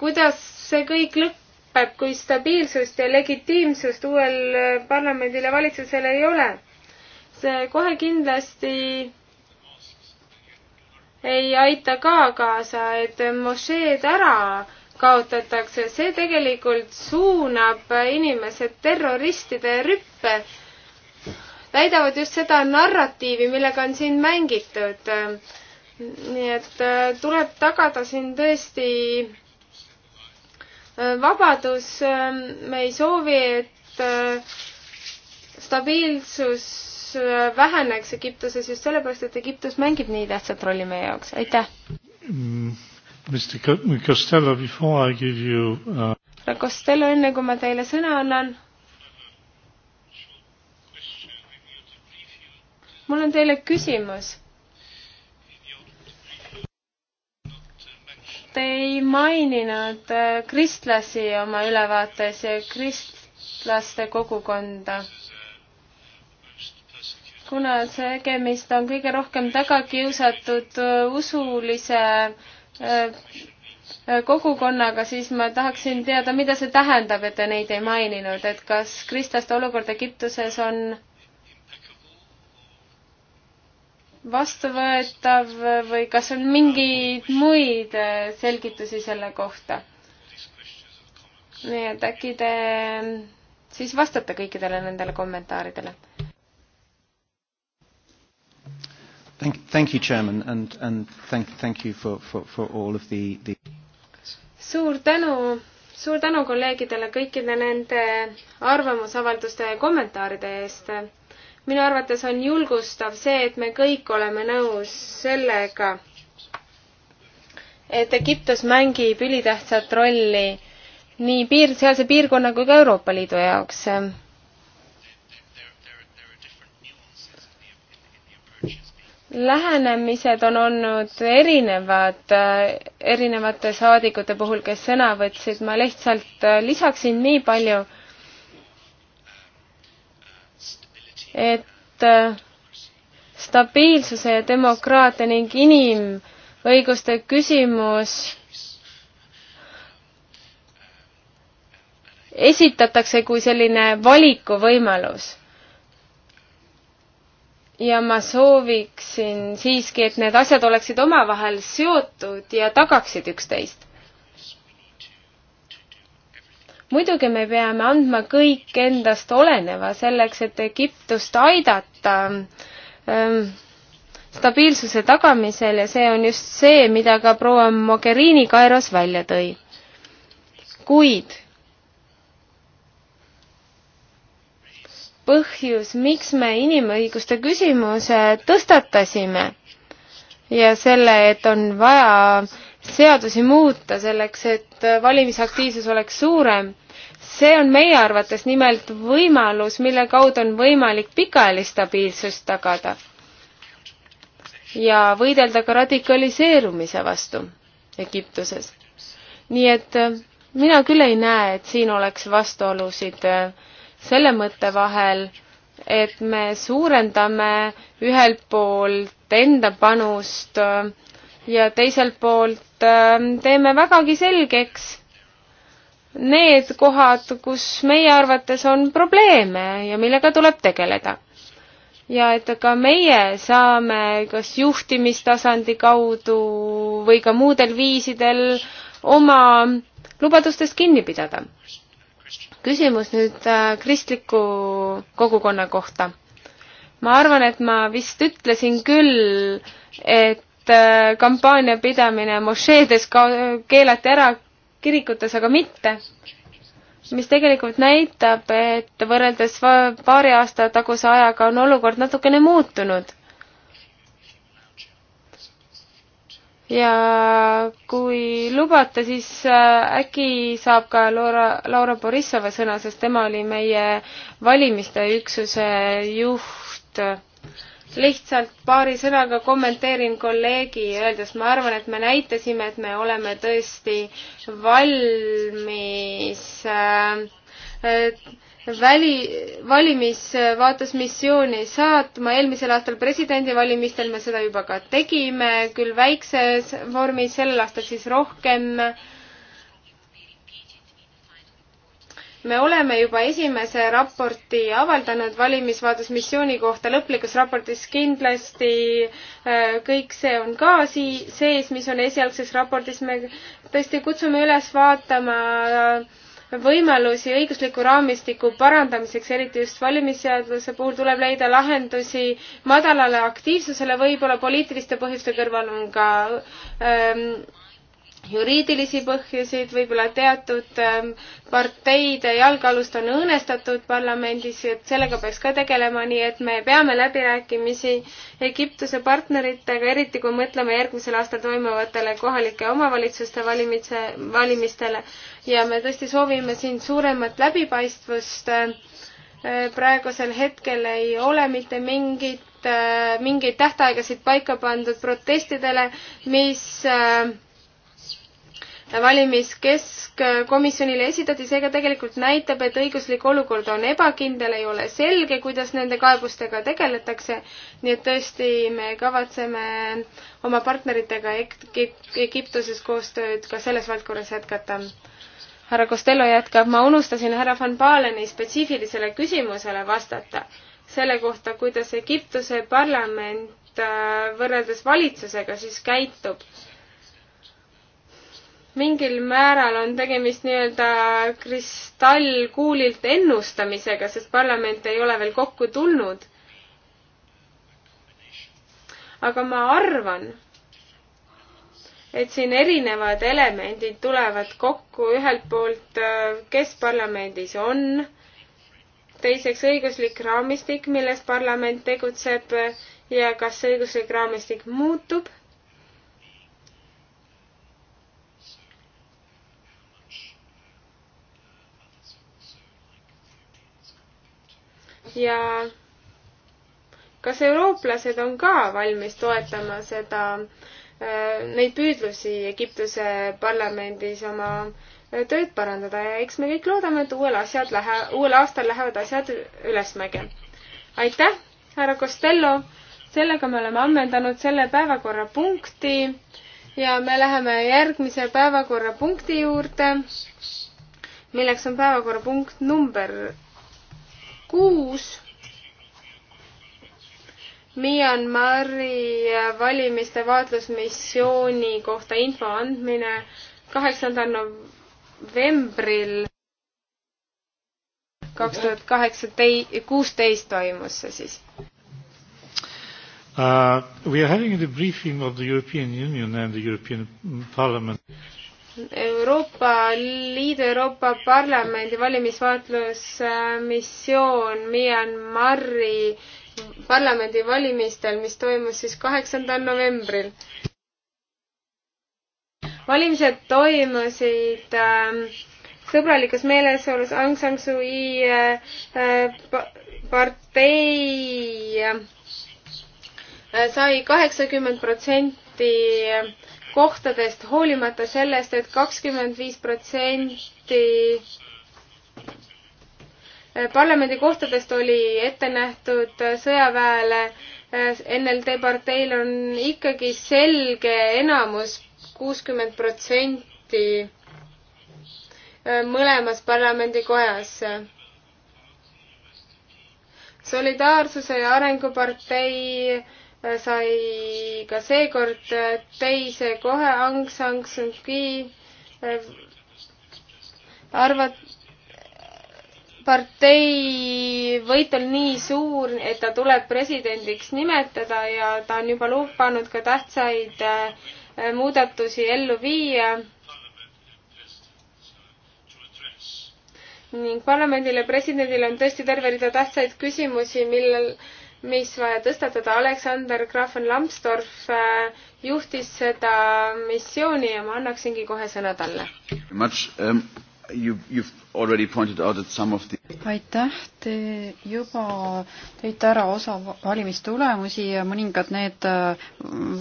S2: kuidas see kõik lõpeb, kui stabiilsust ja legitiimsust uuel äh, parlamendil ja valitsusel ei ole. see kohe kindlasti ei aita ka kaasa, et mošeed ära kaotatakse, see tegelikult suunab inimesed terroristide rüppe, täidavad just seda narratiivi, millega on siin mängitud. nii et äh, tuleb tagada siin tõesti äh, vabadus, äh, me ei soovi, et stabiilsus väheneks Egiptuses just sellepärast, et Egiptus mängib nii tähtsat rolli meie jaoks, aitäh
S1: mm,! Costello, before I give you uh...
S2: härra Costello, enne kui ma teile sõna annan, mul on teile küsimus. Te ei maininud uh, kristlasi oma ülevaates ja kristlaste kogukonda kuna tegemist on kõige rohkem tagakiusatud äh, usulise äh, äh, kogukonnaga, siis ma tahaksin teada, mida see tähendab, et te neid ei maininud, et kas kristlaste olukord Egiptuses on vastuvõetav või kas on mingeid muid selgitusi selle kohta? nii et äkki te siis vastate kõikidele nendele kommentaaridele
S1: Thank, thank you, Chairman, and, and thank, thank you for, for, for all of the, the...
S2: suur tänu, suur tänu kolleegidele kõikide nende arvamusavalduste ja kommentaaride eest. minu arvates on julgustav see, et me kõik oleme nõus sellega, et Egiptus mängib ülitähtsat rolli nii piir, sealse piirkonna kui ka Euroopa Liidu jaoks lähenemised on olnud erinevad äh, erinevate saadikute puhul, kes sõna võtsid, ma lihtsalt äh, lisaksin nii palju, et äh, stabiilsuse ja demokraatia ning inimõiguste küsimus esitatakse kui selline valikuvõimalus ja ma sooviksin siiski, et need asjad oleksid omavahel seotud ja tagaksid üksteist. muidugi me peame andma kõik endast oleneva selleks, et Egiptust aidata ähm, stabiilsuse tagamisel ja see on just see, mida ka proua Mogherini Kairos välja tõi. kuid põhjus, miks me inimõiguste küsimuse tõstatasime ja selle, et on vaja seadusi muuta selleks, et valimisaktiivsus oleks suurem, see on meie arvates nimelt võimalus, mille kaudu on võimalik pikaajalist stabiilsust tagada ja võidelda ka radikaliseerumise vastu Egiptuses. nii et mina küll ei näe, et siin oleks vastuolusid äh, selle mõtte vahel, et me suurendame ühelt poolt enda panust äh, ja teiselt poolt äh, teeme vägagi selgeks need kohad, kus meie arvates on probleeme ja millega tuleb tegeleda. ja et ka meie saame kas juhtimistasandi kaudu või ka muudel viisidel oma lubadustest kinni pidada küsimus nüüd äh, kristliku kogukonna kohta. ma arvan, et ma vist ütlesin küll, et äh, kampaania pidamine mošeedes ka-, keelati ära, kirikutes aga mitte mis tegelikult näitab, et võrreldes paari aasta taguse ajaga on olukord natukene muutunud. ja kui lubate, siis äh, äkki saab ka Laura, Laura Borissova sõna, sest tema oli meie valimiste üksuse juht. lihtsalt paari sõnaga kommenteerin kolleegi öeldes, ma arvan, et me näitasime, et me oleme tõesti valmis äh, äh väli, valimisvaatlusmissiooni saatma, eelmisel aastal presidendivalimistel me seda juba ka tegime, küll väikses vormis, sellel aastal siis rohkem. me oleme juba esimese raporti avaldanud valimisvaatlusmissiooni kohta, lõplikus raportis kindlasti kõik see on ka sii-, sees, mis on esialgses raportis, me tõesti kutsume üles vaatama äh, võimalusi õigusliku raamistiku parandamiseks, eriti just valimisseaduse puhul tuleb leida lahendusi madalale aktiivsusele, võib-olla poliitiliste põhjuste kõrval on ka ähm, juriidilisi põhjuseid, võib-olla teatud ähm, parteide jalgealust on õõnestatud parlamendis, et sellega peaks ka tegelema, nii et me peame läbirääkimisi Egiptuse partneritega, eriti kui mõtleme järgmisel aastal toimuvatele kohalike omavalitsuste valimise, valimistele ja me tõesti soovime siin suuremat läbipaistvust. Äh, praegusel hetkel ei ole mitte mingit, äh, mingeid tähtaegasid paika pandud protestidele, mis äh, valimiskeskkomisjonile esitati, seega tegelikult näitab, et õiguslik olukord on ebakindel, ei ole selge, kuidas nende kaebustega tegeletakse. nii et tõesti, me kavatseme oma partneritega Egiptuses koostööd ka selles valdkonnas jätkata. härra Costello jätkab, ma unustasin härra Van Baleni spetsiifilisele küsimusele vastata selle kohta, kuidas Egiptuse parlament äh, võrreldes valitsusega siis käitub mingil määral on tegemist nii-öelda kristallkuulilt ennustamisega, sest parlament ei ole veel kokku tulnud. aga ma arvan, et siin erinevad elemendid tulevad kokku, ühelt poolt, kes parlamendis on, teiseks õiguslik raamistik, milles parlament tegutseb ja kas see õiguslik raamistik muutub ja kas eurooplased on ka valmis toetama seda, äh, neid püüdlusi Egiptuse parlamendis oma äh, tööd parandada ja eks me kõik loodame, et uuel asjad lähe, uuel aastal lähevad asjad ülesmäge. aitäh, härra Costello, sellega me oleme ammendanud selle päevakorrapunkti ja me läheme järgmise päevakorrapunkti juurde, milleks on päevakorrapunkt number kuus Myanmari valimiste vaatlusmissiooni kohta info andmine kaheksandal novembril kaks tuhat kaheksateist, kuusteist toimus see siis
S1: uh,. We are having the briefing of the European Union and the European Parliament
S2: Euroopa Liidu, Euroopa Parlamendi valimisvaatlusmissioon Myanmari parlamendivalimistel, mis toimus siis kaheksandal novembril. valimised toimusid äh, sõbralikus meeleolus Aung San Suu Kyi äh, partei äh, sai kaheksakümmend protsenti kohtadest, hoolimata sellest et, et kakskümmend viis protsenti parlamendikohtadest oli ette nähtud sõjaväele. NLD parteil on ikkagi selge enamus, kuuskümmend protsenti mõlemas parlamendikojas. solidaarsuse ja arengupartei sai ka seekord teise kohe Aung San Suu Kyi äh, arvat-, partei võit on nii suur, et ta tuleb presidendiks nimetada ja ta on juba lubanud ka tähtsaid äh, muudatusi ellu viia. ning parlamendile, presidendile on tõesti terve rida tähtsaid küsimusi, millel äh, mis vaja tõstatada. Aleksander Grafen Lambsdorff äh, juhtis seda missiooni ja ma annaksingi kohe sõna talle.
S6: Um,
S5: aitäh, te juba tõite ära osa valimistulemusi ja mõningad need äh,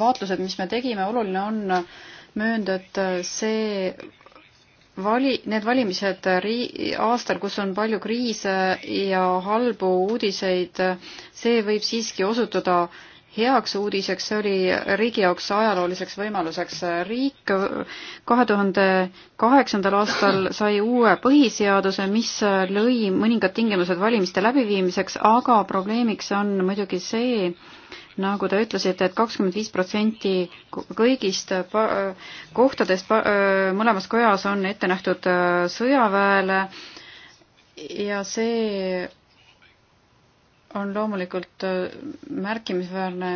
S5: vaatlused, mis me tegime, oluline on möönda, et see vali, need valimised rii-, aastal, kus on palju kriise ja halbu uudiseid, see võib siiski osutuda heaks uudiseks, see oli riigi jaoks ajalooliseks võimaluseks. riik kahe tuhande kaheksandal aastal sai uue põhiseaduse, mis lõi mõningad tingimused valimiste läbiviimiseks, aga probleemiks on muidugi see, nagu te ütlesite et, et kakskümmend viis protsenti kõigist kohtadest mõlemas kojas on ette nähtud sõjaväele ja see on loomulikult äh, märkimisväärne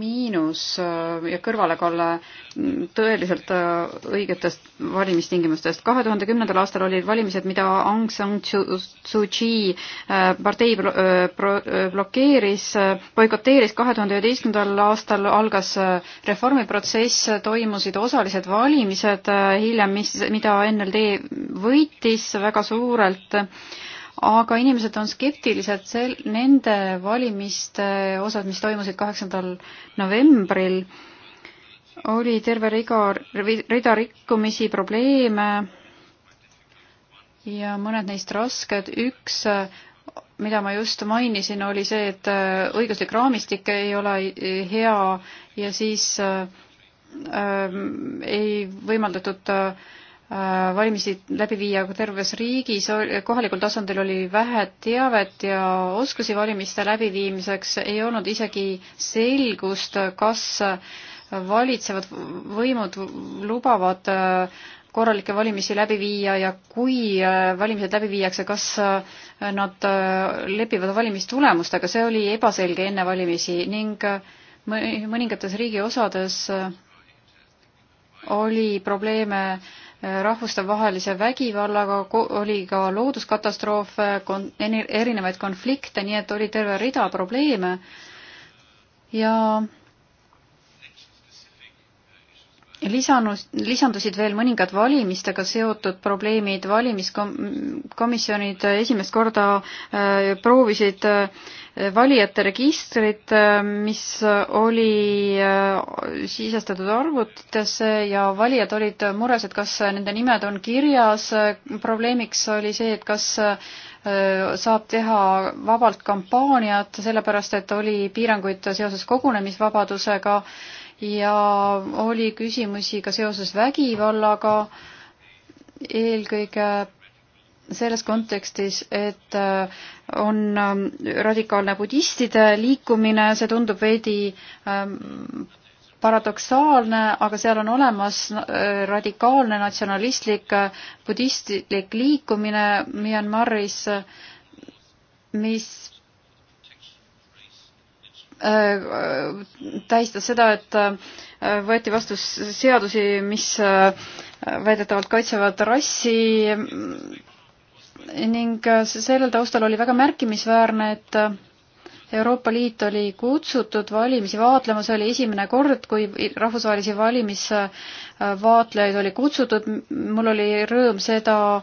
S5: miinus äh, ja kõrvalekalle mm, tõeliselt äh, õigetest valimistingimustest. kahe tuhande kümnendal aastal olid valimised, mida Aung San Suu Kyi partei blokeeris, boikoteeris. kahe tuhande üheteistkümnendal aastal algas reformiprotsess, toimusid osalised valimised hiljem, mis, mida NLD võitis väga suurelt aga inimesed on skeptilised sel-, nende valimiste osas, mis toimusid kaheksandal novembril, oli terve riga, rida rikkumisi, probleeme ja mõned neist rasked. üks, mida ma just mainisin, oli see, et õiguslik raamistik ei ole hea ja siis äh, ei võimaldatud äh, Äh, valimisi läbi viia terves riigis, kohalikul tasandil oli vähe teavet ja oskusi valimiste läbiviimiseks, ei olnud isegi selgust, kas valitsevad võimud lubavad äh, korralikke valimisi läbi viia ja kui äh, valimised läbi viiakse, kas nad lepivad valimistulemustega, see oli ebaselge enne valimisi ning mõningates riigi osades oli probleeme äh, rahvustevahelise vägivallaga, oli ka looduskatastroofe, erinevaid konflikte, nii et oli terve rida probleeme ja lisanus, lisandusid veel mõningad valimistega seotud probleemid, valimiskomisjonid esimest korda äh, proovisid äh, valijate registrit, äh, mis oli sisestatud arvutitesse ja valijad olid mures, et kas nende nimed on kirjas. probleemiks oli see, et kas saab teha vabalt kampaaniat, sellepärast et oli piiranguid seoses kogunemisvabadusega ja oli küsimusi ka seoses vägivallaga, eelkõige selles kontekstis, et äh, on äh, radikaalne budistide liikumine, see tundub veidi ähm, paradoksaalne, aga seal on olemas äh, radikaalne natsionalistlik budistlik liikumine Myanmaris, mis Äh, tähistas seda, et äh, võeti vastu seadusi, mis äh, väidetavalt kaitsevad rassi ning sellel taustal oli väga märkimisväärne, et Euroopa Liit oli kutsutud valimisi vaatlema, see oli esimene kord, kui rahvusvahelisi valimisvaatlejaid oli kutsutud. mul oli rõõm seda äh,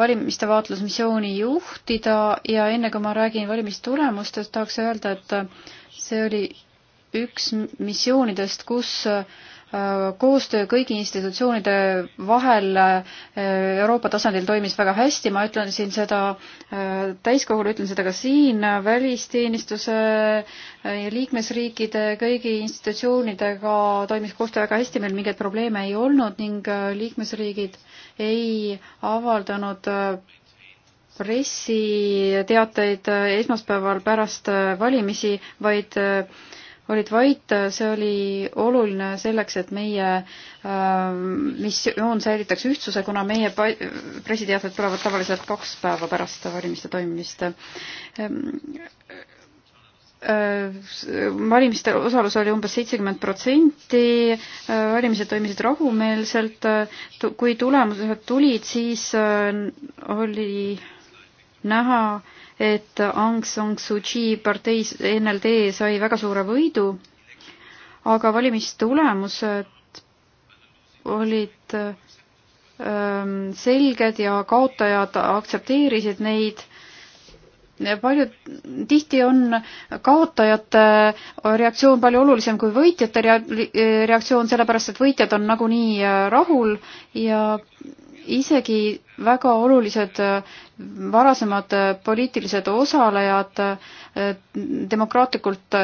S5: valimiste vaatlusmissiooni juhtida ja enne kui ma räägin valimistulemustest, tahaks öelda, et see oli üks missioonidest, kus äh, koostöö kõigi institutsioonide vahel äh, Euroopa tasandil toimis väga hästi, ma ütlen siin seda äh, täiskogul, ütlen seda ka siin, välisteenistuse äh, ja liikmesriikide kõigi institutsioonidega toimis koostöö väga hästi, meil mingeid probleeme ei olnud ning liikmesriigid ei avaldanud pressiteateid esmaspäeval pärast valimisi, vaid äh, olid vait, see oli oluline selleks, et meie ähm, missioon säilitaks ühtsuse, kuna meie pressiteated tulevad tavaliselt kaks päeva pärast valimiste toimumist. Ähm, äh, valimiste osalus oli umbes seitsekümmend protsenti, äh, valimised toimisid rahumeelselt, äh, kui tulemused tulid, siis oli näha, et Aung San Suu Kyi partei NLD sai väga suure võidu, aga valimistulemused olid ähm, selged ja kaotajad aktsepteerisid neid. paljud, tihti on kaotajate reaktsioon palju olulisem kui võitjate reaktsioon, sellepärast et võitjad on nagunii äh, rahul ja isegi väga olulised äh, varasemad äh, poliitilised osalejad äh, demokraatlikult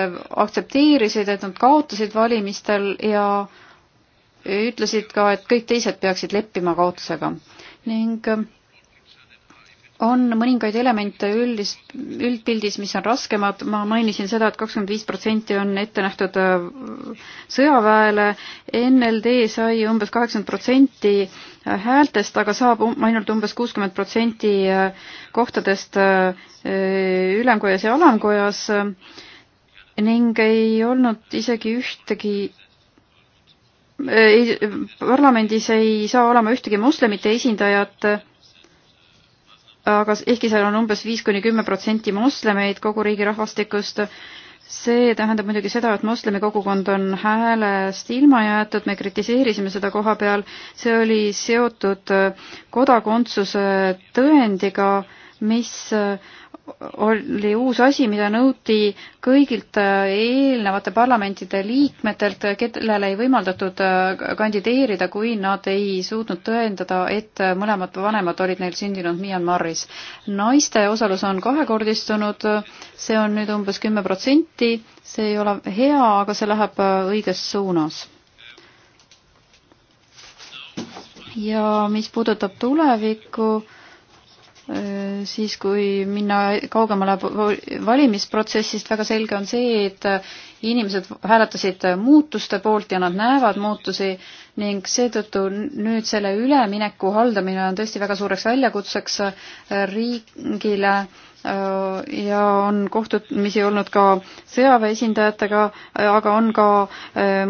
S5: aktsepteerisid, et nad kaotasid valimistel ja ütlesid ka, et kõik teised peaksid leppima kaotusega ning on mõningaid elemente üldis, üldpildis, mis on raskemad, ma mainisin seda et, et kakskümmend viis protsenti on ette nähtud äh, sõjaväele, NLD sai umbes kaheksakümmend protsenti äh, häältest, aga saab um-, ainult umbes kuuskümmend protsenti äh, kohtadest ülemkojas ja alamkojas ning ei olnud isegi ühtegi ei, parlamendis ei saa olema ühtegi moslemite esindajat aga ehkki seal on umbes viis kuni kümme protsenti moslemeid kogu riigi rahvastikust, see tähendab muidugi seda, et moslemi kogukond on häälest ilma jäetud, me kritiseerisime seda koha peal, see oli seotud kodakondsuse tõendiga, mis äh, oli uus asi, mida nõuti kõigilt äh, eelnevate parlamentide liikmetelt, kellele ei võimaldatud äh, kandideerida, kui nad ei suutnud tõendada, et äh, mõlemad vanemad olid neil sündinud Myanmaris. naiste osalus on kahekordistunud, see on nüüd umbes kümme protsenti, see ei ole hea, aga see läheb õiges suunas. ja mis puudutab tulevikku, Äh, siis, kui minna kaugemale valimisprotsessist, väga selge on see, et inimesed hääletasid muutuste poolt ja nad näevad muutusi ning seetõttu nüüd selle ülemineku haldamine on tõesti väga suureks väljakutseks äh, riigile äh, ja on kohtumisi olnud ka sõjaväe esindajatega, aga on ka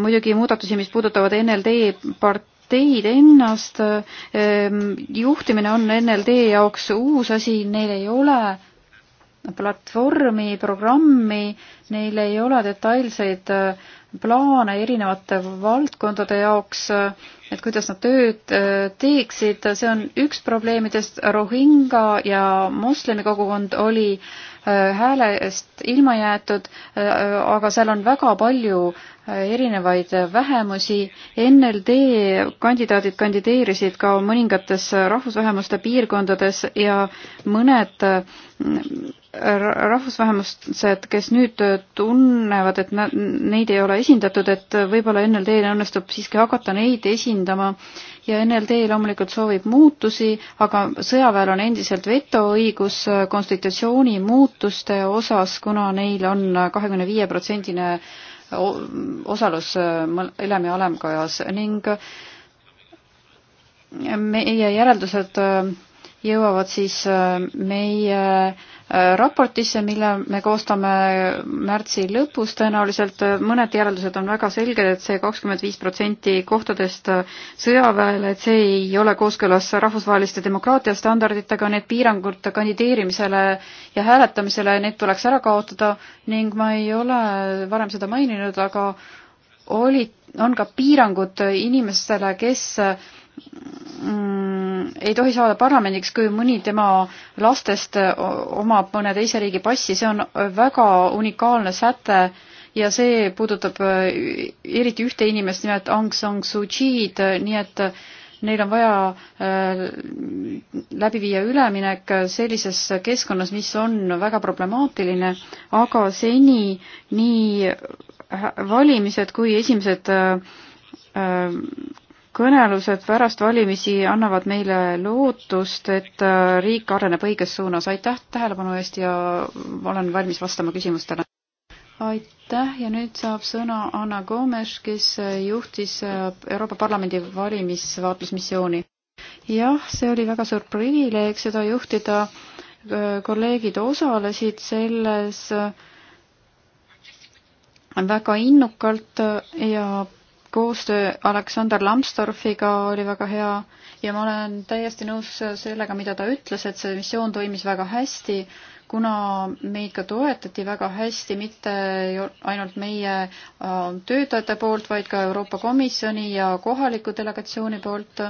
S5: muidugi muudatusi, mis puudutavad NLD part-, teid ennast. Ehm, juhtimine on NLD jaoks uus asi, neil ei ole platvormi, programmi, neil ei ole detailseid eh, plaane erinevate valdkondade jaoks, eh, et kuidas nad tööd eh, teeksid, see on üks probleemidest. Rohinga ja moslemi kogukond oli äh, Äh, hääle eest ilma jäetud, äh, aga seal on väga palju äh, erinevaid vähemusi. NLD kandidaadid kandideerisid ka mõningates rahvusvähemuste piirkondades ja mõned rahvusvähemused, kes nüüd tunnevad, et nad, neid ei ole esindatud, et võib-olla NLD-l õnnestub siiski hakata neid esindama ja NLD loomulikult soovib muutusi, aga sõjaväel on endiselt vetoõigus konstitutsiooni muutuste osas, kuna neil on kahekümne viie protsendine osalus ülem- ja alemkojas ning meie järeldused jõuavad siis meie Äh, raportisse, mille me koostame märtsi lõpus tõenäoliselt. Äh, mõned järeldused on väga selged, et see kakskümmend viis protsenti kohtadest äh, sõjaväele, et see ei ole kooskõlas rahvusvaheliste demokraatia standarditega, need piirangud kandideerimisele ja hääletamisele, need tuleks ära kaotada ning ma ei ole varem seda maininud, aga olid, on ka piirangud inimestele, kes Mm, ei tohi saada parlamendiks, kui mõni tema lastest omab mõne teise riigi passi, see on väga unikaalne säte ja see puudutab äh, eriti ühte inimest, nimelt Aung San Suu Kyi'd, nii et äh, neil on vaja äh, läbi viia üleminek sellises keskkonnas, mis on väga problemaatiline, aga seni nii valimised kui esimesed kõnelused pärast valimisi annavad meile lootust, et äh, riik areneb õiges suunas. aitäh tähelepanu eest ja olen valmis vastama küsimustele. aitäh ja nüüd saab sõna Anna Gomes, kes äh, juhtis äh, Euroopa Parlamendi valimisvaatlusmissiooni. jah, see oli väga suur privileeg seda juhtida. kolleegid osalesid selles väga innukalt ja koostöö Aleksander Lambsdorfiga oli väga hea ja ma olen täiesti nõus sellega, mida ta ütles, et see missioon toimis väga hästi, kuna meid ka toetati väga hästi, mitte ainult meie äh, töötajate poolt, vaid ka Euroopa Komisjoni ja kohaliku delegatsiooni poolt.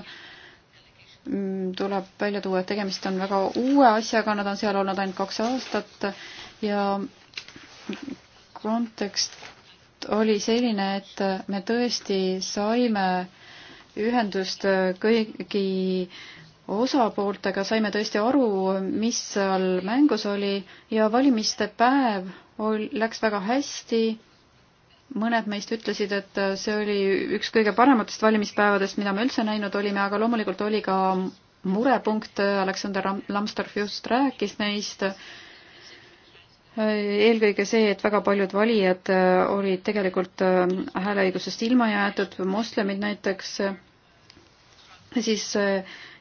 S5: Mm, tuleb välja tuua, et tegemist on väga uue asjaga, nad on seal olnud ainult kaks aastat ja kontekst raport oli selline, et me tõesti saime ühendust kõigi osapooltega, saime tõesti aru, mis seal mängus oli ja valimiste päev ol-, läks väga hästi, mõned meist ütlesid, et see oli üks kõige parematest valimispäevadest, mida me üldse näinud olime, aga loomulikult oli ka murepunkt, Aleksander Lam-, Lambsdorff just rääkis neist, eelkõige see, et väga paljud valijad äh, olid tegelikult äh, hääleõigusest ilma jäetud, moslemid näiteks, äh, siis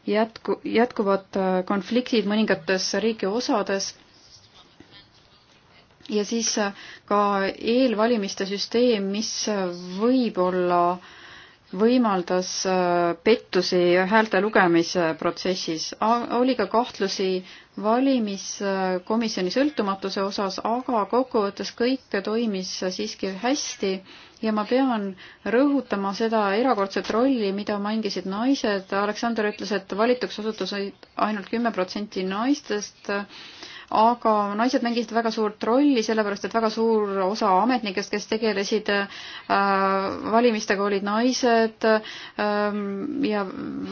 S5: jätku, jätkuvad konfliktid mõningates riigi osades ja siis ka eelvalimiste süsteem, mis võib olla äh, võimaldas äh, pettusi häälte lugemise protsessis. oli ka kahtlusi valimiskomisjoni sõltumatuse osas, aga kokkuvõttes kõik toimis siiski hästi ja ma pean rõhutama seda erakordset rolli, mida mängisid naised. Aleksander ütles, et valituks osutus ainult kümme protsenti naistest, aga naised mängisid väga suurt rolli, sellepärast et väga suur osa ametnikest, kes tegelesid äh, valimistega, olid naised äh, ja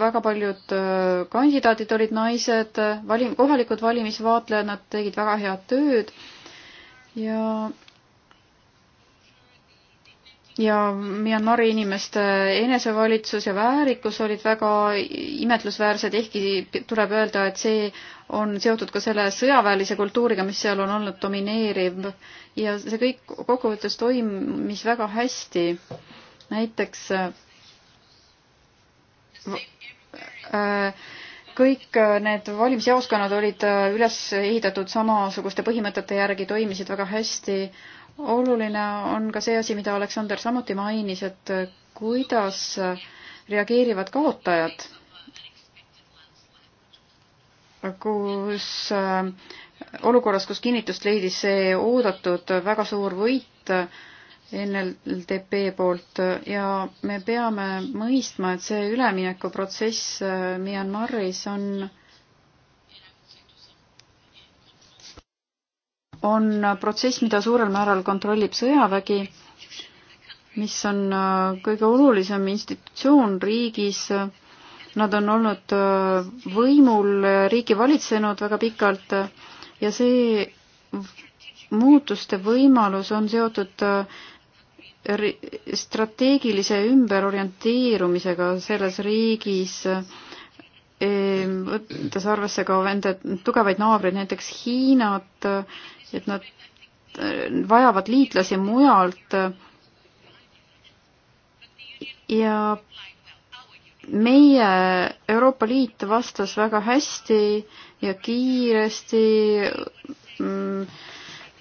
S5: väga paljud äh, kandidaadid olid naised, valim-, kohalikud valimisvaatlejad, nad tegid väga head tööd ja ja Myanmari inimeste enesevalitsus ja väärikus olid väga imetlusväärsed, ehkki tuleb öelda, et see on seotud ka selle sõjaväelise kultuuriga, mis seal on olnud domineeriv ja see kõik kokkuvõttes toimis väga hästi. näiteks äh, kõik need valimisjaoskonnad olid üles ehitatud samasuguste põhimõtete järgi, toimisid väga hästi äh, oluline on ka see asi, mida Aleksander samuti mainis, et kuidas reageerivad kaotajad, kus äh, olukorras, kus kinnitust leidis see oodatud väga suur võit NLDP poolt ja me peame mõistma, et see üleminekuprotsess äh, Myanmaris on on protsess, mida suurel määral kontrollib sõjavägi, mis on äh, kõige olulisem institutsioon riigis. Nad on olnud äh, võimul, riiki valitsenud väga pikalt ja see muutuste võimalus on seotud äh, strateegilise ümberorienteerumisega selles riigis, võttes arvesse ka nende tugevaid naabreid, näiteks Hiinat et nad äh, vajavad liitlasi mujalt. ja meie Euroopa Liit vastas väga hästi ja kiiresti mm,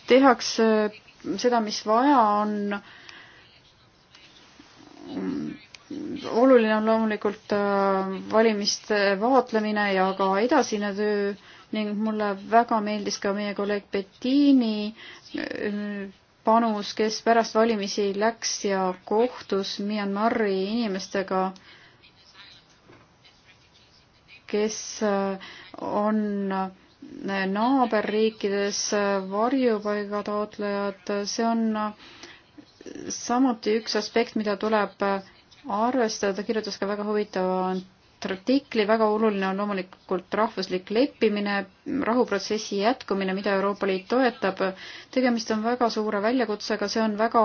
S5: tehakse seda, mis vaja on. Mm, oluline on loomulikult äh, valimiste vaatlemine ja ka edasine töö ning mulle väga meeldis ka meie kolleeg Bettini äh, panus, kes pärast valimisi läks ja kohtus Myanmari inimestega, kes äh, on äh, naaberriikides varjupaiga taotlejad, see on samuti üks aspekt, mida tuleb arvestada, ta kirjutas ka väga huvitava artikli, väga oluline on loomulikult rahvuslik leppimine, rahuprotsessi jätkumine, mida Euroopa Liit toetab. tegemist on väga suure väljakutsega, see on väga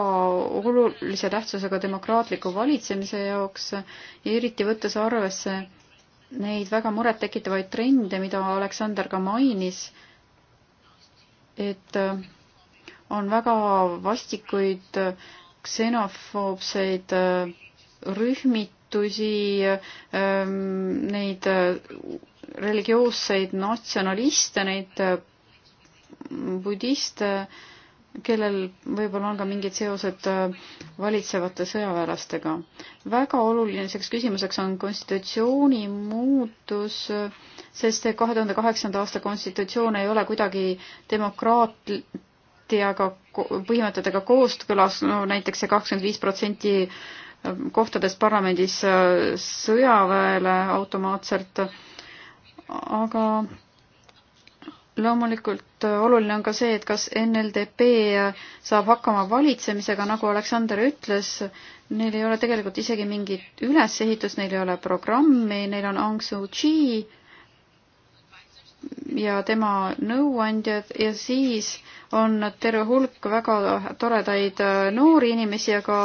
S5: olulise tähtsusega demokraatliku valitsemise jaoks ja eriti võttes arvesse neid väga murettekitavaid trende, mida Aleksander ka mainis, et on väga vastikuid ksenofoobseid rühmit-, muutusi, ähm, neid äh, religioosseid natsionaliste, neid äh, budiste, kellel võib-olla on ka mingid seosed äh, valitsevate sõjaväelastega. väga oluliseks küsimuseks on konstitutsiooni muutus, sest see kahe tuhande kaheksanda aasta konstitutsioon ei ole kuidagi demokraatiaga, põhimõtetega kooskõlas, no näiteks see kakskümmend viis protsenti kohtades parlamendis äh, sõjaväele automaatselt, aga loomulikult äh, oluline on ka see, et kas NLDP äh, saab hakkama valitsemisega, nagu Aleksander ütles, neil ei ole tegelikult isegi mingit ülesehitust, neil ei ole programmi, neil on Aung Suu Kyi, ja tema nõuandjad ja siis on terve hulk väga toredaid äh, noori inimesi, aga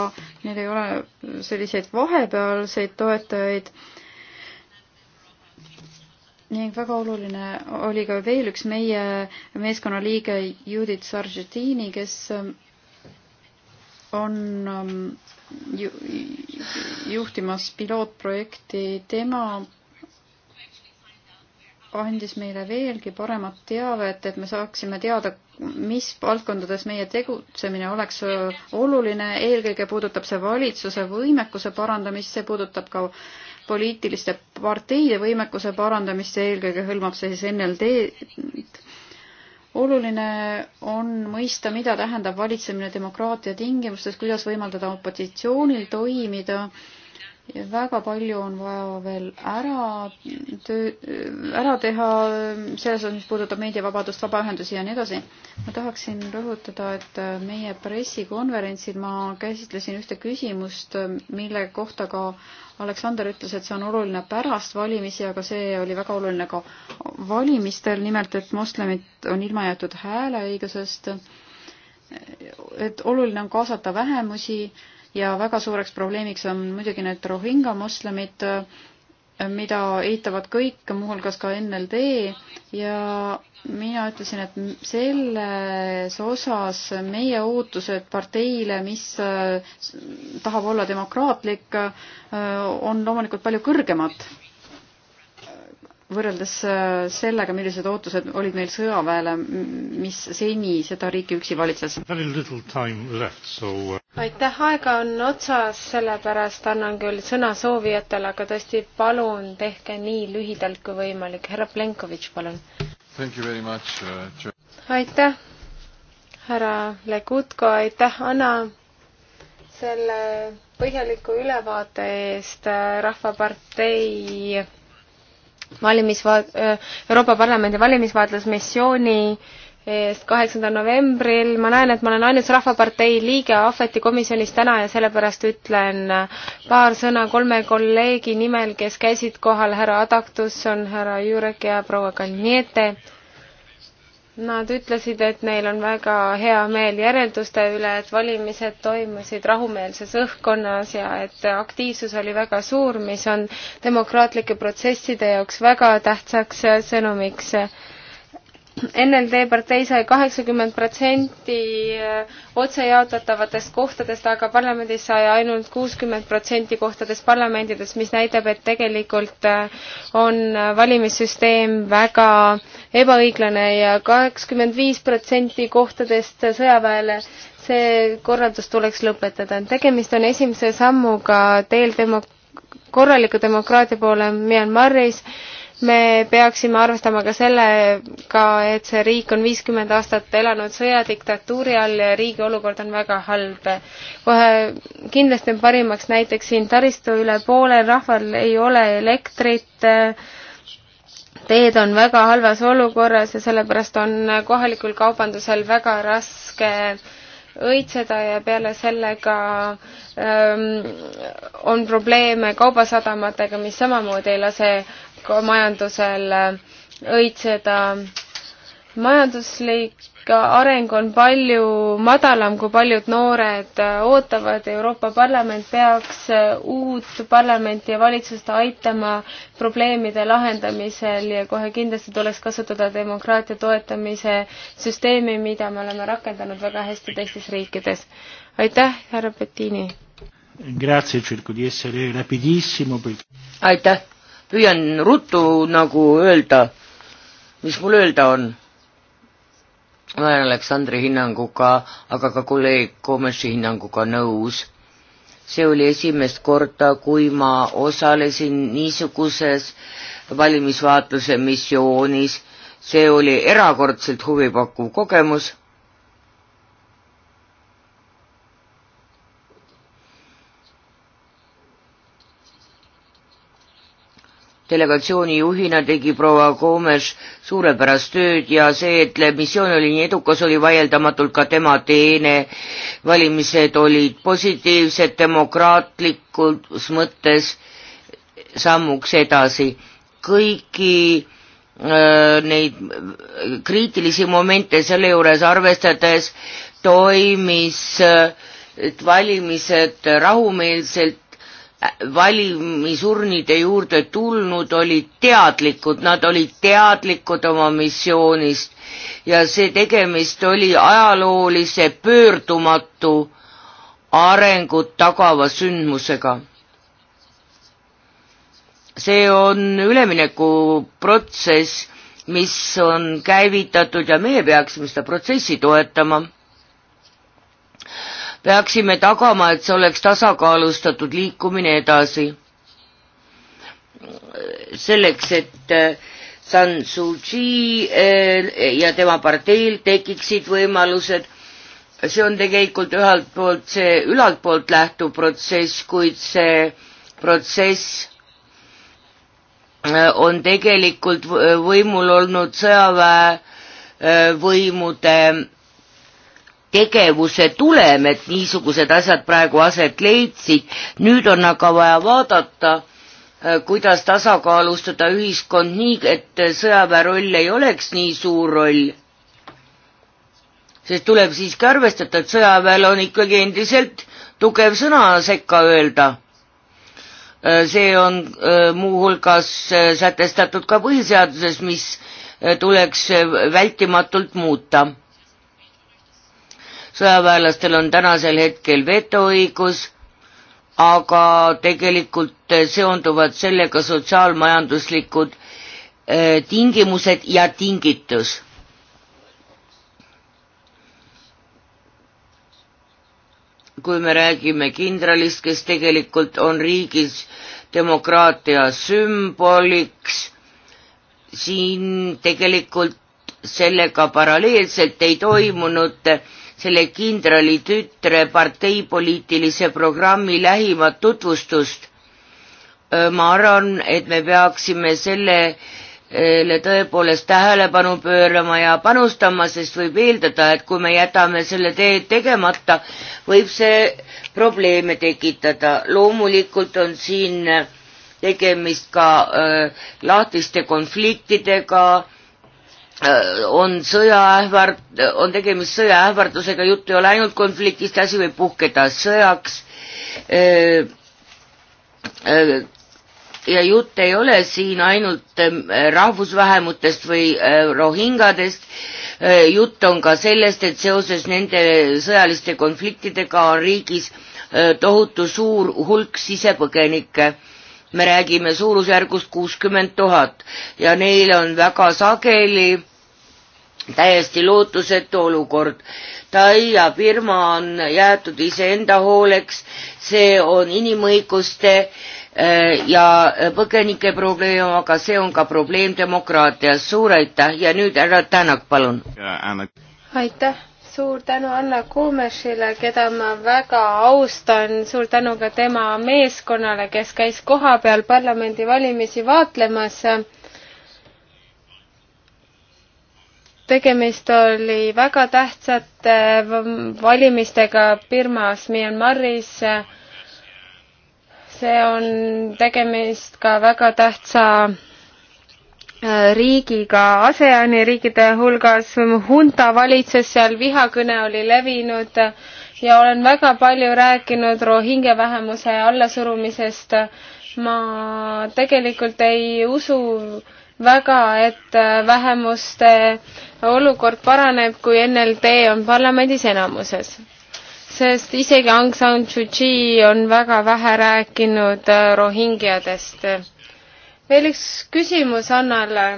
S5: neil ei ole selliseid vahepealseid toetajaid. ning väga oluline oli ka veel üks meie meeskonna liige Judith Sargentini, kes ähm, on ähm, ju, juhtimas pilootprojekti, tema andis meile veelgi paremat teavet, et me saaksime teada, mis valdkondades meie tegutsemine oleks oluline, eelkõige puudutab see valitsuse võimekuse parandamist, see puudutab ka poliitiliste parteide võimekuse parandamist ja eelkõige hõlmab see siis NLD-d. oluline on mõista, mida tähendab valitsemine demokraatia tingimustes, kuidas võimaldada opositsioonil toimida väga palju on vaja veel ära töö, ära teha selles osas, mis puudutab meediavabadust, vabaühendusi ja nii edasi. ma tahaksin rõhutada, et meie pressikonverentsil ma käsitlesin ühte küsimust, mille kohta ka Aleksander ütles, et see on oluline pärast valimisi, aga see oli väga oluline ka valimistel, nimelt et moslemid on ilma jäetud hääleõigusest. et oluline on kaasata vähemusi ja väga suureks probleemiks on muidugi need Rohingja moslemid, mida eitavad kõik, muuhulgas ka NLD ja mina ütlesin, et selles osas meie ootused parteile, mis tahab olla demokraatlik, on loomulikult palju kõrgemad võrreldes äh, sellega, millised ootused olid meil sõjaväele, mis seni seda riiki üksi valitses?
S1: So... Uh,
S2: aitäh, aega on otsas, sellepärast annan küll sõna soovijatele, aga tõesti palun tehke nii lühidalt kui võimalik. härra Plenkovitš, palun.
S6: Uh,
S2: aitäh, härra Legutko, aitäh, Anna, selle põhjaliku ülevaate eest äh, Rahvapartei valimisvaat-, äh, Euroopa Parlamendi valimisvaatlusmissiooni eest kaheksandal novembril, ma näen, et ma olen ainus Rahvapartei liige Ahveti komisjonis täna ja sellepärast ütlen paar sõna kolme kolleegi nimel, kes käisid kohal, härra Adaktus on härra Jurek ja proua Kalniete Nad ütlesid, et neil on väga hea meel järelduste üle, et valimised toimusid rahumeelses õhkkonnas ja et aktiivsus oli väga suur, mis on demokraatlike protsesside jaoks väga tähtsaks sõnumiks. NLD partei sai kaheksakümmend protsenti äh, otse jaotatavatest kohtadest, aga parlamendis sai ainult kuuskümmend protsenti kohtadest parlamendides, mis näitab, et tegelikult äh, on äh, valimissüsteem väga ebaõiglane ja kaheksakümmend viis protsenti kohtadest sõjaväele see korraldus tuleks lõpetada. tegemist on esimese sammuga teel demo-, korraliku demokraatia poole Myanmaris me peaksime arvestama ka sellega, et see riik on viiskümmend aastat elanud sõjadiktatuuri all ja riigi olukord on väga halb. kohe kindlasti on parimaks näiteks siin taristu üle poole rahval ei ole elektrit, teed on väga halvas olukorras ja sellepärast on kohalikul kaubandusel väga raske õitseda ja peale sellega ähm, on probleeme kaubasadamatega, mis samamoodi ei lase majandusel õitseda. majanduslik areng on palju madalam, kui paljud noored ootavad. Euroopa Parlament peaks uut parlamenti ja valitsust aitama probleemide lahendamisel ja kohe kindlasti tuleks kasutada demokraatia toetamise süsteemi, mida me oleme rakendanud väga hästi teistes riikides. aitäh, härra Bettini!
S4: aitäh! püüan ruttu nagu öelda, mis mul öelda on. ma olen Aleksandri hinnanguga, aga ka kolleeg Komeši hinnanguga nõus. see oli esimest korda, kui ma osalesin niisuguses valimisvaatluse missioonis, see oli erakordselt huvipakkuv kogemus delegatsiooni juhina tegi proua Koomes suurepärast tööd ja see, et missioon oli nii edukas, oli vaieldamatult ka tema teene. valimised olid positiivsed, demokraatlikus mõttes sammuks edasi. kõiki öö, neid kriitilisi momente selle juures arvestades toimis öö, et valimised rahumeelselt valimisurnide juurde tulnud, olid teadlikud, nad olid teadlikud oma missioonist ja see tegemist oli ajaloolise pöördumatu arengut tagava sündmusega. see on üleminekuprotsess, mis on käivitatud ja meie peaksime seda protsessi toetama peaksime tagama, et see oleks tasakaalustatud liikumine edasi. selleks, et äh, San Suu Kyi äh, ja tema parteil tekiksid võimalused see on tegelikult ühelt poolt see ülalt poolt lähtuv protsess, kuid see protsess äh, on tegelikult võimul olnud sõjaväevõimude tegevuse tulem, et niisugused asjad praegu aset leidsid, nüüd on aga vaja vaadata, äh, kuidas tasakaalustada ühiskond nii, et sõjaväe roll ei oleks nii suur roll. sest tuleb siiski arvestada, et sõjaväel on ikkagi endiselt tugev sõna sekka öelda. Äh, see on äh, muuhulgas sätestatud ka põhiseaduses, mis tuleks vältimatult muuta sõjaväelastel on tänasel hetkel vetoõigus, aga tegelikult seonduvad sellega sotsiaalmajanduslikud eh, tingimused ja tingitus kui me räägime kindralist, kes tegelikult on riigis demokraatia sümboliks, siin tegelikult sellega paralleelselt ei toimunud selle kindralitütre parteipoliitilise programmi lähimat tutvustust. ma arvan, et me peaksime sellele tõepoolest tähelepanu pöörama ja panustama, sest võib eeldada, et kui me jätame selle tee tegemata, võib see probleeme tekitada. loomulikult on siin tegemist ka öö, lahtiste konfliktidega Äh, on sõjaähvard, on tegemist sõjaähvardusega, jutt ei ole ainult konfliktist, asi võib puhkeda sõjaks. Äh, äh, ja jutt ei ole siin ainult rahvusvähemutest või rohingadest, jutt on ka sellest, et seoses nende sõjaliste konfliktidega on riigis tohutu suur hulk sisepõgenikke me räägime suurusjärgust kuuskümmend tuhat ja neil on väga sageli täiesti lootusetu olukord. Tai ja firma on jäetud iseenda hooleks, see on inimõiguste eh, ja eh, põgenike probleem, aga see on ka probleem demokraatias. suur aitäh ja nüüd härra Tänak, palun.
S2: aitäh suur tänu Anna Kuumešile, keda ma väga austan, suur tänu ka tema meeskonnale, kes käis kohapeal parlamendivalimisi vaatlemas. tegemist oli väga tähtsate valimistega Birmas, Myanmaris. see on tegemist ka väga tähtsa Äh, riigiga ASEAN-i riikide hulgas, hunta valitses seal, vihakõne oli levinud ja olen väga palju rääkinud rohinge vähemuse allasurumisest. ma tegelikult ei usu väga, et äh, vähemuste olukord paraneb, kui NLD on parlamendis enamuses. sest isegi Aung San Suu Kyi on väga vähe rääkinud äh, rohingjadest veel üks küsimus Annale.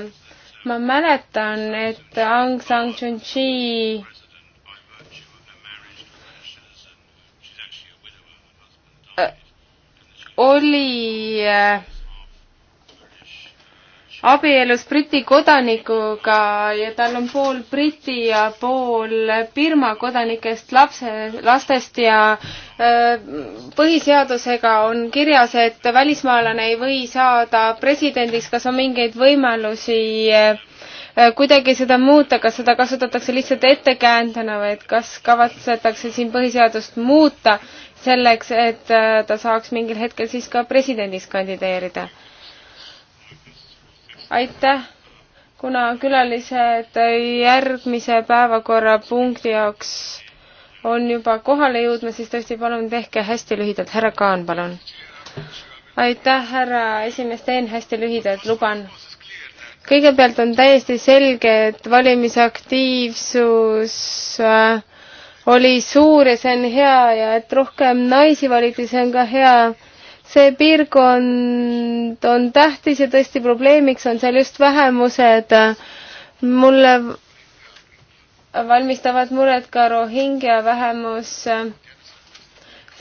S2: ma mäletan, et Aung San Suu Kyi oli äh, abielus Briti kodanikuga ja tal on pool Briti ja pool Birma kodanikest lapse, lastest ja põhiseadusega on kirjas, et välismaalane ei või saada presidendiks, kas on mingeid võimalusi eh, kuidagi seda muuta, kas seda kasutatakse lihtsalt ettekäändena või et kas kavatsetakse siin põhiseadust muuta selleks, et eh, ta saaks mingil hetkel siis ka presidendiks kandideerida? aitäh! kuna külalised eh, järgmise päevakorrapunkti jaoks on juba kohale jõudmas, siis tõesti palun tehke hästi lühidalt, härra Kaan, palun. aitäh, härra esimees, teen hästi lühidalt, luban. kõigepealt on täiesti selge, et valimisaktiivsus äh, oli suur ja see on hea ja et rohkem naisi valiti, see on ka hea see piirkond on tähtis ja tõesti probleemiks on seal just vähemused. mulle valmistavad muret ka Rohingja vähemus.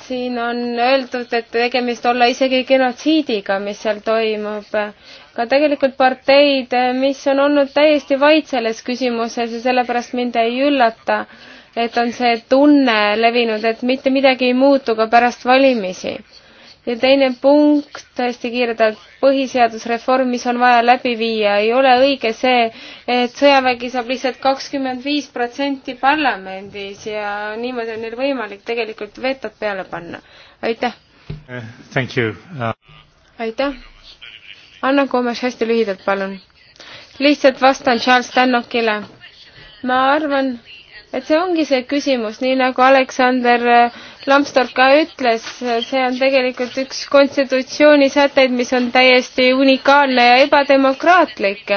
S2: siin on öeldud, et tegemist olla isegi genotsiidiga, mis seal toimub. ka tegelikult parteid, mis on olnud täiesti vait selles küsimuses ja sellepärast mind ei üllata, et on see tunne levinud, et mitte midagi ei muutu ka pärast valimisi ja teine punkt hästi kiirelt, põhiseadusreform, mis on vaja läbi viia, ei ole õige see, et sõjavägi saab lihtsalt kakskümmend viis protsenti parlamendis ja niimoodi on neil võimalik tegelikult vetod peale panna. aitäh
S1: eh, uh,!
S2: aitäh! Anna Koomes, hästi lühidalt palun. lihtsalt vastan Charles Stanokile. ma arvan, et see ongi see küsimus, nii nagu Aleksander äh, Lambsdorff ka ütles, äh, see on tegelikult üks konstitutsiooni sätteid, mis on täiesti unikaalne ja ebademokraatlik.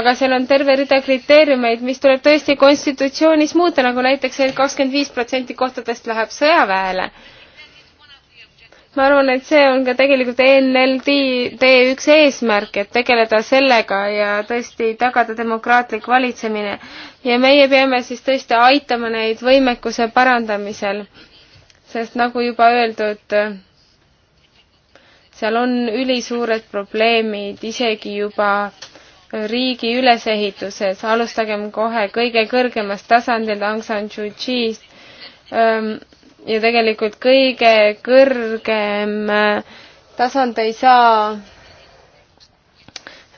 S2: aga seal on terve rida kriteeriumeid, mis tuleb tõesti konstitutsioonis muuta, nagu näiteks see, et kakskümmend viis protsenti kohtadest läheb sõjaväele ma arvan, et see on ka tegelikult ENLD üks eesmärk, et tegeleda sellega ja tõesti tagada demokraatlik valitsemine. ja meie peame siis tõesti aitama neid võimekuse parandamisel, sest nagu juba öeldud, seal on ülisuured probleemid isegi juba riigi ülesehituses, alustagem kohe kõige kõrgemast tasandilt, Aung San Suu Kyi'st ja tegelikult kõige kõrgem äh, tasand ei saa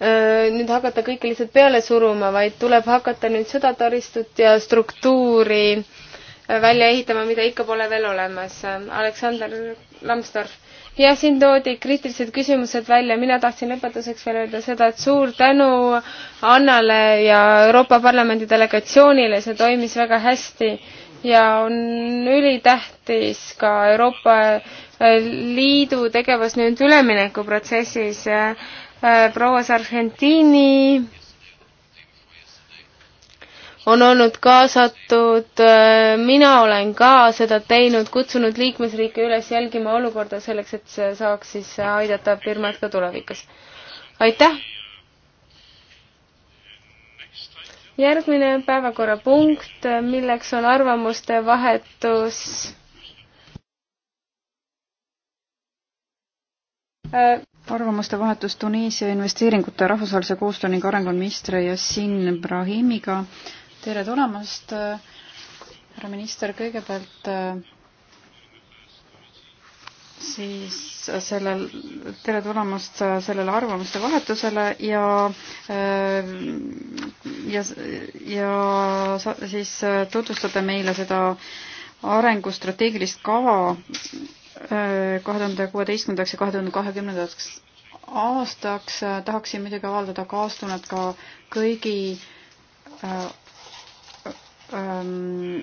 S2: äh, nüüd hakata kõike lihtsalt peale suruma, vaid tuleb hakata nüüd seda taristut ja struktuuri äh, välja ehitama, mida ikka pole veel olemas. Aleksander Lambsdorff. jah, siin toodi kriitilised küsimused välja, mina tahtsin lõpetuseks veel öelda seda, et suur tänu Annale ja Euroopa Parlamendi delegatsioonile, see toimis väga hästi ja on ülitähtis ka Euroopa äh, Liidu tegevus nüüd üleminekuprotsessis. Äh, proua Sargentini on olnud kaasatud, äh, mina olen ka seda teinud, kutsunud liikmesriike üles jälgima olukorda selleks, et saaks siis aidata firmat ka tulevikus. aitäh! järgmine päevakorrapunkt, milleks on arvamuste vahetus
S5: äh, arvamuste vahetus Tuniisia investeeringute rahvusvahelise koostöö ning arengu ministri Yassin Brahimiga. tere tulemast, äh, härra minister, kõigepealt äh, siis äh, sellel, tere tulemast äh, sellele arvamuste vahetusele ja äh, ja, ja siis tutvustate meile seda arengustrateegilist kava kahe tuhande kuueteistkümnendaks ja kahe tuhande kahekümnendaks aastaks. tahaksin muidugi avaldada kaastunnet ka kõigi ähm,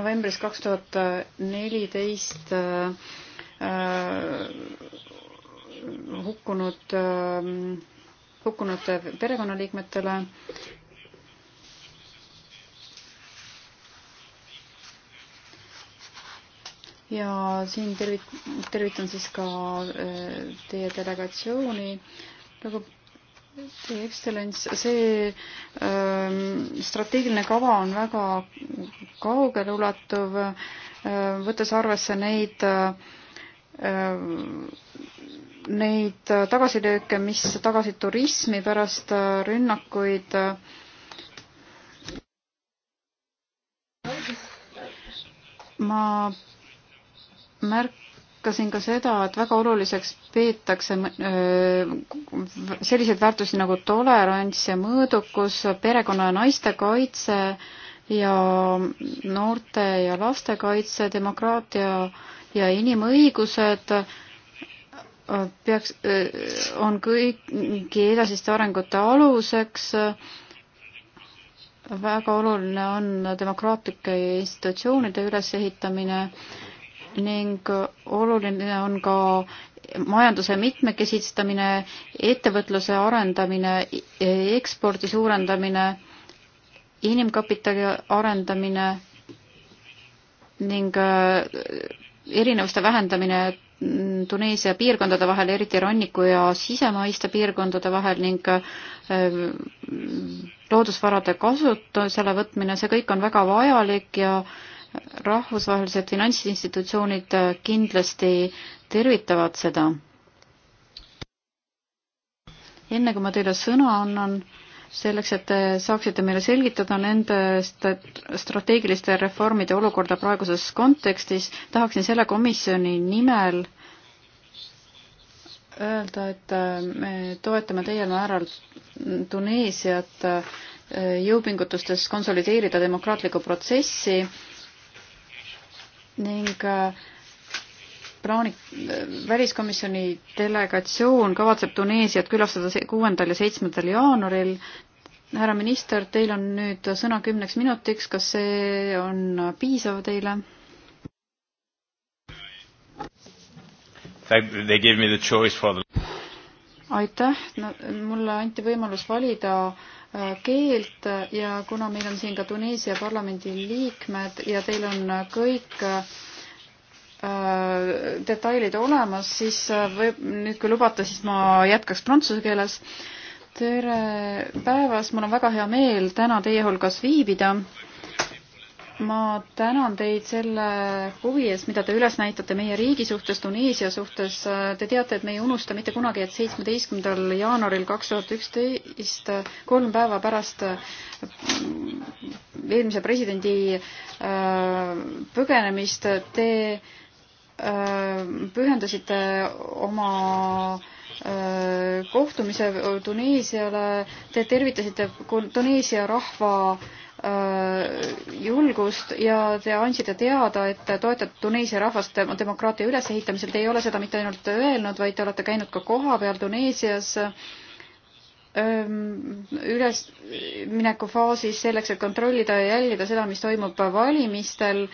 S5: novembris kaks tuhat neliteist Äh, hukkunud, ähm, hukkunute perekonnaliikmetele. ja siin tervit-, tervitan siis ka äh, teie delegatsiooni, nagu Teie ekstsellents, see ähm, strateegiline kava on väga kaugeleulatuv äh,, võttes arvesse neid äh, Ehm, neid tagasilööke, mis tagasid turismi pärast äh, rünnakuid. Äh, ma märkasin ka seda, et väga oluliseks peetakse äh, selliseid väärtusi nagu tolerants ja mõõdukus, perekonna ja naiste kaitse ja noorte ja laste kaitse, demokraatia ja inimõigused äh, peaks, äh, on kõigi edasiste arengute aluseks. väga oluline on demokraatlike institutsioonide ülesehitamine ning oluline on ka majanduse mitmekesistamine, ettevõtluse arendamine, ekspordi suurendamine, inimkapitali arendamine ning äh, erinevuste vähendamine Tuneesia piirkondade vahel, eriti ranniku ja sisemaiste piirkondade vahel ning äh, loodusvarade kasutusele võtmine, see kõik on väga vajalik ja rahvusvahelised finantsinstitutsioonid äh, kindlasti tervitavad seda. enne kui ma teile sõna annan, selleks, et te saaksite meile selgitada nende strateegiliste reformide olukorda praeguses kontekstis, tahaksin selle komisjoni nimel öelda, et äh, me toetame teiel määral Tuneesiat äh, jõupingutustes konsolideerida demokraatlikku protsessi ning äh, plaani, väliskomisjoni delegatsioon kavatseb Tuneesiat külastada kuuendal ja seitsmendal jaanuaril härra minister, teil on nüüd sõna kümneks minutiks, kas see on piisav teile? aitäh no,, mulle anti võimalus valida äh, keelt ja kuna meil on siin ka Tuneesia parlamendi liikmed ja teil on kõik äh, detailid olemas, siis äh, võib, nüüd kui lubate, siis ma jätkaks prantsuse keeles äh, tere päevast, mul on väga hea meel täna teie hulgas viibida. ma tänan teid selle huvi eest, mida te üles näitate meie riigi suhtes, Tuneesia suhtes. Te teate, et me ei unusta mitte kunagi, et seitsmeteistkümnendal jaanuaril kaks tuhat üksteist, kolm päeva pärast mm, eelmise presidendi äh, põgenemist, te äh, pühendasite oma kohtumise Tuneesiale, te tervitasite Tuneesia rahva äh, julgust ja te andsite teada, et toetate Tuneesia rahvast demokraatia ülesehitamisel. Te ei ole seda mitte ainult öelnud, vaid te olete käinud ka kohapeal Tuneesias ähm, üleminekufaasis selleks, et kontrollida ja jälgida seda, mis toimub valimistel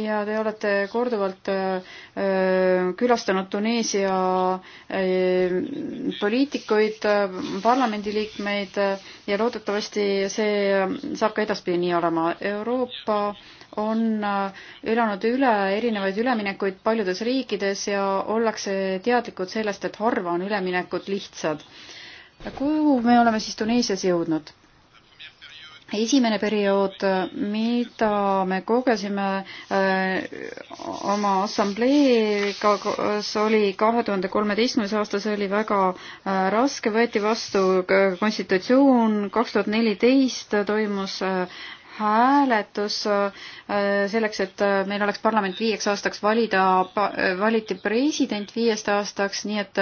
S5: ja te olete korduvalt äh, äh, külastanud Tuneesia äh, poliitikuid, parlamendiliikmeid ja loodetavasti see saab ka edaspidi nii olema. Euroopa on elanud üle erinevaid üleminekuid paljudes riikides ja ollakse teadlikud sellest, et harva on üleminekud lihtsad. kuhu me oleme siis Tuneesias jõudnud? esimene periood, mida me kogesime äh, oma assambleega, see oli kahe tuhande kolmeteistkümnes aasta, see oli väga äh, raske, võeti vastu äh, konstitutsioon, kaks tuhat neliteist toimus hääletus äh, selleks, et äh, meil oleks parlament viieks aastaks valida, äh, valiti president viiest aastaks, nii et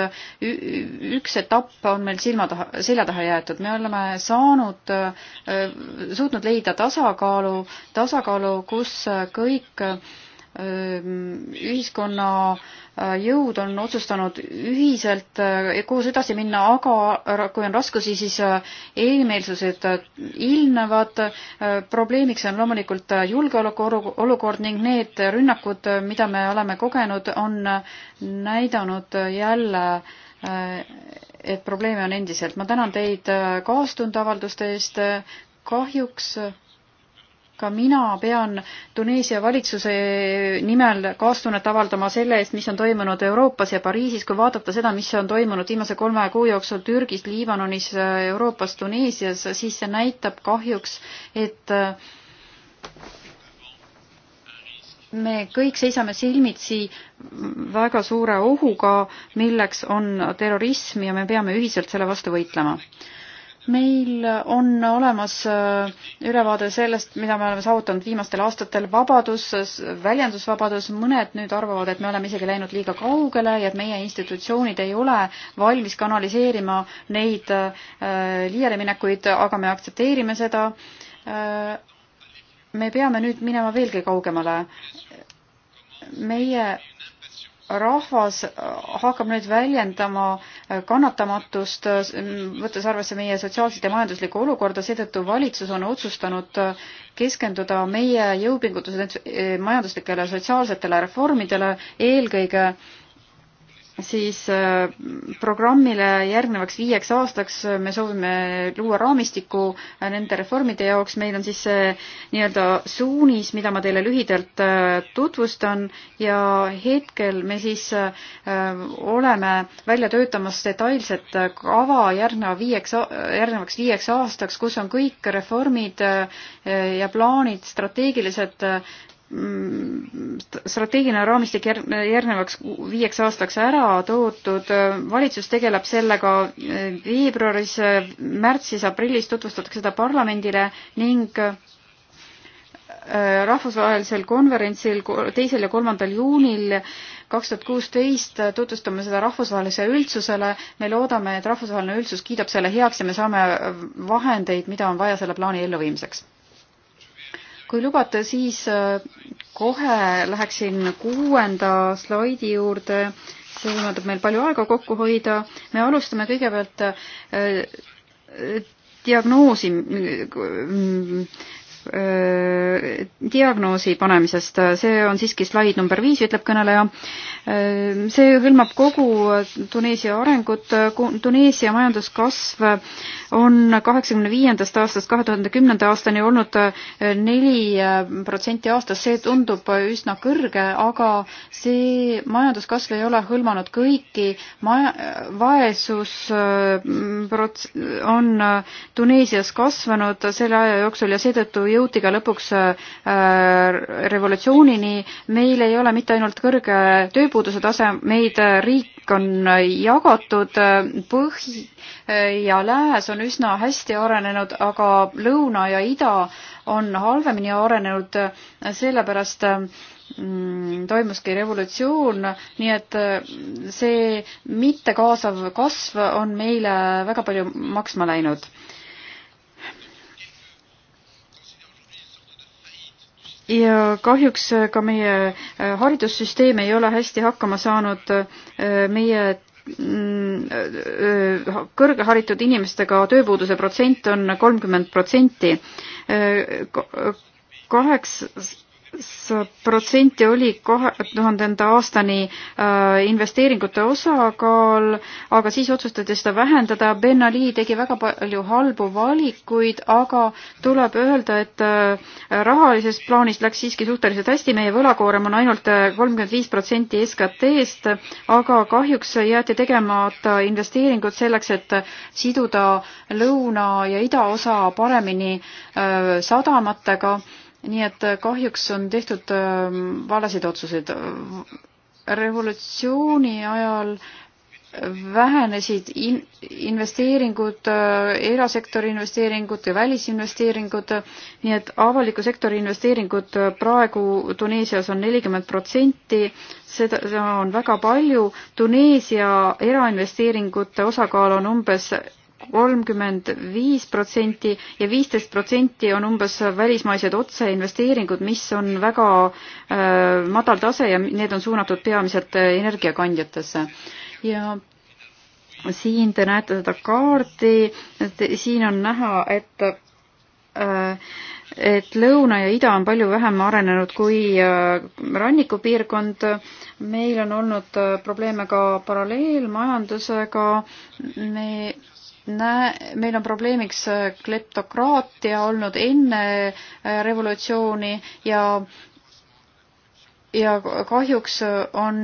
S5: üks etapp on meil silma taha, selja taha jäetud. me oleme saanud, suutnud leida tasakaalu, tasakaalu, kus kõik ühiskonna jõud on otsustanud ühiselt koos edasi minna, aga kui on raskusi, siis eelmeelsused ilmnevad. probleemiks on loomulikult julgeolekuolukord ning need rünnakud, mida me oleme kogenud, on näidanud jälle et probleeme on endiselt. ma tänan teid kaastundeavalduste eest. kahjuks ka mina pean Tuneesia valitsuse nimel kaastunnet avaldama selle eest, mis on toimunud Euroopas ja Pariisis, kui vaadata seda, mis on toimunud viimase kolme kuu jooksul Türgis, Liibanonis, Euroopas, Tuneesias, siis see näitab kahjuks, et äh, me kõik seisame silmitsi väga suure ohuga, milleks on terrorism ja me peame ühiselt selle vastu võitlema meil on olemas äh, ülevaade sellest, mida me oleme saavutanud viimastel aastatel, vabadus, väljendusvabadus, mõned nüüd arvavad, et me oleme isegi läinud liiga kaugele ja et meie institutsioonid ei ole valmis kanaliseerima neid äh, liialeminekuid, aga me aktsepteerime seda. Äh, me peame nüüd minema veelgi kaugemale. meie rahvas äh, hakkab nüüd väljendama äh, kannatamatust, äh, võttes arvesse meie sotsiaalset ja majanduslikku olukorda, seetõttu valitsus on otsustanud keskenduda meie jõupingutused majanduslikele ja sotsiaalsetele reformidele, eelkõige äh, siis äh, programmile järgnevaks viieks aastaks äh, me soovime luua raamistiku äh, nende reformide jaoks, meil on siis see nii-öelda suunis, mida ma teile lühidalt tutvustan ja hetkel me siis oleme välja töötamas detailset kava järgneva viieks, järgnevaks viieks aastaks, kus on kõik reformid ja plaanid, strateegilised Mm, strateegiline raamistik järgnevaks viieks aastaks ära toodud, valitsus tegeleb sellega eh, veebruaris, märtsis, aprillis tutvustatakse seda parlamendile ning eh, rahvusvahelisel konverentsil teisel ja kolmandal juunil kaks tuhat kuusteist tutvustame seda rahvusvahelisele üldsusele. me loodame, et rahvusvaheline üldsus kiidab selle heaks ja me saame eh, vahendeid, mida on vaja selle plaani elluviimiseks kui lubate, siis äh, kohe läheksin kuuenda slaidi juurde, see võimaldab meil palju aega kokku hoida. me alustame kõigepealt äh, äh, diagnoosi diagnoosi panemisest, see on siiski slaid number viis, ütleb kõneleja. see hõlmab kogu Tuneesia arengut, Tuneesia majanduskasv on kaheksakümne viiendast aastast kahe tuhande kümnenda aastani olnud neli protsenti aastas, see tundub üsna kõrge, aga see majanduskasv ei ole hõlmanud kõiki, maja, vaesus äh, prots-, on Tuneesias kasvanud selle aja jooksul ja seetõttu jõuti ka lõpuks äh, äh, revolutsioonini. meil ei ole mitte ainult kõrge tööpuuduse tase, meid äh, riik on jagatud, põhi ja lääs on üsna hästi arenenud, aga lõuna ja ida on halvemini arenenud, sellepärast mm, toimuski revolutsioon, nii et see mittekaasav kasv on meile väga palju maksma läinud ja kahjuks äh, ka meie äh, haridussüsteem ei ole hästi hakkama saanud äh, meie mm, kõrgeharitud inimestega tööpuuduse protsent on kolmkümmend protsenti. kaheks protsenti oli kahe tuhandenda aastani äh, investeeringute osakaal, aga siis otsustati seda vähendada. Ben Ali tegi väga palju halbu valikuid, aga tuleb öelda, et äh, rahalises plaanis läks siiski suhteliselt hästi. meie võlakoorem on ainult äh, kolmkümmend viis protsenti SKT-st, aga kahjuks jäeti tegemata investeeringud selleks, et siduda lõuna ja idaosa paremini sadamatega nii et äh, kahjuks on tehtud ähm, valesid otsuseid. revolutsiooni ajal vähenesid in-, investeeringud, äh, erasektori investeeringud ja välisinvesteeringud, nii et avaliku sektori investeeringud äh, praegu Tuneesias on nelikümmend protsenti, seda on väga palju, Tuneesia erainvesteeringute osakaal on umbes kolmkümmend viis protsenti ja viisteist protsenti on umbes välismaised otseinvesteeringud, mis on väga äh, madal tase ja need on suunatud peamiselt äh, energiakandjatesse. ja siin te näete seda kaarti, et siin on näha, et äh, et lõuna ja ida on palju vähem arenenud kui äh, rannikupiirkond. meil on olnud äh, probleeme ka paralleelmajandusega. me näe, meil on probleemiks äh, kleptokraatia olnud enne äh, revolutsiooni ja ja kahjuks äh, on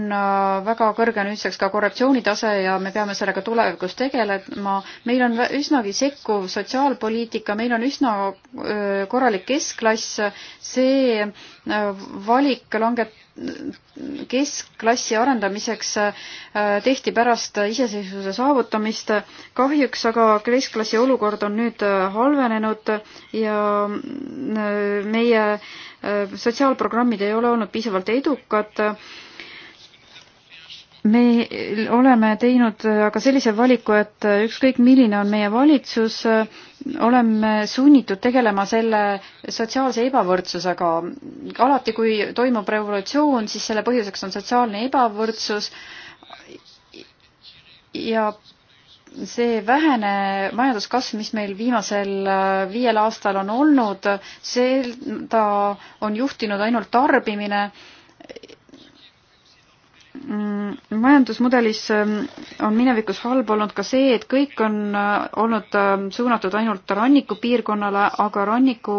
S5: väga kõrge nüüdseks ka korruptsioonitase ja me peame sellega tulevikus tegelema. meil on üsnagi sekkuv sotsiaalpoliitika, meil on üsna korralik keskklass, see valik langet-, keskklassi arendamiseks äh, tehti pärast iseseisvuse saavutamist. kahjuks aga keskklassi olukord on nüüd äh, halvenenud ja äh, meie sotsiaalprogrammid ei ole olnud piisavalt edukad me oleme teinud aga sellise valiku, et ükskõik, milline on meie valitsus, oleme sunnitud tegelema selle sotsiaalse ebavõrdsusega. alati, kui toimub revolutsioon, siis selle põhjuseks on sotsiaalne ebavõrdsus ja see vähene majanduskasv, mis meil viimasel viiel aastal on olnud, seda on juhtinud ainult tarbimine Mm, majandusmudelis ähm, on minevikus halb olnud ka see, et kõik on äh, olnud ähm, suunatud ainult rannikupiirkonnale, aga ranniku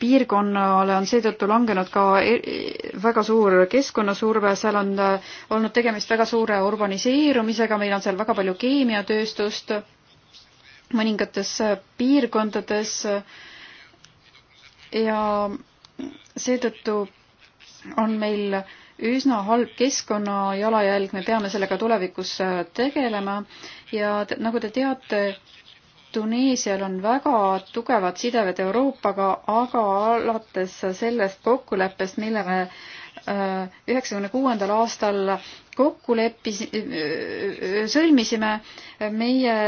S5: piirkonnale on seetõttu langenud ka e-, väga suur keskkonnasurve, seal on äh, olnud tegemist väga suure urbaniseerumisega, meil on seal väga palju keemiatööstust mõningates äh, piirkondades ja seetõttu on meil äh, üsna halb keskkonna jalajälg, me peame sellega tulevikus äh, tegelema ja nagu te teate, Tuneesial on väga tugevad sidemed Euroopaga, aga alates sellest kokkuleppest, mille me äh, üheksakümne kuuendal aastal kokku leppis-, äh, sõlmisime, meie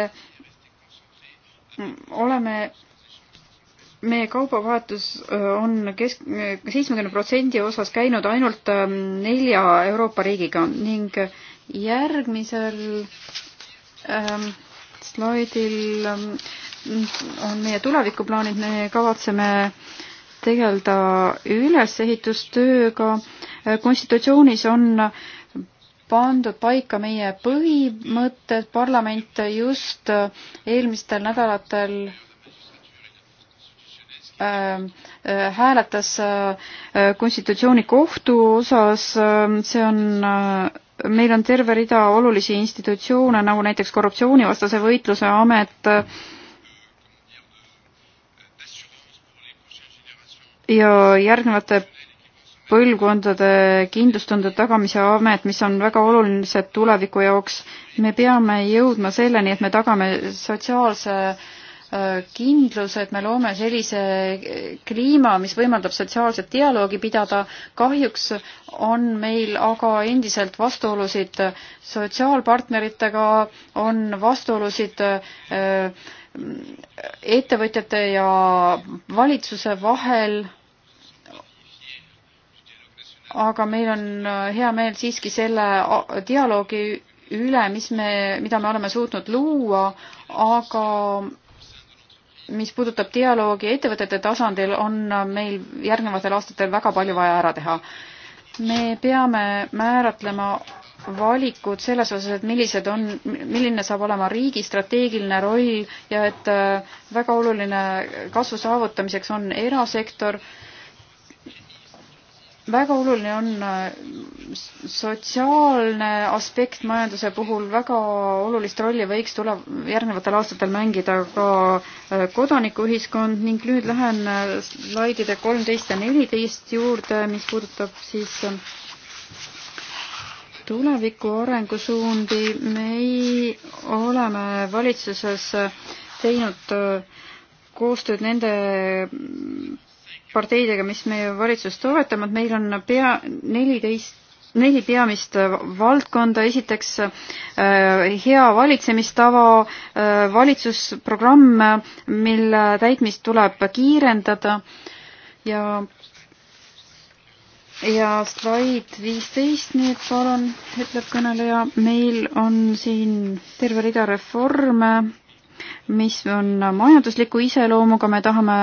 S5: oleme meie kaubavahetus on kesk-, seitsmekümne protsendi osas käinud ainult nelja Euroopa riigiga ning järgmisel ähm, slaidil on meie tulevikuplaanid, me kavatseme tegeleda ülesehitustööga. konstitutsioonis on pandud paika meie põhimõtted, parlament just eelmistel nädalatel Äh, äh, hääletas äh, konstitutsioonikohtu osas, see on meil on terve rida olulisi institutsioone, nagu näiteks korruptsioonivastase võitluse amet ja järgnevate põlvkondade kindlustunde tagamise amet, mis on väga olulised tuleviku jaoks. me peame jõudma selleni, et me tagame sotsiaalse äh, kindlus, et me loome sellise kliima, mis võimaldab sotsiaalset dialoogi pidada. kahjuks on meil aga endiselt vastuolusid sotsiaalpartneritega, on vastuolusid äh, ettevõtjate ja valitsuse vahel aga meil on hea meel siiski selle dialoogi üle, mis me, mida me oleme suutnud luua, aga mis puudutab dialoogi ettevõtete tasandil, on meil järgnevatel aastatel väga palju vaja ära teha. me peame määratlema valikud selles osas, et millised on, milline saab olema riigi strateegiline roll ja et äh, väga oluline kasvu saavutamiseks on erasektor äh, väga oluline on äh, sotsiaalne aspekt majanduse puhul, väga olulist rolli võiks tule-, järgnevatel aastatel mängida ka äh, kodanikuühiskond ning nüüd lähen äh, slaidide kolmteist ja neliteist juurde, mis puudutab siis tuleviku arengusuundi. me oleme valitsuses teinud koostööd nende parteidega, mis meie valitsust toetavad, meil on pea neliteist neli peamist valdkonda, esiteks äh, hea valitsemistava, äh, valitsusprogramm, mille täitmist tuleb kiirendada ja ja slaid viisteist nüüd palun, ütleb kõneleja, meil on siin terve rida reforme mis on majandusliku iseloomuga, me tahame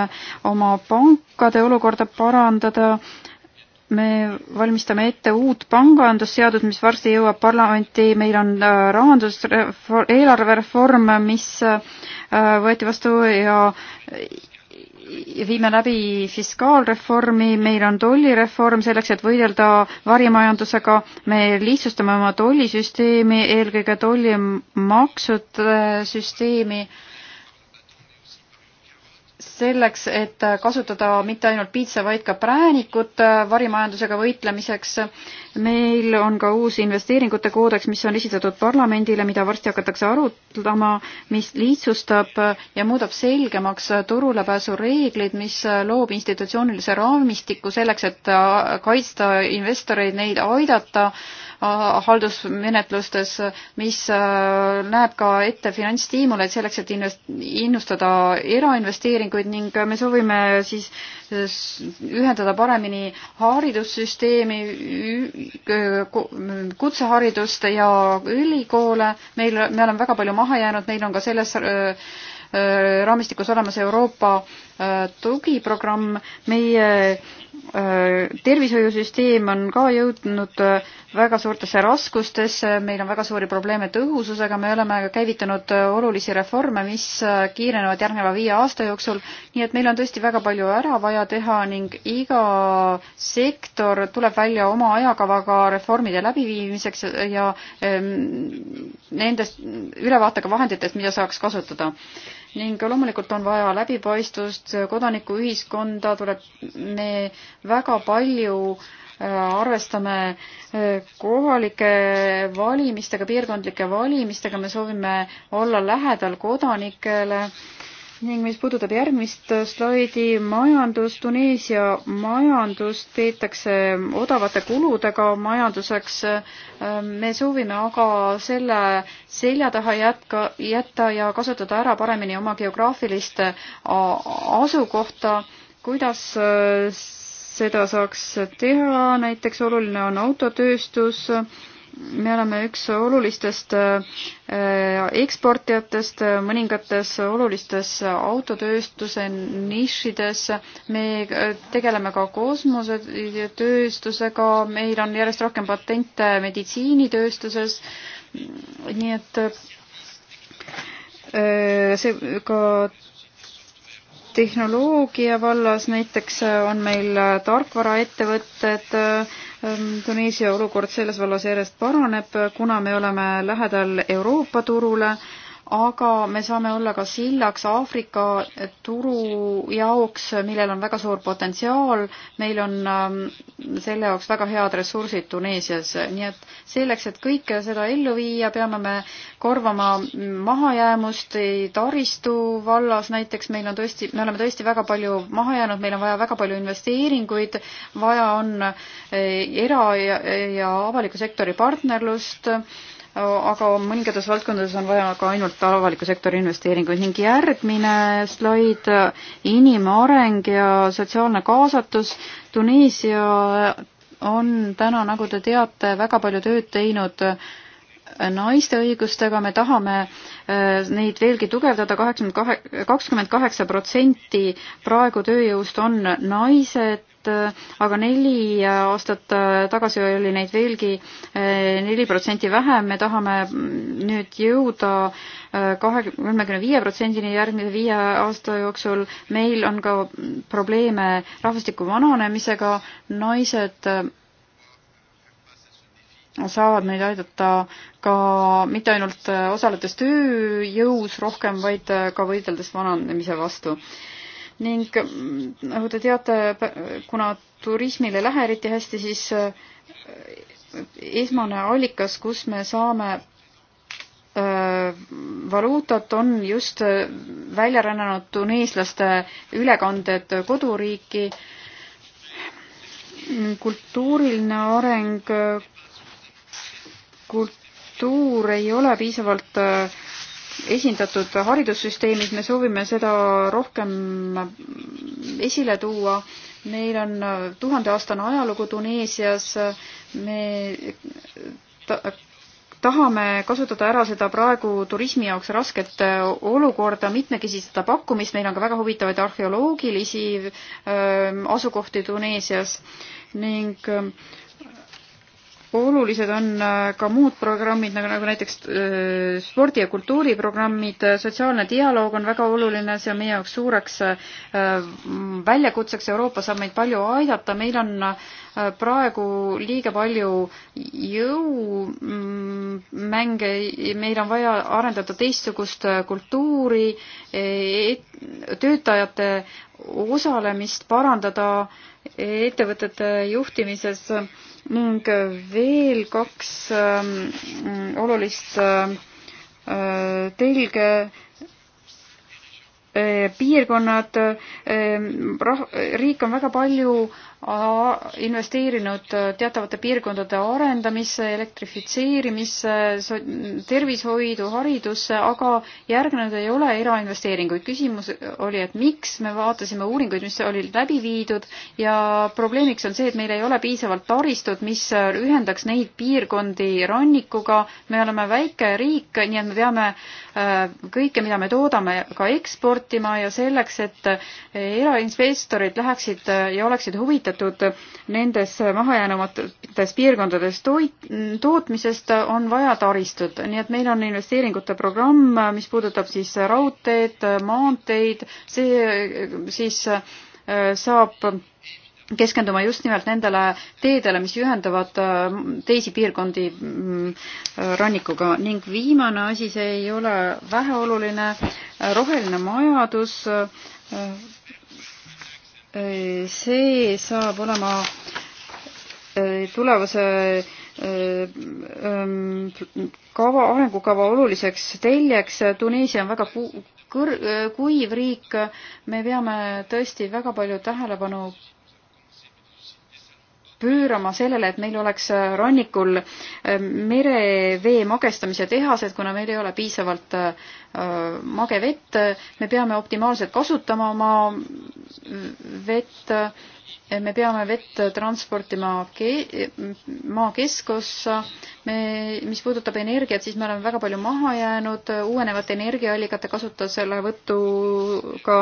S5: oma pankade olukorda parandada, me valmistame ette uut pangandusseadust, mis varsti jõuab parlamenti, meil on äh, rahandus, eelarvereform, mis äh, võeti vastu ja viime läbi fiskaalreformi, meil on tollireform selleks, et võidelda varimajandusega, me lihtsustame oma tollisüsteemi, eelkõige tollimaksude äh, süsteemi, tolli selleks, et kasutada mitte ainult piitsa, vaid ka präänikut varimajandusega võitlemiseks. meil on ka uus investeeringute koodeks, mis on esitatud parlamendile, mida varsti hakatakse arutama, mis lihtsustab ja muudab selgemaks turulepääsu reeglid, mis loob institutsioonilise raamistiku selleks, et kaitsta investoreid, neid aidata haldusmenetlustes, mis näeb ka ette finantsstiimuleid selleks, et invest-, innustada erainvesteeringuid, uuringuid ning me soovime siis ühendada paremini haridussüsteemi, kutseharidust ja ülikoole. meil, me oleme väga palju maha jäänud, meil on ka selles äh, äh, raamistikus olemas Euroopa äh, tugiprogramm. meie Äh, tervishoiusüsteem on ka jõudnud äh, väga suurtesse raskustesse, meil on väga suuri probleeme tõhususega, me oleme käivitanud äh, olulisi reforme, mis kiirenevad järgneva viie aasta jooksul, nii et meil on tõesti väga palju ära vaja teha ning iga sektor tuleb välja oma ajakavaga reformide läbiviimiseks ja ähm, nendest ülevaatega vahenditest, mida saaks kasutada ning loomulikult on vaja läbipaistvust, kodanikuühiskonda tuleb, me väga palju äh, arvestame äh, kohalike valimistega, piirkondlike valimistega, me soovime olla lähedal kodanikele ning mis puudutab järgmist slaidi, majandus, Tuneesia majandus peetakse odavate kuludega majanduseks. me soovime aga selle selja taha jätka, jätta ja kasutada ära paremini oma geograafilist asukohta. kuidas äh, seda saaks teha, näiteks oluline on autotööstus me oleme üks olulistest äh, eksportijatest mõningates olulistes autotööstuse nišides. me äh, tegeleme ka kosmosetööstusega, meil on järjest rohkem patente meditsiinitööstuses. nii et äh, see ka tehnoloogia vallas näiteks on meil tarkvaraettevõtted et Ehm, Tuneesia olukord selles vallas järjest paraneb, kuna me oleme lähedal Euroopa turule aga me saame olla ka sillaks Aafrika turu jaoks, millel on väga suur potentsiaal. meil on ähm, selle jaoks väga head ressursid Tuneesias, nii et selleks, et kõike seda ellu viia, peame me korvama mahajäämust taristu vallas näiteks. meil on tõesti, me oleme tõesti väga palju maha jäänud, meil on vaja väga palju investeeringuid, vaja on äh, era- ja, ja avaliku sektori partnerlust aga mõningates valdkondades on vaja ka ainult avaliku sektori investeeringuid ning järgmine slaid, inimareng ja sotsiaalne kaasatus. Tuneesia on täna, nagu te teate, väga palju tööd teinud naiste õigustega, me tahame äh, neid veelgi tugevdada, kaheksakümmend kahe, kakskümmend kaheksa protsenti praegu tööjõust on naised aastat, äh, aga neli äh, aastat äh, tagasi oli neid veelgi neli protsenti vähem, me tahame mm, nüüd jõuda kahekümne viie protsendini järgmise viie aasta jooksul. meil on ka probleeme rahvastiku vananemisega, naised saavad meid aidata ka mitte ainult osaledes tööjõus rohkem, vaid ka võideldes vananemise vastu ning mm, nagu te teate, kuna turismil ei lähe eriti hästi, siis äh, esmane allikas, kus me saame äh, valuutat, on just äh, välja rännanud tuneeslaste ülekanded koduriiki. kultuuriline areng, kultuur ei ole piisavalt äh, esindatud haridussüsteemis, me soovime seda rohkem esile tuua. meil on tuhandeaastane ajalugu Tuneesias, me ta tahame kasutada ära seda praegu turismi jaoks rasket olukorda, mitmekesistada pakkumist, meil on ka väga huvitavaid arheoloogilisi ähm, asukohti Tuneesias ning ähm, olulised on äh, ka muud programmid, nagu, nagu näiteks äh, spordi- ja kultuuriprogrammid, sotsiaalne dialoog on väga oluline, see on meie jaoks suureks äh, väljakutseks, Euroopa saab meid palju aidata, meil on praegu liiga palju jõumänge, meil on vaja arendada teistsugust kultuuri, e, töötajate osalemist parandada ettevõtete juhtimises ning veel kaks ähm, olulist ähm, äh, telge äh, piirkonnad, ähm, riik on väga palju investeerinud teatavate piirkondade arendamisse, elektrifitseerimisse, tervishoidu, haridusse, aga järgnenud ei ole erainvesteeringuid. küsimus oli, et miks me vaatasime uuringuid, mis olid läbi viidud ja probleemiks on see, et meil ei ole piisavalt taristut, mis ühendaks neid piirkondi rannikuga. me oleme väike riik, nii et me peame äh, kõike, mida me toodame, ka eksportima ja selleks, et erainvestorid läheksid äh, ja oleksid huvitatud huvitatud nendes mahajäänumates piirkondades toit, tootmisest, on vaja taristut. nii et meil on investeeringute programm, mis puudutab siis raudteed, maanteid, see siis äh, saab keskenduma just nimelt nendele teedele, mis ühendavad äh, teisi piirkondi mm, äh, rannikuga ning viimane asi, see ei ole väheoluline, roheline majandus Äh, see saab olema äh, tulevase äh, ähm, kava, arengukava oluliseks teljeks. Tuneesia on väga kõr-, kuiv riik. me peame tõesti väga palju tähelepanu pöörama sellele, et meil oleks äh, rannikul äh, merevee magestamise tehased, kuna meil ei ole piisavalt äh, magevett. me peame optimaalselt kasutama oma vett me peame vett transportima ke-, maakeskusse, me, mis puudutab energiat, siis me oleme väga palju maha jäänud, uuenevate energiaallikate kasutuselevõtuga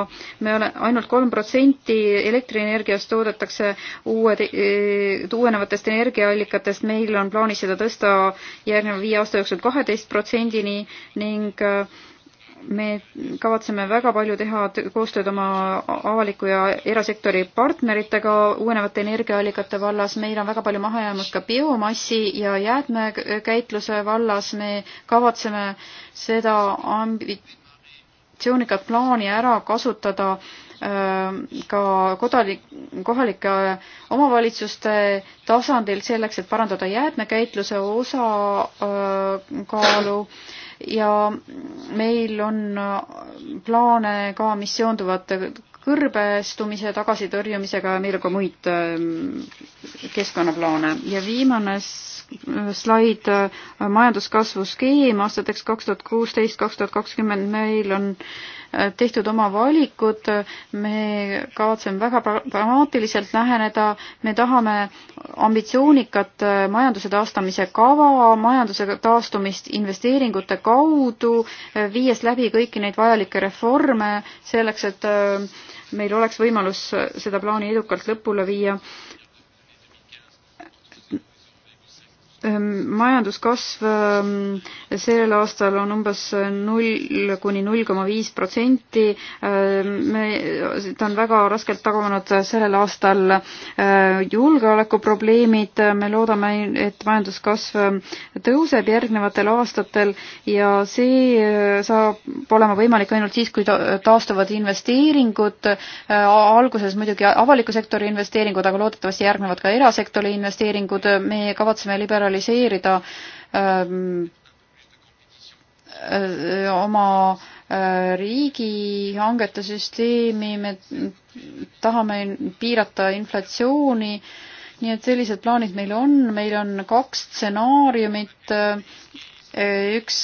S5: me ole-, ainult kolm protsenti elektrienergiast toodetakse uue, uuenevatest energiaallikatest, meil on plaanis seda tõsta järgneva viie aasta jooksul kaheteist protsendini ning äh, me kavatseme väga palju teha koostööd oma avaliku ja erasektori partneritega uuenevate energiaallikate vallas, meil on väga palju mahajäämust ka biomassi ja jäätmekäitluse vallas, me kavatseme seda ambitsioonikat plaani ära kasutada äh, ka kodanik, kohalike omavalitsuste tasandil selleks, et parandada jäätmekäitluse osakaalu äh, ja meil on plaane ka, mis seonduvad kõrbestumise tagasitõrjumisega ja meil on ka muid ähm, keskkonnaplaane ja viimane slaid äh, majanduskasvu skeem aastateks kaks tuhat kuusteist, kaks tuhat kakskümmend, meil on äh, tehtud oma valikud, me kavatseme väga dramaatiliselt läheneda, me tahame ambitsioonikat äh, majanduse taastamise kava, majanduse taastumist investeeringute kaudu, viies läbi kõiki neid vajalikke reforme selleks, et meil oleks võimalus seda plaani edukalt lõpule viia Ehm, majanduskasv ehm, sellel aastal on umbes null kuni null koma viis protsenti. Ehm, me, ta on väga raskelt taganud sellel aastal julgeolekuprobleemid. me loodame, et majanduskasv tõuseb järgnevatel aastatel ja see saab olema võimalik ainult siis, kui taastuvad investeeringud. alguses muidugi avaliku sektori investeeringud, aga loodetavasti järgnevad ka erasektori investeeringud. me kavatseme liberali-, realiseerida öö, ähm, öö, äh, oma äh, riigihangete süsteemi, me tahame piirata inflatsiooni, nii et sellised plaanid meil on, meil on kaks stsenaariumit äh, üks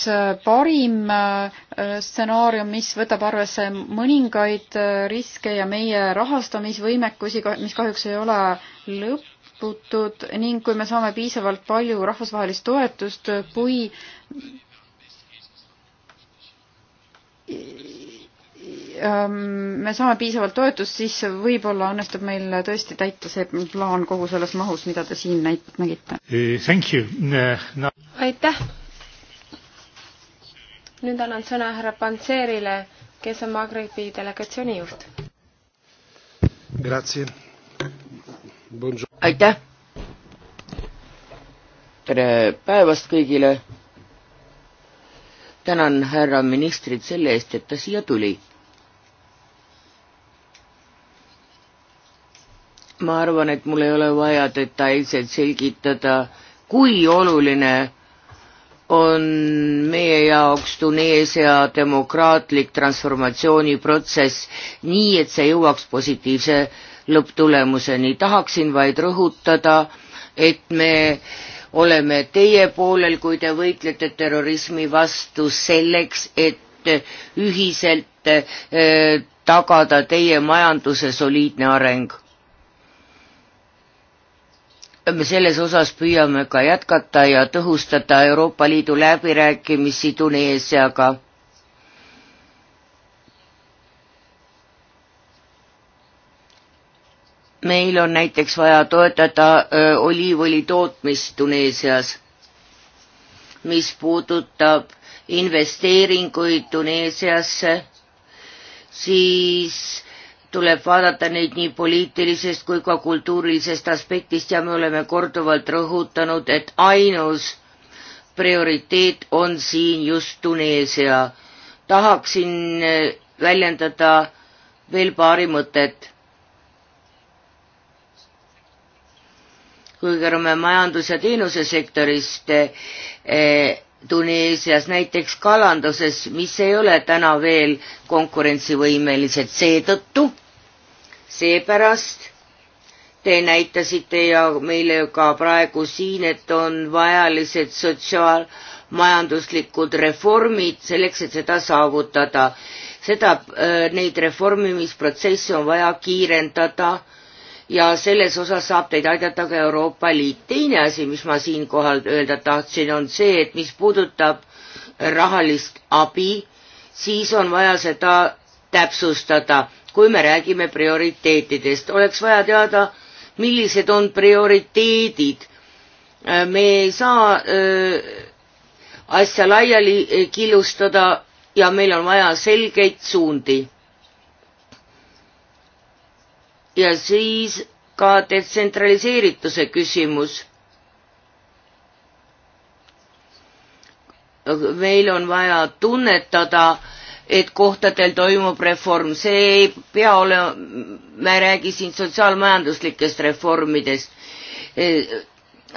S5: parim stsenaarium, mis võtab arvesse mõningaid riske ja meie rahastamisvõimekusi, mis kahjuks ei ole lõpp, lõputud ning kui me saame piisavalt palju rahvusvahelist toetust, kui ähm, me saame piisavalt toetust, siis võib-olla õnnestub meil tõesti täita see plaan kogu selles mahus, mida te siin näit-, nägite.
S1: Eh, eh, aitäh!
S2: nüüd annan sõna härra Pantseerile, kes on Magribi delegatsiooni juht.
S4: Grazie aitäh! tere päevast kõigile! tänan härra ministrit selle eest, et ta siia tuli. ma arvan, et mul ei ole vaja detailselt selgitada, kui oluline on meie jaoks Tuneesia demokraatlik transformatsiooniprotsess, nii et see jõuaks positiivse lõpptulemuseni. tahaksin vaid rõhutada, et me oleme teie poolel, kui te võitlete terrorismi vastu selleks, et ühiselt eh, tagada teie majanduse soliidne areng. me selles osas püüame ka jätkata ja tõhustada Euroopa Liidu läbirääkimisi Tuneesiaga meil on näiteks vaja toetada oliivõli tootmist Tuneesias, mis puudutab investeeringuid Tuneesiasse, siis tuleb vaadata neid nii poliitilisest kui ka kultuurilisest aspektist ja me oleme korduvalt rõhutanud, et ainus prioriteet on siin just Tuneesia. tahaksin väljendada veel paari mõtet kui kõrme majandus- ja teenusesektorist eh, Tuneesias, näiteks kalanduses, mis ei ole täna veel konkurentsivõimelised seetõttu, seepärast Te näitasite ja meile ka praegu siin, et on vajalised sotsiaalmajanduslikud reformid selleks, et seda saavutada. Seda, eh, neid reformimisprotsesse on vaja kiirendada äh, ja selles osas saab teid aidata ka Euroopa Liit. teine asi, mis ma siinkohal öelda tahtsin, on see, et mis puudutab rahalist abi, siis on vaja seda täpsustada, kui me räägime prioriteetidest. oleks vaja teada, millised on prioriteedid. me ei saa öö, äh, asja laiali killustada ja meil on vaja selgeid suundi ja siis ka detsentraliseerituse küsimus. meil on vaja tunnetada, et kohtadel toimub reform, see ei pea olema, ma ei räägi siin sotsiaalmajanduslikest reformidest. Eh,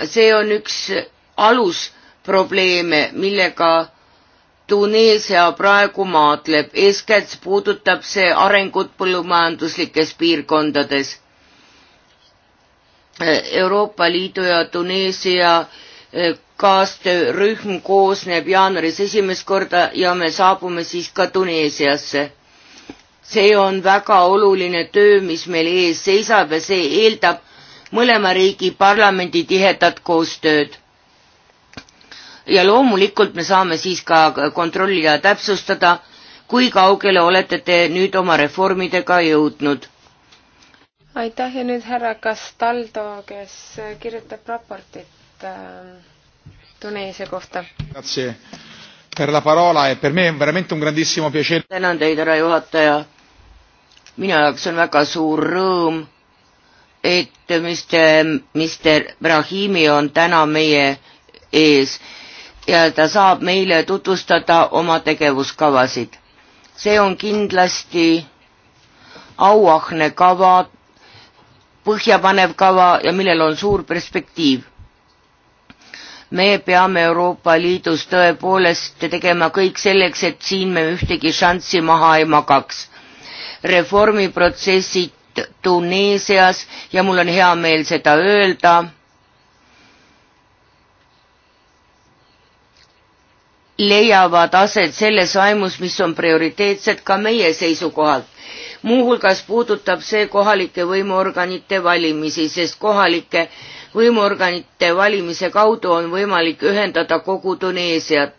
S4: see on üks alusprobleeme, millega Tuneesia praegu maadleb, eeskätt puudutab see arengut põllumajanduslikes piirkondades. Euroopa Liidu ja Tuneesia eh, kaastöörühm koosneb jaanuaris esimest korda ja me saabume siis ka Tuneesiasse. see on väga oluline töö, mis meil ees seisab ja see eeldab mõlema riigi parlamendi tihedat koostööd ja loomulikult me saame siis ka kontrollida ja täpsustada, kui kaugele olete te nüüd oma reformidega jõudnud.
S2: aitäh ja nüüd härra Castaldo, kes kirjutab raportit äh, Tuneesia kohta.
S4: E tänan teid, härra juhataja. minu jaoks on väga suur rõõm, et Mr, Mr Brahimi on täna meie ees ja ta saab meile tutvustada oma tegevuskavasid. see on kindlasti auahne kava, põhjapanev kava ja millel on suur perspektiiv. me peame Euroopa Liidus tõepoolest tegema kõik selleks, et siin me ühtegi šanssi maha ei magaks. reformiprotsessid Tuneesias ja mul on hea meel seda öelda leiavad aset selles vaimus, mis on prioriteetsed ka meie seisukohalt. muuhulgas puudutab see kohalike võimuorganite valimisi, sest kohalike võimuorganite valimise kaudu on võimalik ühendada kogu Tuneesiat.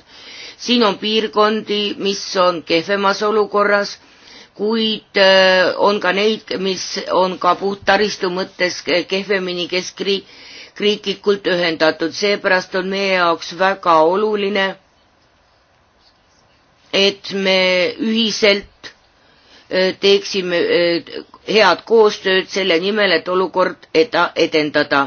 S4: siin on piirkondi, mis on kehvemas olukorras, kuid äh, on ka neid, mis on ka puht taristu mõttes kehvemini keskriik, riiklikult ühendatud, seepärast on meie jaoks väga oluline et me ühiselt teeksime head koostööd selle nimel, et olukord eda, edendada.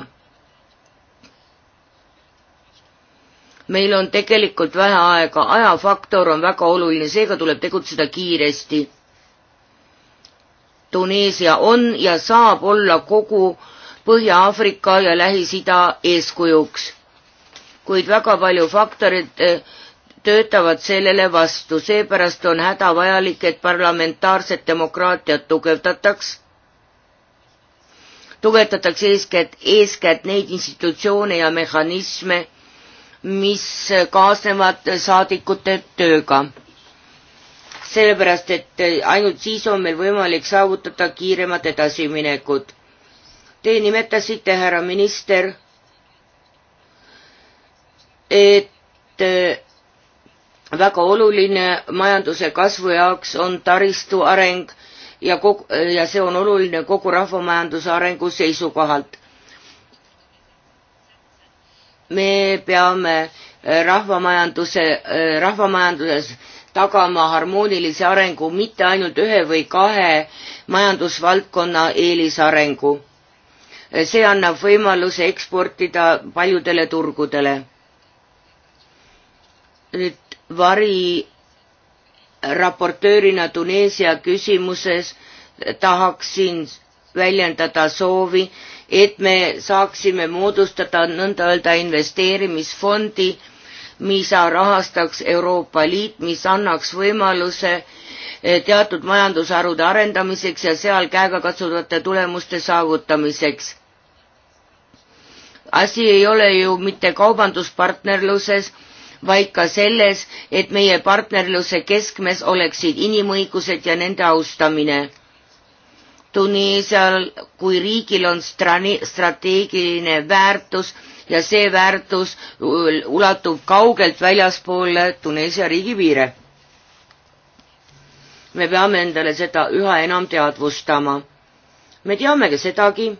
S4: meil on tegelikult vähe aega, ajafaktor on väga oluline, seega tuleb tegutseda kiiresti. Tuneesia on ja saab olla kogu Põhja-Aafrika ja Lähis-Ida eeskujuks, kuid väga palju faktoreid töötavad sellele vastu, seepärast on hädavajalik, et parlamentaarset demokraatiat tugevdataks, tugevdatakse eeskätt, eeskätt neid institutsioone ja mehhanisme, mis kaasnevad saadikute tööga. sellepärast, et ainult siis on meil võimalik saavutada kiiremat edasiminekut. Te nimetasite, härra minister, et väga oluline majanduse kasvu jaoks on taristu areng ja kogu, ja see on oluline kogu rahvamajanduse arengu seisukohalt. me peame eh, rahvamajanduse, eh, rahvamajanduses tagama harmoonilise arengu, mitte ainult ühe või kahe majandusvaldkonna eelisarengu. Eh, see annab võimaluse eksportida paljudele turgudele. nüüd variraportöörina Tuneesia küsimuses tahaksin väljendada soovi, et me saaksime moodustada nõnda öelda investeerimisfondi, mida rahastaks Euroopa Liit, mis annaks võimaluse eh, teatud majandusharude arendamiseks ja seal käegakatsuvate tulemuste saavutamiseks. asi ei ole ju mitte kaubanduspartnerluses vaid ka selles, et meie partnerluse keskmes oleksid inimõigused ja nende austamine. Tunisial kui riigil on strani, strateegiline väärtus ja see väärtus ulatub kaugelt väljaspoole Tuneesia riigipiire. me peame endale seda üha enam teadvustama. me teame ka sedagi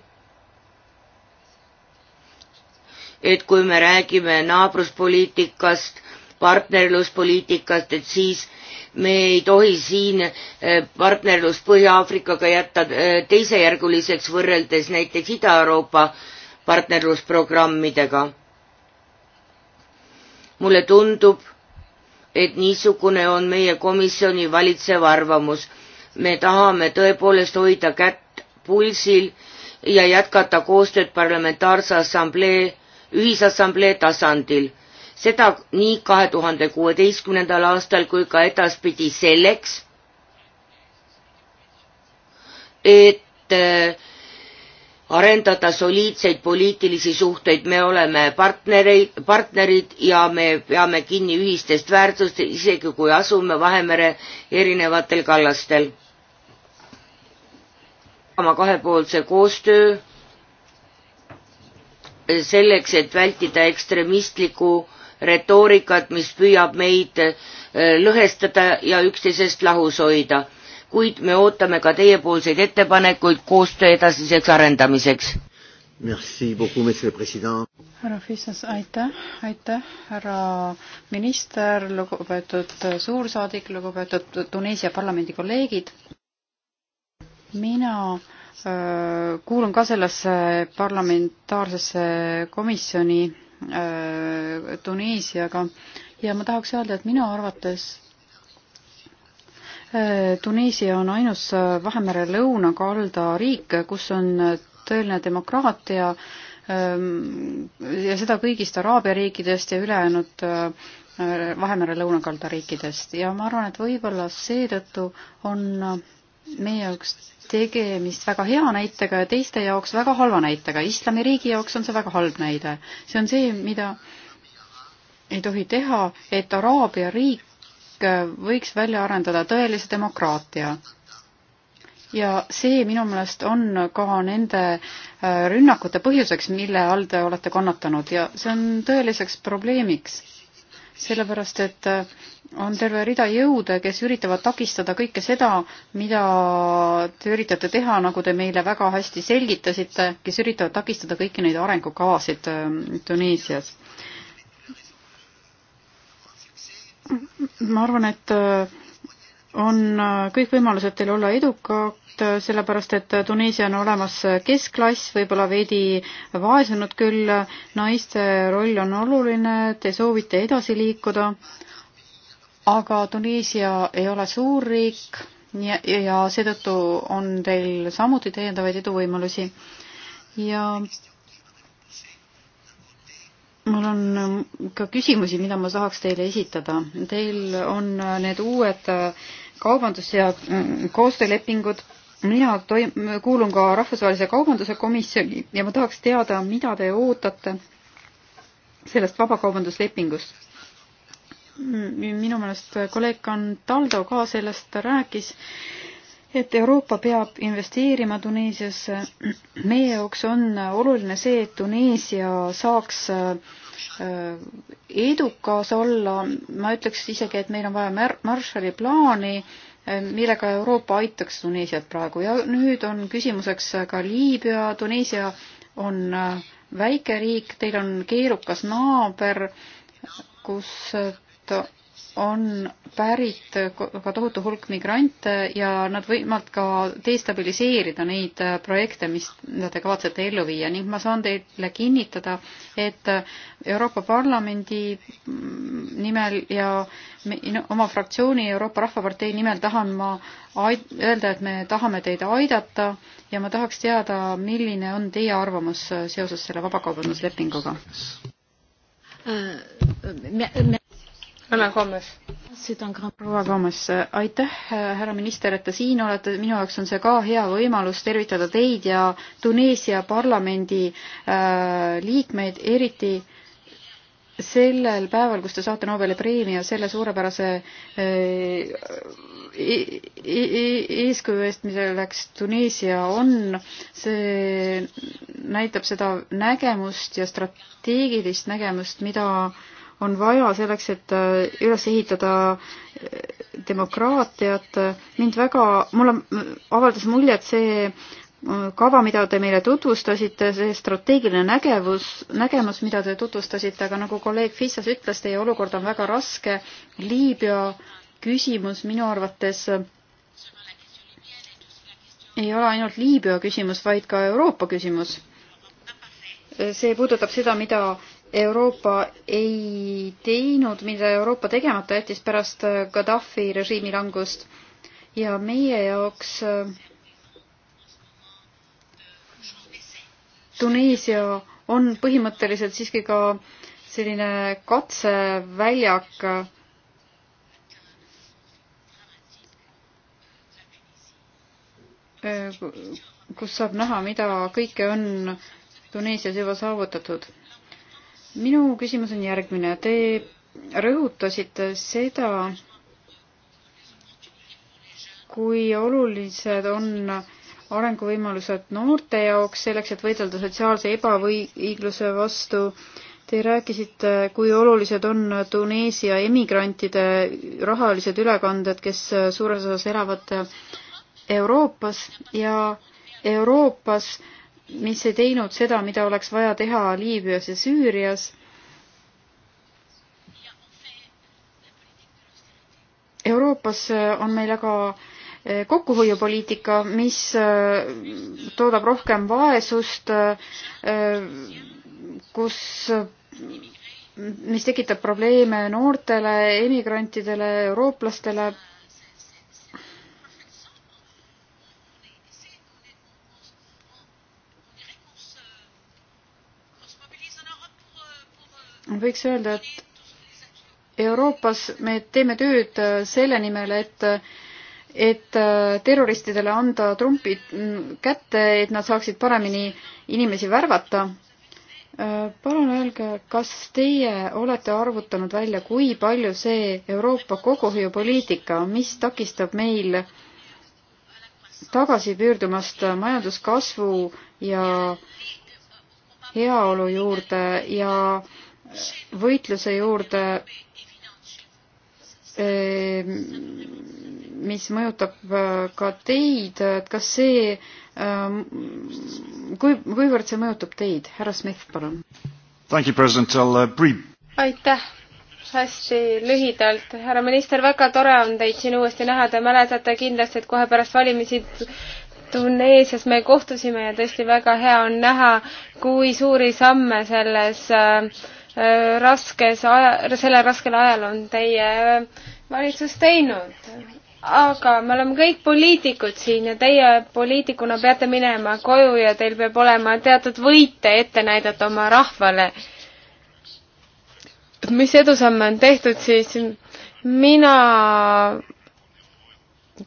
S4: et kui me räägime naabruspoliitikast, partnerluspoliitikast, et siis me ei tohi siin eh, partnerlust Põhja-Aafrikaga jätta eh, teisejärguliseks võrreldes näiteks Ida-Euroopa partnerlusprogrammidega. mulle tundub, et niisugune on meie komisjoni valitsev arvamus. me tahame tõepoolest hoida kätt pulsil ja jätkata koostööd Parlamentaarse Assamblee ühisassamblee tasandil, seda nii kahe tuhande kuueteistkümnendal aastal kui ka edaspidi selleks, et äh, arendada soliidseid poliitilisi suhteid, me oleme partnereid, partnerid ja me peame kinni ühistest väärtustest, isegi kui asume Vahemere erinevatel kallastel. oma kahepoolse koostöö selleks, et vältida ekstremistlikku retoorikat, mis püüab meid äh, lõhestada ja üksteisest lahus hoida. kuid me ootame ka teiepoolseid ettepanekuid koostöö edasiseks arendamiseks.
S3: Merci beaucoup, monsieur le president.
S5: härra Fissas, aitäh, aitäh, härra minister, lugupeetud suursaadik, lugupeetud Tuneesia parlamendi kolleegid. mina Äh, kuulun ka sellesse parlamentaarsesse komisjoni äh, Tuniisiaga ja ma tahaks öelda, et minu arvates äh, Tuniisia on ainus Vahemere lõunakalda riik, kus on tõeline demokraatia
S3: ähm,
S5: ja seda kõigist Araabia riikidest ja ülejäänud Vahemere lõunakalda riikidest ja ma arvan, et võib-olla seetõttu on meie jaoks tegemist väga hea näitega ja teiste jaoks väga halva näitega. islamiriigi jaoks on see väga halb näide. see on see, mida ei tohi teha, et Araabia riik võiks välja arendada tõelise demokraatia. ja see minu meelest on ka nende äh, rünnakute põhjuseks, mille all te olete kannatanud ja see on tõeliseks probleemiks. sellepärast, et äh, on terve rida jõude, kes üritavad takistada kõike seda, mida te üritate teha, nagu te meile väga hästi selgitasite, kes üritavad takistada kõiki neid arengukavasid ähm, Tuneesias. ma arvan, et äh, on äh, kõik võimalused teil olla edukaks, äh, sellepärast et Tuneesia on olemas keskklass, võib-olla veidi vaesunud küll, naiste roll on oluline, te soovite edasi liikuda, aga Tuneesia ei ole suur riik ja, ja seetõttu on teil samuti täiendavaid eduvõimalusi ja mul on ka küsimusi, mida ma tahaks teile esitada. Teil on need uued kaubandus- ja koostöölepingud, mina toim-, kuulun ka Rahvusvahelise Kaubanduse Komisjoni ja ma tahaks teada, mida te ootate sellest vabakaubanduslepingust Mm, minu meelest kolleeg Antaldo ka sellest rääkis, et Euroopa peab investeerima Tuneesiasse. meie jaoks on oluline see, et Tuneesia saaks äh, edukas olla, ma ütleks isegi, et meil on vaja mar-, Marshalli plaani, äh, millega Euroopa aitaks Tuneesiat praegu ja nüüd on küsimuseks ka Liibüa, Tuneesia on äh, väike riik, teil on keerukas naaber, kus Liidult on pärit ka tohutu hulk migrante ja nad võivad ka destabiliseerida neid projekte, mis te kavatsete ellu viia ning ma saan teile kinnitada, et Euroopa Parlamendi nimel ja oma fraktsiooni Euroopa Rahvapartei nimel tahan ma öelda, et me tahame teid aidata ja ma tahaks teada, milline on teie arvamus seoses selle vabakaubanduslepinguga?
S2: Äh, Anna Gomes.
S5: seda on ka proua Gomes. aitäh, härra minister, et te siin olete, minu jaoks on see ka hea võimalus tervitada teid ja Tuneesia parlamendi äh, liikmeid, eriti sellel päeval, kus te saate Nobeli preemia selle suurepärase äh, e-, e-, e-, eeskuju eest, milleks Tuneesia on, see näitab seda nägemust ja strateegilist nägemust, mida äh, on vaja selleks, et äh, üles ehitada äh, demokraatiat. mind väga, mulle avaldas mulje, et see äh, kava, mida te meile tutvustasite, see strateegiline nägevus, nägemus, mida te tutvustasite, aga nagu kolleeg Fissas ütles, teie olukord on väga raske. Liibüa küsimus minu arvates ei ole ainult Liibüa küsimus, vaid ka Euroopa küsimus. see puudutab seda, mida Euroopa ei teinud, mida Euroopa tegemata jättis pärast äh, Gaddafi režiimi langust ja meie jaoks äh, Tuneesia on põhimõtteliselt siiski ka selline katseväljak äh, kus saab näha, mida kõike on Tuneesias juba saavutatud minu küsimus on järgmine. Te rõhutasite seda, kui olulised on arenguvõimalused noorte jaoks selleks, et võidelda sotsiaalse ebaõigluse vastu. Te rääkisite, kui olulised on Tuneesia emigrantide rahalised ülekanded, kes suures osas elavad Euroopas ja Euroopas äh, mis ei teinud seda, mida oleks vaja teha Liibüas ja Süürias. Euroopas on meil aga eh, kokkuhoiupoliitika, mis eh, toodab rohkem vaesust, eh, kus, mis tekitab probleeme noortele, emigrantidele, eurooplastele võiks öelda, et Euroopas me teeme tööd äh, selle nimel, et et äh, terroristidele anda trumpid mm, kätte, et nad saaksid paremini inimesi värvata. Äh, palun öelge, kas teie olete arvutanud välja, kui palju see Euroopa kokkuhoiupoliitika, mis takistab meil tagasi pöördumast majanduskasvu ja heaolu juurde ja äh, võitluse juurde, ehm, mis mõjutab äh, ka teid, et kas see, ähm, kui, kuivõrd see mõjutab teid? härra Smith, palun.
S1: Uh,
S2: aitäh hästi lühidalt. härra minister, väga tore on teid siin uuesti näha. Te mäletate kindlasti, et kohe pärast valimisi Tuneesias me kohtusime ja tõesti väga hea on näha, kui suuri samme selles äh, raskes aja, sellel raskel ajal on teie valitsus teinud. aga me oleme kõik poliitikud siin ja teie poliitikuna peate minema koju ja teil peab olema teatud võite ette näidata oma rahvale. mis edusamme on tehtud siis? mina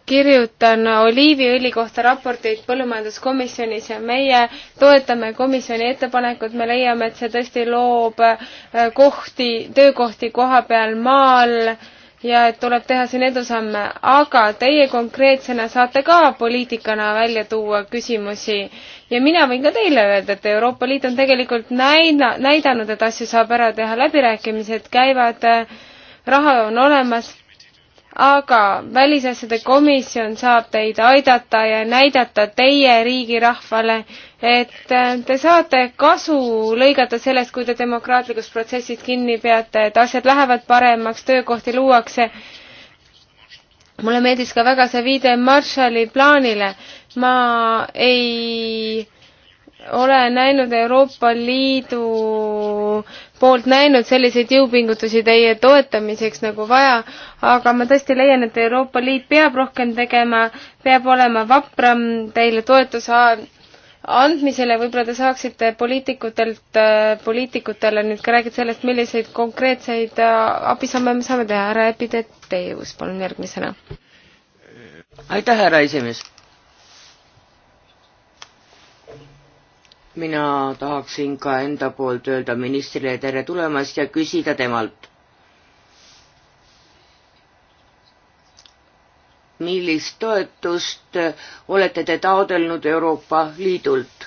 S2: kirjutan oliiviõli kohta raportit põllumajanduskomisjonis ja meie toetame komisjoni ettepanekut, me leiame, et see tõesti loob äh, kohti, töökohti koha peal maal ja et tuleb teha siin edusamme, aga teie konkreetsena saate ka poliitikana välja tuua küsimusi ja mina võin ka teile öelda, et Euroopa Liit on tegelikult näina, näidanud, et asju saab ära teha, läbirääkimised käivad, äh, raha on olemas aga Välisasjade Komisjon saab teid aidata ja näidata teie riigi rahvale, et äh, te saate kasu lõigata sellest, kui te demokraatlikust protsessist kinni peate, et asjad lähevad paremaks, töökohti luuakse. mulle meeldis ka väga see viide Marshalli plaanile. ma ei ole näinud Euroopa Liidu poolt näinud selliseid jõupingutusi teie toetamiseks nagu vaja, aga ma tõesti leian, et Euroopa Liit peab rohkem tegema, peab olema vapram teile toetuse andmisele, võib-olla te saaksite poliitikutelt, äh, poliitikutele nüüd ka rääkida sellest, milliseid konkreetseid äh, abisamme me saame teha, härra Epideteus, palun järgmisena.
S4: aitäh, härra esimees mina tahaksin ka enda poolt öelda ministrile tere tulemast ja küsida temalt. millist toetust olete te taodelnud Euroopa Liidult,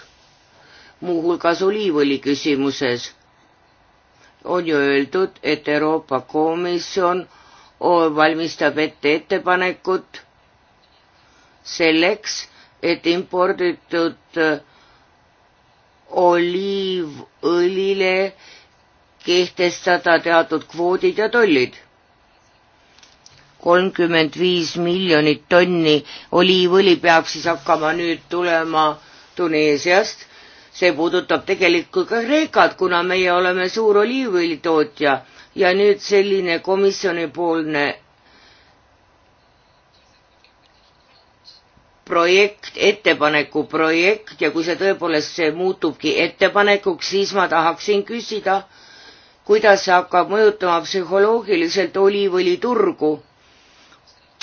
S4: muuhulgas oliivõli küsimuses? on ju öeldud, et Euroopa Komisjon valmistab ette ettepanekut selleks, et imporditud äh, oliivõlile kehtestada teatud kvoodid ja tollid. kolmkümmend viis miljonit tonni oliivõli peab siis hakkama nüüd tulema Tuneesiast. see puudutab tegelikult ka Kreekat, kuna meie oleme suur oliivõlitootja ja nüüd selline komisjonipoolne projekt, ettepaneku projekt ja kui see tõepoolest see muutubki ettepanekuks, siis ma tahaksin küsida, kuidas see hakkab mõjutama psühholoogiliselt oliivõliturgu.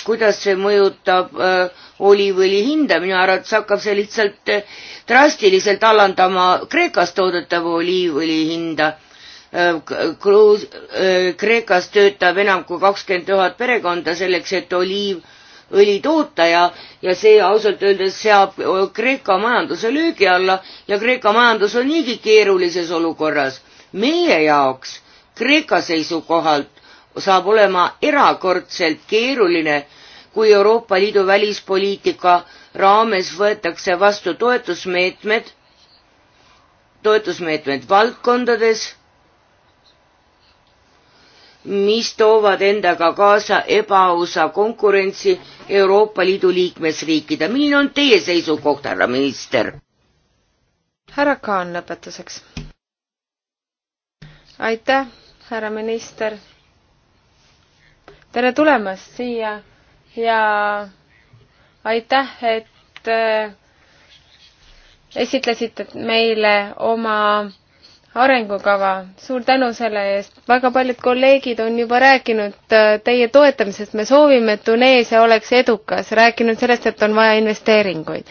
S4: kuidas see mõjutab äh, oliivõli hinda, minu arvates hakkab see lihtsalt äh, drastiliselt alandama Kreekas toodetava oliivõli hinda äh, äh, Kreekas töötab enam kui kakskümmend tuhat perekonda selleks, et oliiv õli toota ja, ja see ausalt öeldes seab Kreeka majanduse löögi alla ja Kreeka majandus on niigi keerulises olukorras. meie jaoks Kreeka seisukohalt saab olema erakordselt keeruline, kui Euroopa Liidu välispoliitika raames võetakse vastu toetusmeetmed, toetusmeetmed valdkondades mis toovad endaga kaasa ebaausa konkurentsi Euroopa Liidu liikmesriikide. milline on teie seisukoht, härra minister?
S2: härra Kaan lõpetuseks. aitäh, härra minister. tere tulemast siia ja aitäh, et äh, esitlesite meile oma arengukava, suur tänu selle eest, väga paljud kolleegid on juba rääkinud äh, teie toetamisest, me soovime, et Tuneesia oleks edukas, rääkinud sellest, et on vaja investeeringuid.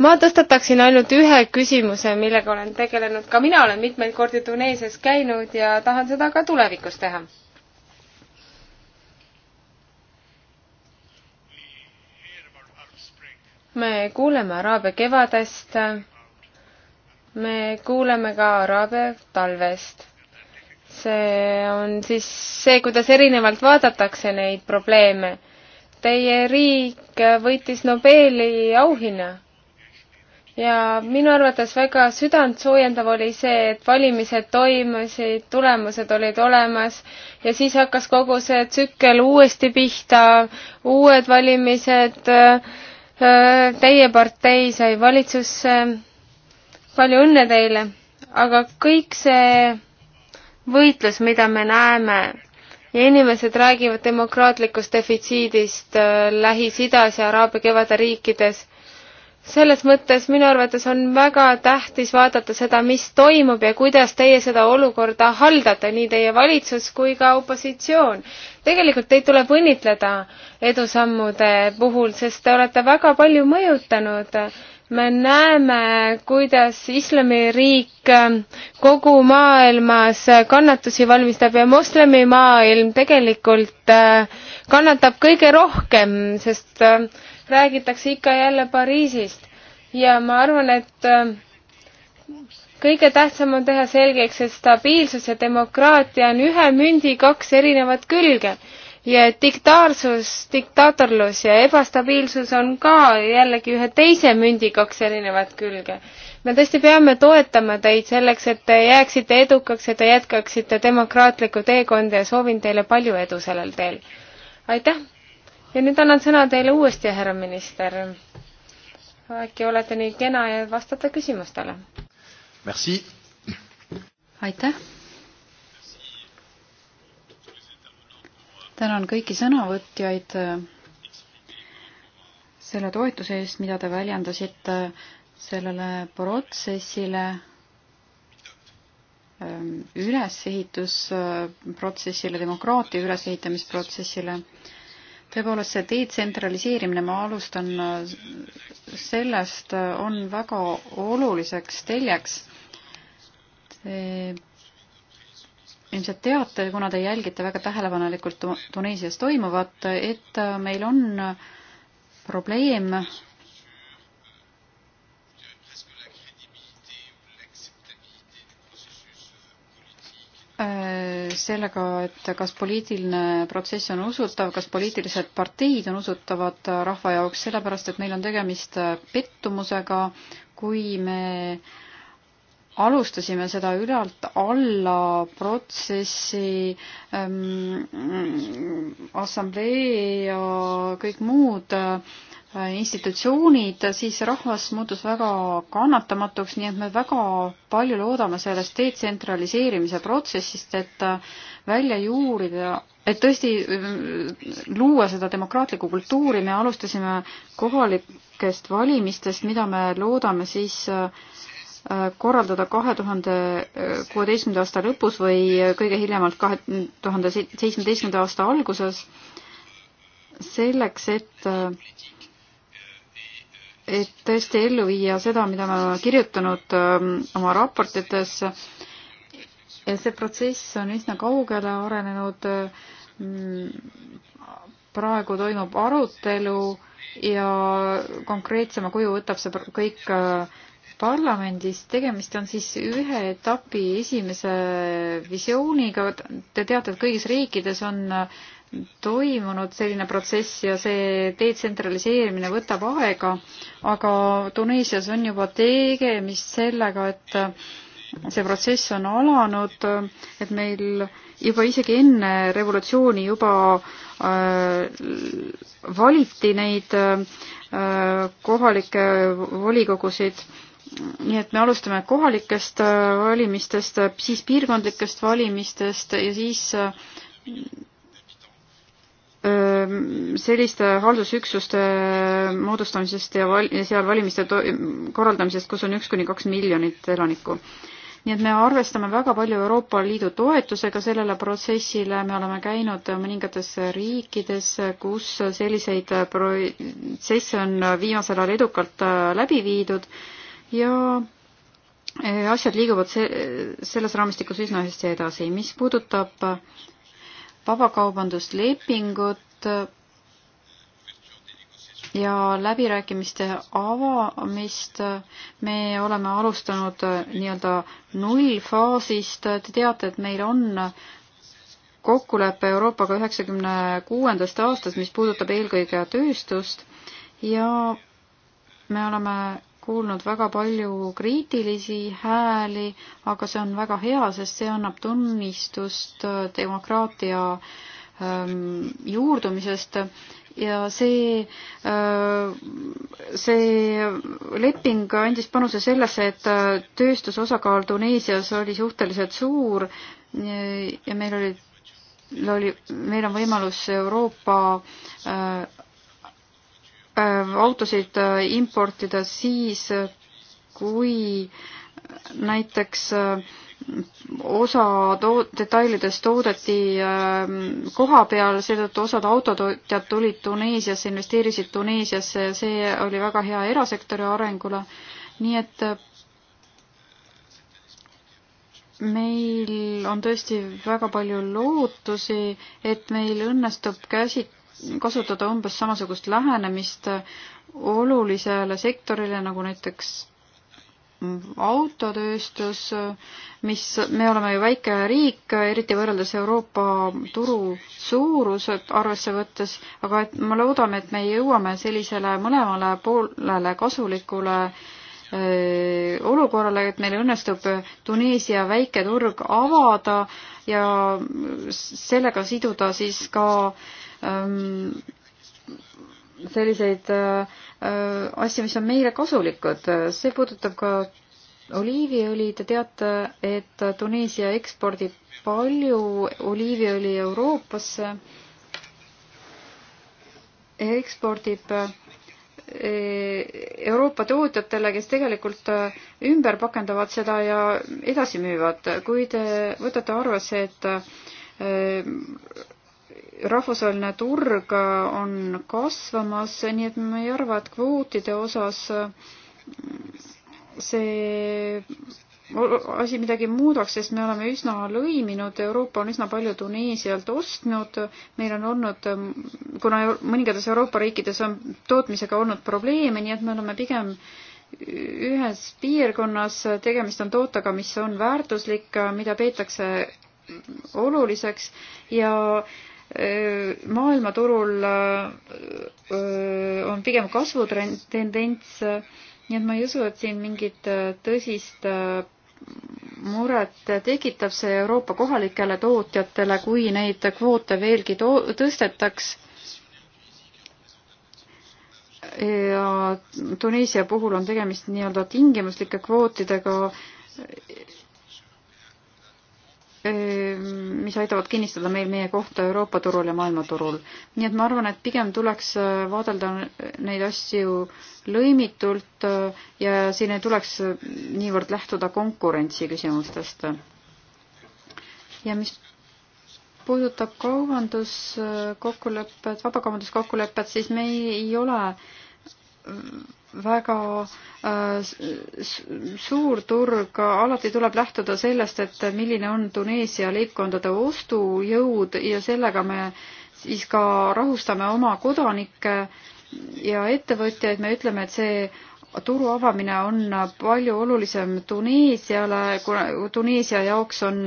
S2: ma tõstataksin ainult ühe küsimuse, millega olen tegelenud, ka mina olen mitmeid kordi Tuneesias käinud ja tahan seda ka tulevikus teha. me kuuleme Araabia kevadest me kuuleme ka araabia talvest. see on siis see, kuidas erinevalt vaadatakse neid probleeme. Teie riik võitis Nobeli auhinna ja minu arvates väga südantsoojendav oli see, et valimised toimusid, tulemused olid olemas ja siis hakkas kogu see tsükkel uuesti pihta, uued valimised, äh, teie partei sai valitsusse palju õnne teile, aga kõik see võitlus, mida me näeme ja inimesed räägivad demokraatlikust defitsiidist äh, Lähis-Idas ja Araabia kevade riikides. selles mõttes minu arvates on väga tähtis vaadata seda, mis toimub ja kuidas teie seda olukorda haldate, nii teie valitsus kui ka opositsioon. tegelikult teid tuleb õnnitleda edusammude puhul, sest te olete väga palju mõjutanud me näeme, kuidas islamiriik ähm, kogu maailmas äh, kannatusi valmistab ja moslemimaailm tegelikult äh, kannatab kõige rohkem, sest äh, räägitakse ikka jälle Pariisist ja ma arvan, et kõige tähtsam on teha selgeks, et stabiilsus ja demokraatia on ühe mündi kaks erinevat külge ja diktaarsus, diktaatorlus ja ebastabiilsus on ka jällegi ühe teise mündi kaks erinevat külge. me tõesti peame toetama teid selleks, et te jääksite edukaks ja te jätkaksite demokraatlikku teekonda ja soovin teile palju edu sellel teel. aitäh! ja nüüd annan sõna teile uuesti, härra minister. äkki olete nii kena ja vastate küsimustele? aitäh!
S5: tänan kõiki sõnavõtjaid äh, selle toetuse eest, mida te väljendasite äh, sellele protsessile, ähm, ülesehitusprotsessile, äh, demokraatia ülesehitamisprotsessile. tõepoolest, see detsentraliseerimine, ma alustan sellest, on väga oluliseks teljeks. Te ilmselt teate, kuna te jälgite väga tähelepanelikult Tuneesias toimuvat, et äh, meil on äh, probleem äh, sellega, et kas poliitiline protsess on usutav, kas poliitilised parteid on usutavad rahva jaoks, sellepärast et meil on tegemist pettumusega, kui me äh, alustasime seda ülalt alla protsessi ähm, assamblee ja kõik muud äh, institutsioonid, siis rahvas muutus väga kannatamatuks, nii et me väga palju loodame sellest detsentraliseerimise protsessist, et äh, välja juurida, et tõesti äh, luua seda demokraatlikku kultuuri, me alustasime kohalikest valimistest, mida me loodame siis äh, Äh, korraldada kahe tuhande äh, kuueteistkümnenda aasta lõpus või äh, kõige hiljemalt kahe tuhande seitsmeteistkümnenda aasta alguses selleks, et et tõesti ellu viia seda, mida me oleme kirjutanud oma raportites. see protsess on üsna kaugele arenenud. praegu toimub arutelu ja konkreetsema kuju võtab see kõik parlamendis, tegemist on siis ühe etapi esimese visiooniga, te teate, et kõigis riikides on toimunud selline protsess ja see detsentraliseerimine võtab aega, aga Tuneesias on juba tegemist sellega, et see protsess on alanud, et meil juba isegi enne revolutsiooni juba äh, valiti neid äh, kohalikke volikogusid äh, nii et me alustame kohalikest äh, valimistest, äh, siis piirkondlikest valimistest ja siis äh, selliste haldusüksuste moodustamisest ja val-, ja seal valimiste to-, korraldamisest, kus on üks kuni kaks miljonit elanikku. nii et me arvestame väga palju Euroopa Liidu toetusega sellele protsessile, me oleme käinud mõningates riikides, kus selliseid protsesse on viimasel ajal edukalt läbi viidud ja eh, asjad liiguvad se selles raamistikus üsna hästi edasi. mis puudutab eh, vabakaubanduslepingut eh, ja läbirääkimiste avamist, me oleme alustanud nii-öelda nullfaasist. Te teate, et meil on kokkulepe Euroopaga üheksakümne kuuendast aastast, mis puudutab eelkõige tööstust ja me oleme kuulnud väga palju kriitilisi hääli, aga see on väga hea, sest see annab tunnistust äh, demokraatia ähm, juurdumisest ja see, äh, see leping andis panuse sellesse, et äh, tööstuse osakaal Tuneesias oli suhteliselt suur ja meil oli, oli, meil on võimalus Euroopa Äh, autosid äh, importida siis, kui näiteks äh, osa too-, detailidest toodeti koha peal, seetõttu osad autotootjad tulid Tuneesiasse, investeerisid Tuneesiasse ja see oli väga hea erasektori arengule, nii et meil on tõesti väga palju lootusi, et meil õnnestub käsit-, kasutada umbes samasugust lähenemist olulisele sektorile nagu näiteks autotööstus, mis, me oleme ju väike riik, eriti võrreldes Euroopa turu suuruselt arvesse võttes, aga et me loodame, et me jõuame sellisele mõlemale poolele kasulikule öö, eh, olukorrale, et meil õnnestub Tuneesia väike turg avada ja sellega siduda siis ka öö, Ehm, selliseid äh, äh, asju, mis on meile kasulikud, see puudutab ka oliiviõli, te teate, et Tuneesia ekspordib palju oliiviõli Euroopasse, ekspordib äh, Euroopa tootjatele, kes tegelikult ümber pakendavad seda ja edasi müüvad. kui te võtate arvesse, et rahvusvaheline turg äh, on kasvamas, nii et ma ei arva, et kvootide osas äh, see asi midagi muudaks, sest me oleme üsna lõiminud, Euroopa on üsna palju Tuneesialt ostnud, meil on olnud, kuna mõningates Euroopa riikides on tootmisega olnud probleeme, nii et me oleme pigem ühes piirkonnas, tegemist on tootega, mis on väärtuslik, mida peetakse oluliseks ja äh, Äh, maailmaturul äh, äh, on pigem kasvutrend, tendents, nii et ma ei usu, et siin mingit tõsist muret tekitab see Euroopa kohalikele tootjatele, kui neid kvoote veelgi tõstetaks. ja Tuneesia puhul on tegemist nii-öelda tingimuslike kvootidega mis aitavad kinnistada meil meie kohta Euroopa turul ja maailmaturul. nii et ma arvan, et pigem tuleks äh, vaadelda neid asju lõimitult äh, ja siin ei tuleks äh, niivõrd lähtuda konkurentsi küsimustest. ja mis puudutab kaubanduskokkulepet, vabakaubanduskokkulepet, siis me ei, ei ole väga äh, suur turg, alati tuleb lähtuda sellest, et milline on Tuneesia leibkondade ostujõud ja sellega me siis ka rahustame oma kodanikke ja ettevõtjaid, me ütleme, et see turu avamine on palju olulisem Tuneesiale, kuna Tuneesia jaoks on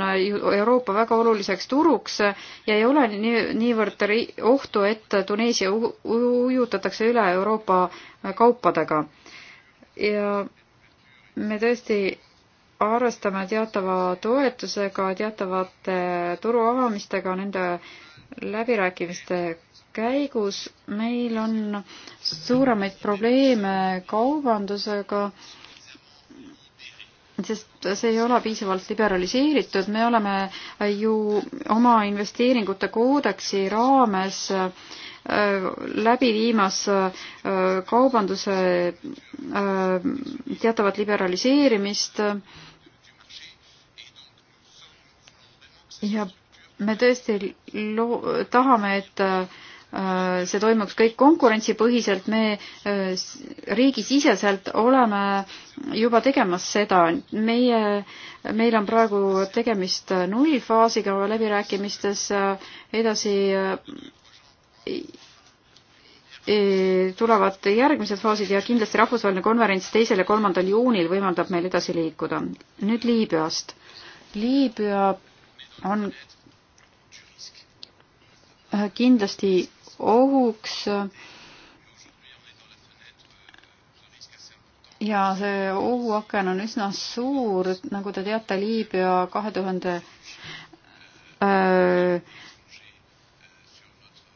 S5: Euroopa väga oluliseks turuks ja ei ole nii, niivõrd ohtu, et Tuneesia ujutatakse üle Euroopa kaupadega. ja me tõesti arvestame teatava toetusega, teatavate turu avamistega, nende läbirääkimiste käigus meil on suuremaid probleeme kaubandusega, sest see ei ole piisavalt liberaliseeritud, me oleme ju oma investeeringute koodeksi raames äh, läbi viimas äh, kaubanduse äh, teatavat liberaliseerimist ja me tõesti lo-, tahame, et Äh, see toimuks kõik konkurentsipõhiselt, me äh, riigisiseselt oleme juba tegemas seda, meie, meil on praegu tegemist nullfaasiga läbirääkimistes, edasi äh, e, tulevad järgmised faasid ja kindlasti rahvusvaheline konverents teisel ja kolmandal juunil võimaldab meil edasi liikuda. nüüd Liibüast. Liibüa on kindlasti ohuks ja see ohuaken on üsna suur, nagu te teate, Liibüa kahe tuhande äh,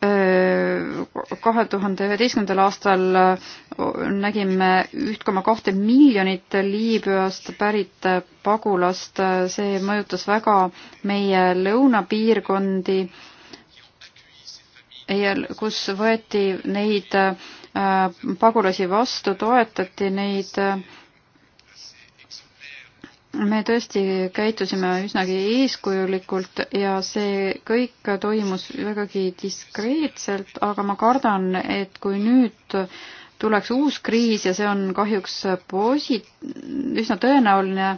S5: äh, kahe tuhande üheteistkümnendal aastal äh, nägime üht koma kahte miljonit Liibüast pärit pagulast, see mõjutas väga meie lõunapiirkondi kus võeti neid äh, pagulasi vastu, toetati neid. Äh, me tõesti käitusime üsnagi eeskujulikult ja see kõik toimus vägagi diskreetselt, aga ma kardan, et kui nüüd tuleks uus kriis ja see on kahjuks posi-, üsna tõenäoline,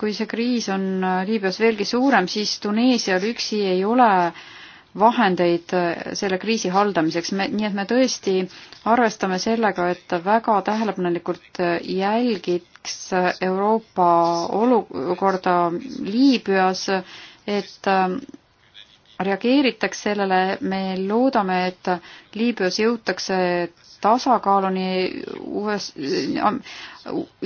S5: kui see kriis on Liibüas veelgi suurem, siis Tuneesial üksi ei ole äh, vahendeid äh, selle kriisi haldamiseks, me, nii et me tõesti arvestame sellega, et väga tähelepanelikult äh, jälgiks äh, Euroopa olukorda Liibüas, et ähm, reageeritaks sellele, me loodame, et Liibüas jõutakse tasakaaluni US,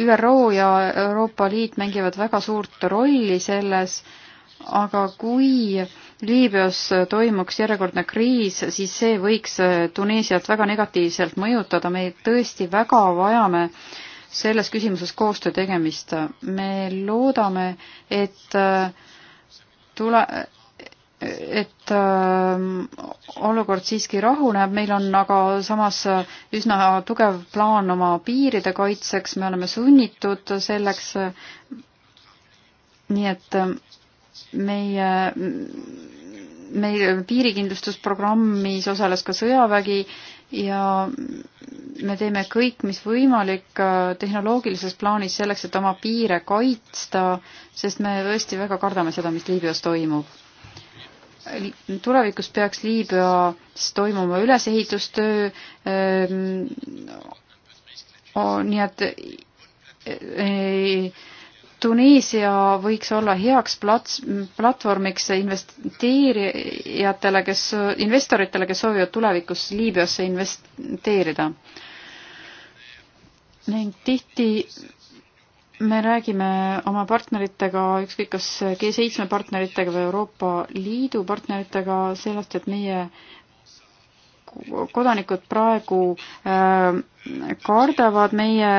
S5: ÜRO ja Euroopa Liit mängivad väga suurt rolli selles, aga kui Liibüas toimuks järjekordne kriis, siis see võiks äh, Tuneesiat väga negatiivselt mõjutada, me tõesti väga vajame selles küsimuses koostöö tegemist. me loodame, et äh, tule, et äh, olukord siiski rahuneb, meil on aga samas äh, üsna tugev plaan oma piiride kaitseks, me oleme sunnitud selleks. nii et äh, meie meie piirikindlustusprogrammis osales ka sõjavägi ja me teeme kõik, mis võimalik äh, tehnoloogilises plaanis selleks, et oma piire kaitsta, sest me tõesti väga kardame seda, mis Liibüas toimub. tulevikus peaks Liibüas toimuma ülesehitustöö, ähm, nii et ei, äh, Tuneesia võiks olla heaks plats-, platvormiks investeerijatele, kes, investoritele, kes soovivad tulevikus Liibüasse investeerida. ning tihti me räägime oma partneritega, ükskõik kas G7 partneritega või Euroopa Liidu partneritega sellest, et meie kodanikud praegu ähm, kardavad, meie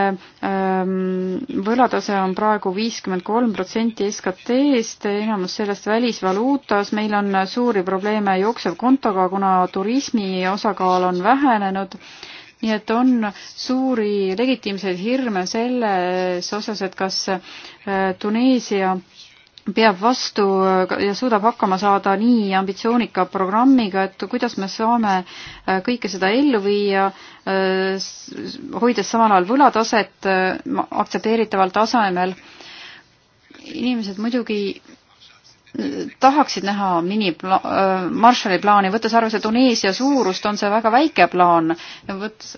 S5: ähm, võlatase on praegu viiskümmend kolm protsenti SKT-st, enamus sellest välisvaluutas, meil on suuri probleeme jooksevkontoga, kuna turismi osakaal on vähenenud nii et on suuri legitiimseid hirme selles osas, et kas äh, Tuneesia peab vastu ja suudab hakkama saada nii ambitsioonika programmiga, et kuidas me saame äh, kõike seda ellu viia, äh, hoides samal ajal võlataset äh, aktsepteeritaval tasemel. inimesed muidugi tahaksid näha mini pla-, Marshalli plaani, võttes arvesse Tuneesia suurust, on see väga väike plaan, võttes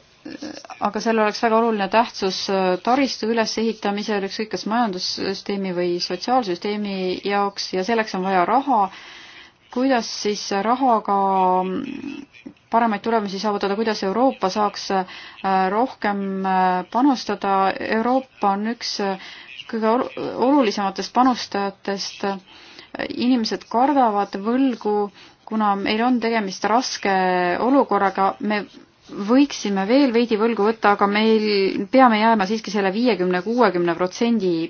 S5: aga seal oleks väga oluline tähtsus äh, taristu ülesehitamisel, ükskõik kas majandussüsteemi või sotsiaalsüsteemi jaoks ja selleks on vaja raha. kuidas siis rahaga paremaid tulemusi saavutada, kuidas Euroopa saaks äh, rohkem äh, panustada, Euroopa on üks kõige olulisematest panustajatest, inimesed kardavad võlgu kuna meil on tegemist raske olukorraga, me võiksime veel veidi võlgu võtta, aga meil peame jääma siiski selle viiekümne, kuuekümne protsendi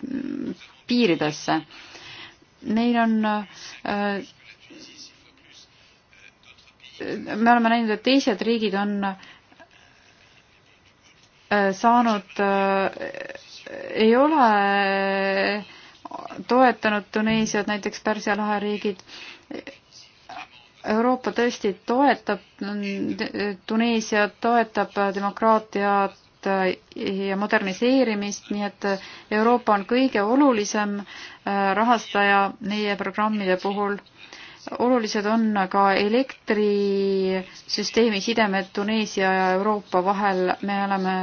S5: piiridesse. meil on äh, me oleme näinud, et teised riigid on äh, saanud, äh, ei ole äh, toetanud Tuneesiat, näiteks Pärsia lahe riigid. Euroopa tõesti toetab Tuneesiat, toetab demokraatiat ja moderniseerimist, nii et Euroopa on kõige olulisem äh, rahastaja meie programmide puhul. olulised on ka elektrisüsteemi sidemed Tuneesia ja Euroopa vahel, me oleme,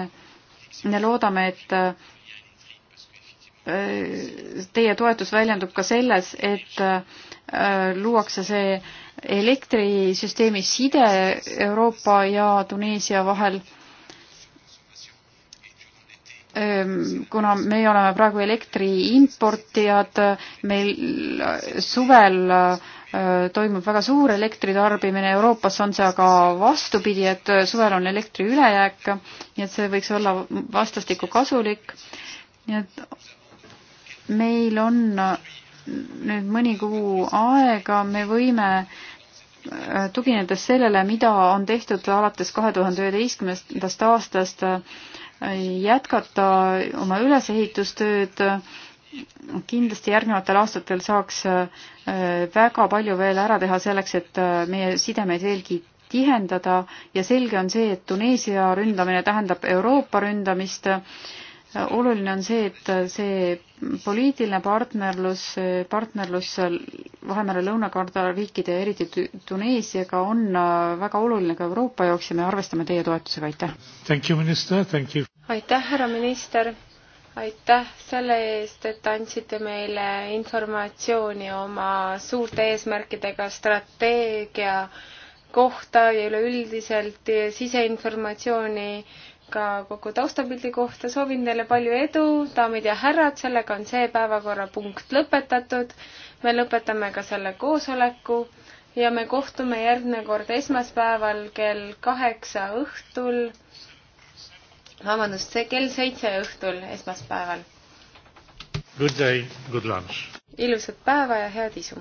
S5: me loodame, et äh, teie toetus väljendub ka selles, et äh, luuakse see elektrisüsteemi side Euroopa ja Tuneesia vahel kuna meie oleme praegu elektri importijad, meil suvel toimub väga suur elektritarbimine, Euroopas on see aga vastupidi, et suvel on elektri ülejääk, nii et see võiks olla vastastikku kasulik. nii et meil on nüüd mõni kuu aega, me võime äh, tuginedes sellele, mida on tehtud alates kahe tuhande üheteistkümnendast aastast, äh, jätkata oma ülesehitustööd. kindlasti järgnevatel aastatel saaks äh, väga palju veel ära teha selleks, et meie sidemeid veelgi tihendada ja selge on see, et Tuneesia ründamine tähendab Euroopa ründamist oluline on see, et see poliitiline partnerlus, partnerlus Vahemere lõunakarda riikide, eriti Tuneesiaga, on väga oluline ka Euroopa jaoks ja me
S1: arvestame teie toetusega, aitäh!
S2: aitäh, härra minister! aitäh selle eest, et andsite meile informatsiooni oma suurte eesmärkidega strateegia kohta ja üleüldiselt siseinformatsiooni ka kogu taustapildi kohta, soovin teile palju edu, daamid ja härrad, sellega on see päevakorrapunkt lõpetatud. me lõpetame ka selle koosoleku ja me kohtume järgmine kord esmaspäeval kell kaheksa õhtul. vabandust, kell seitse õhtul esmaspäeval.
S1: Good day, good lunch!
S2: ilusat päeva ja head isu!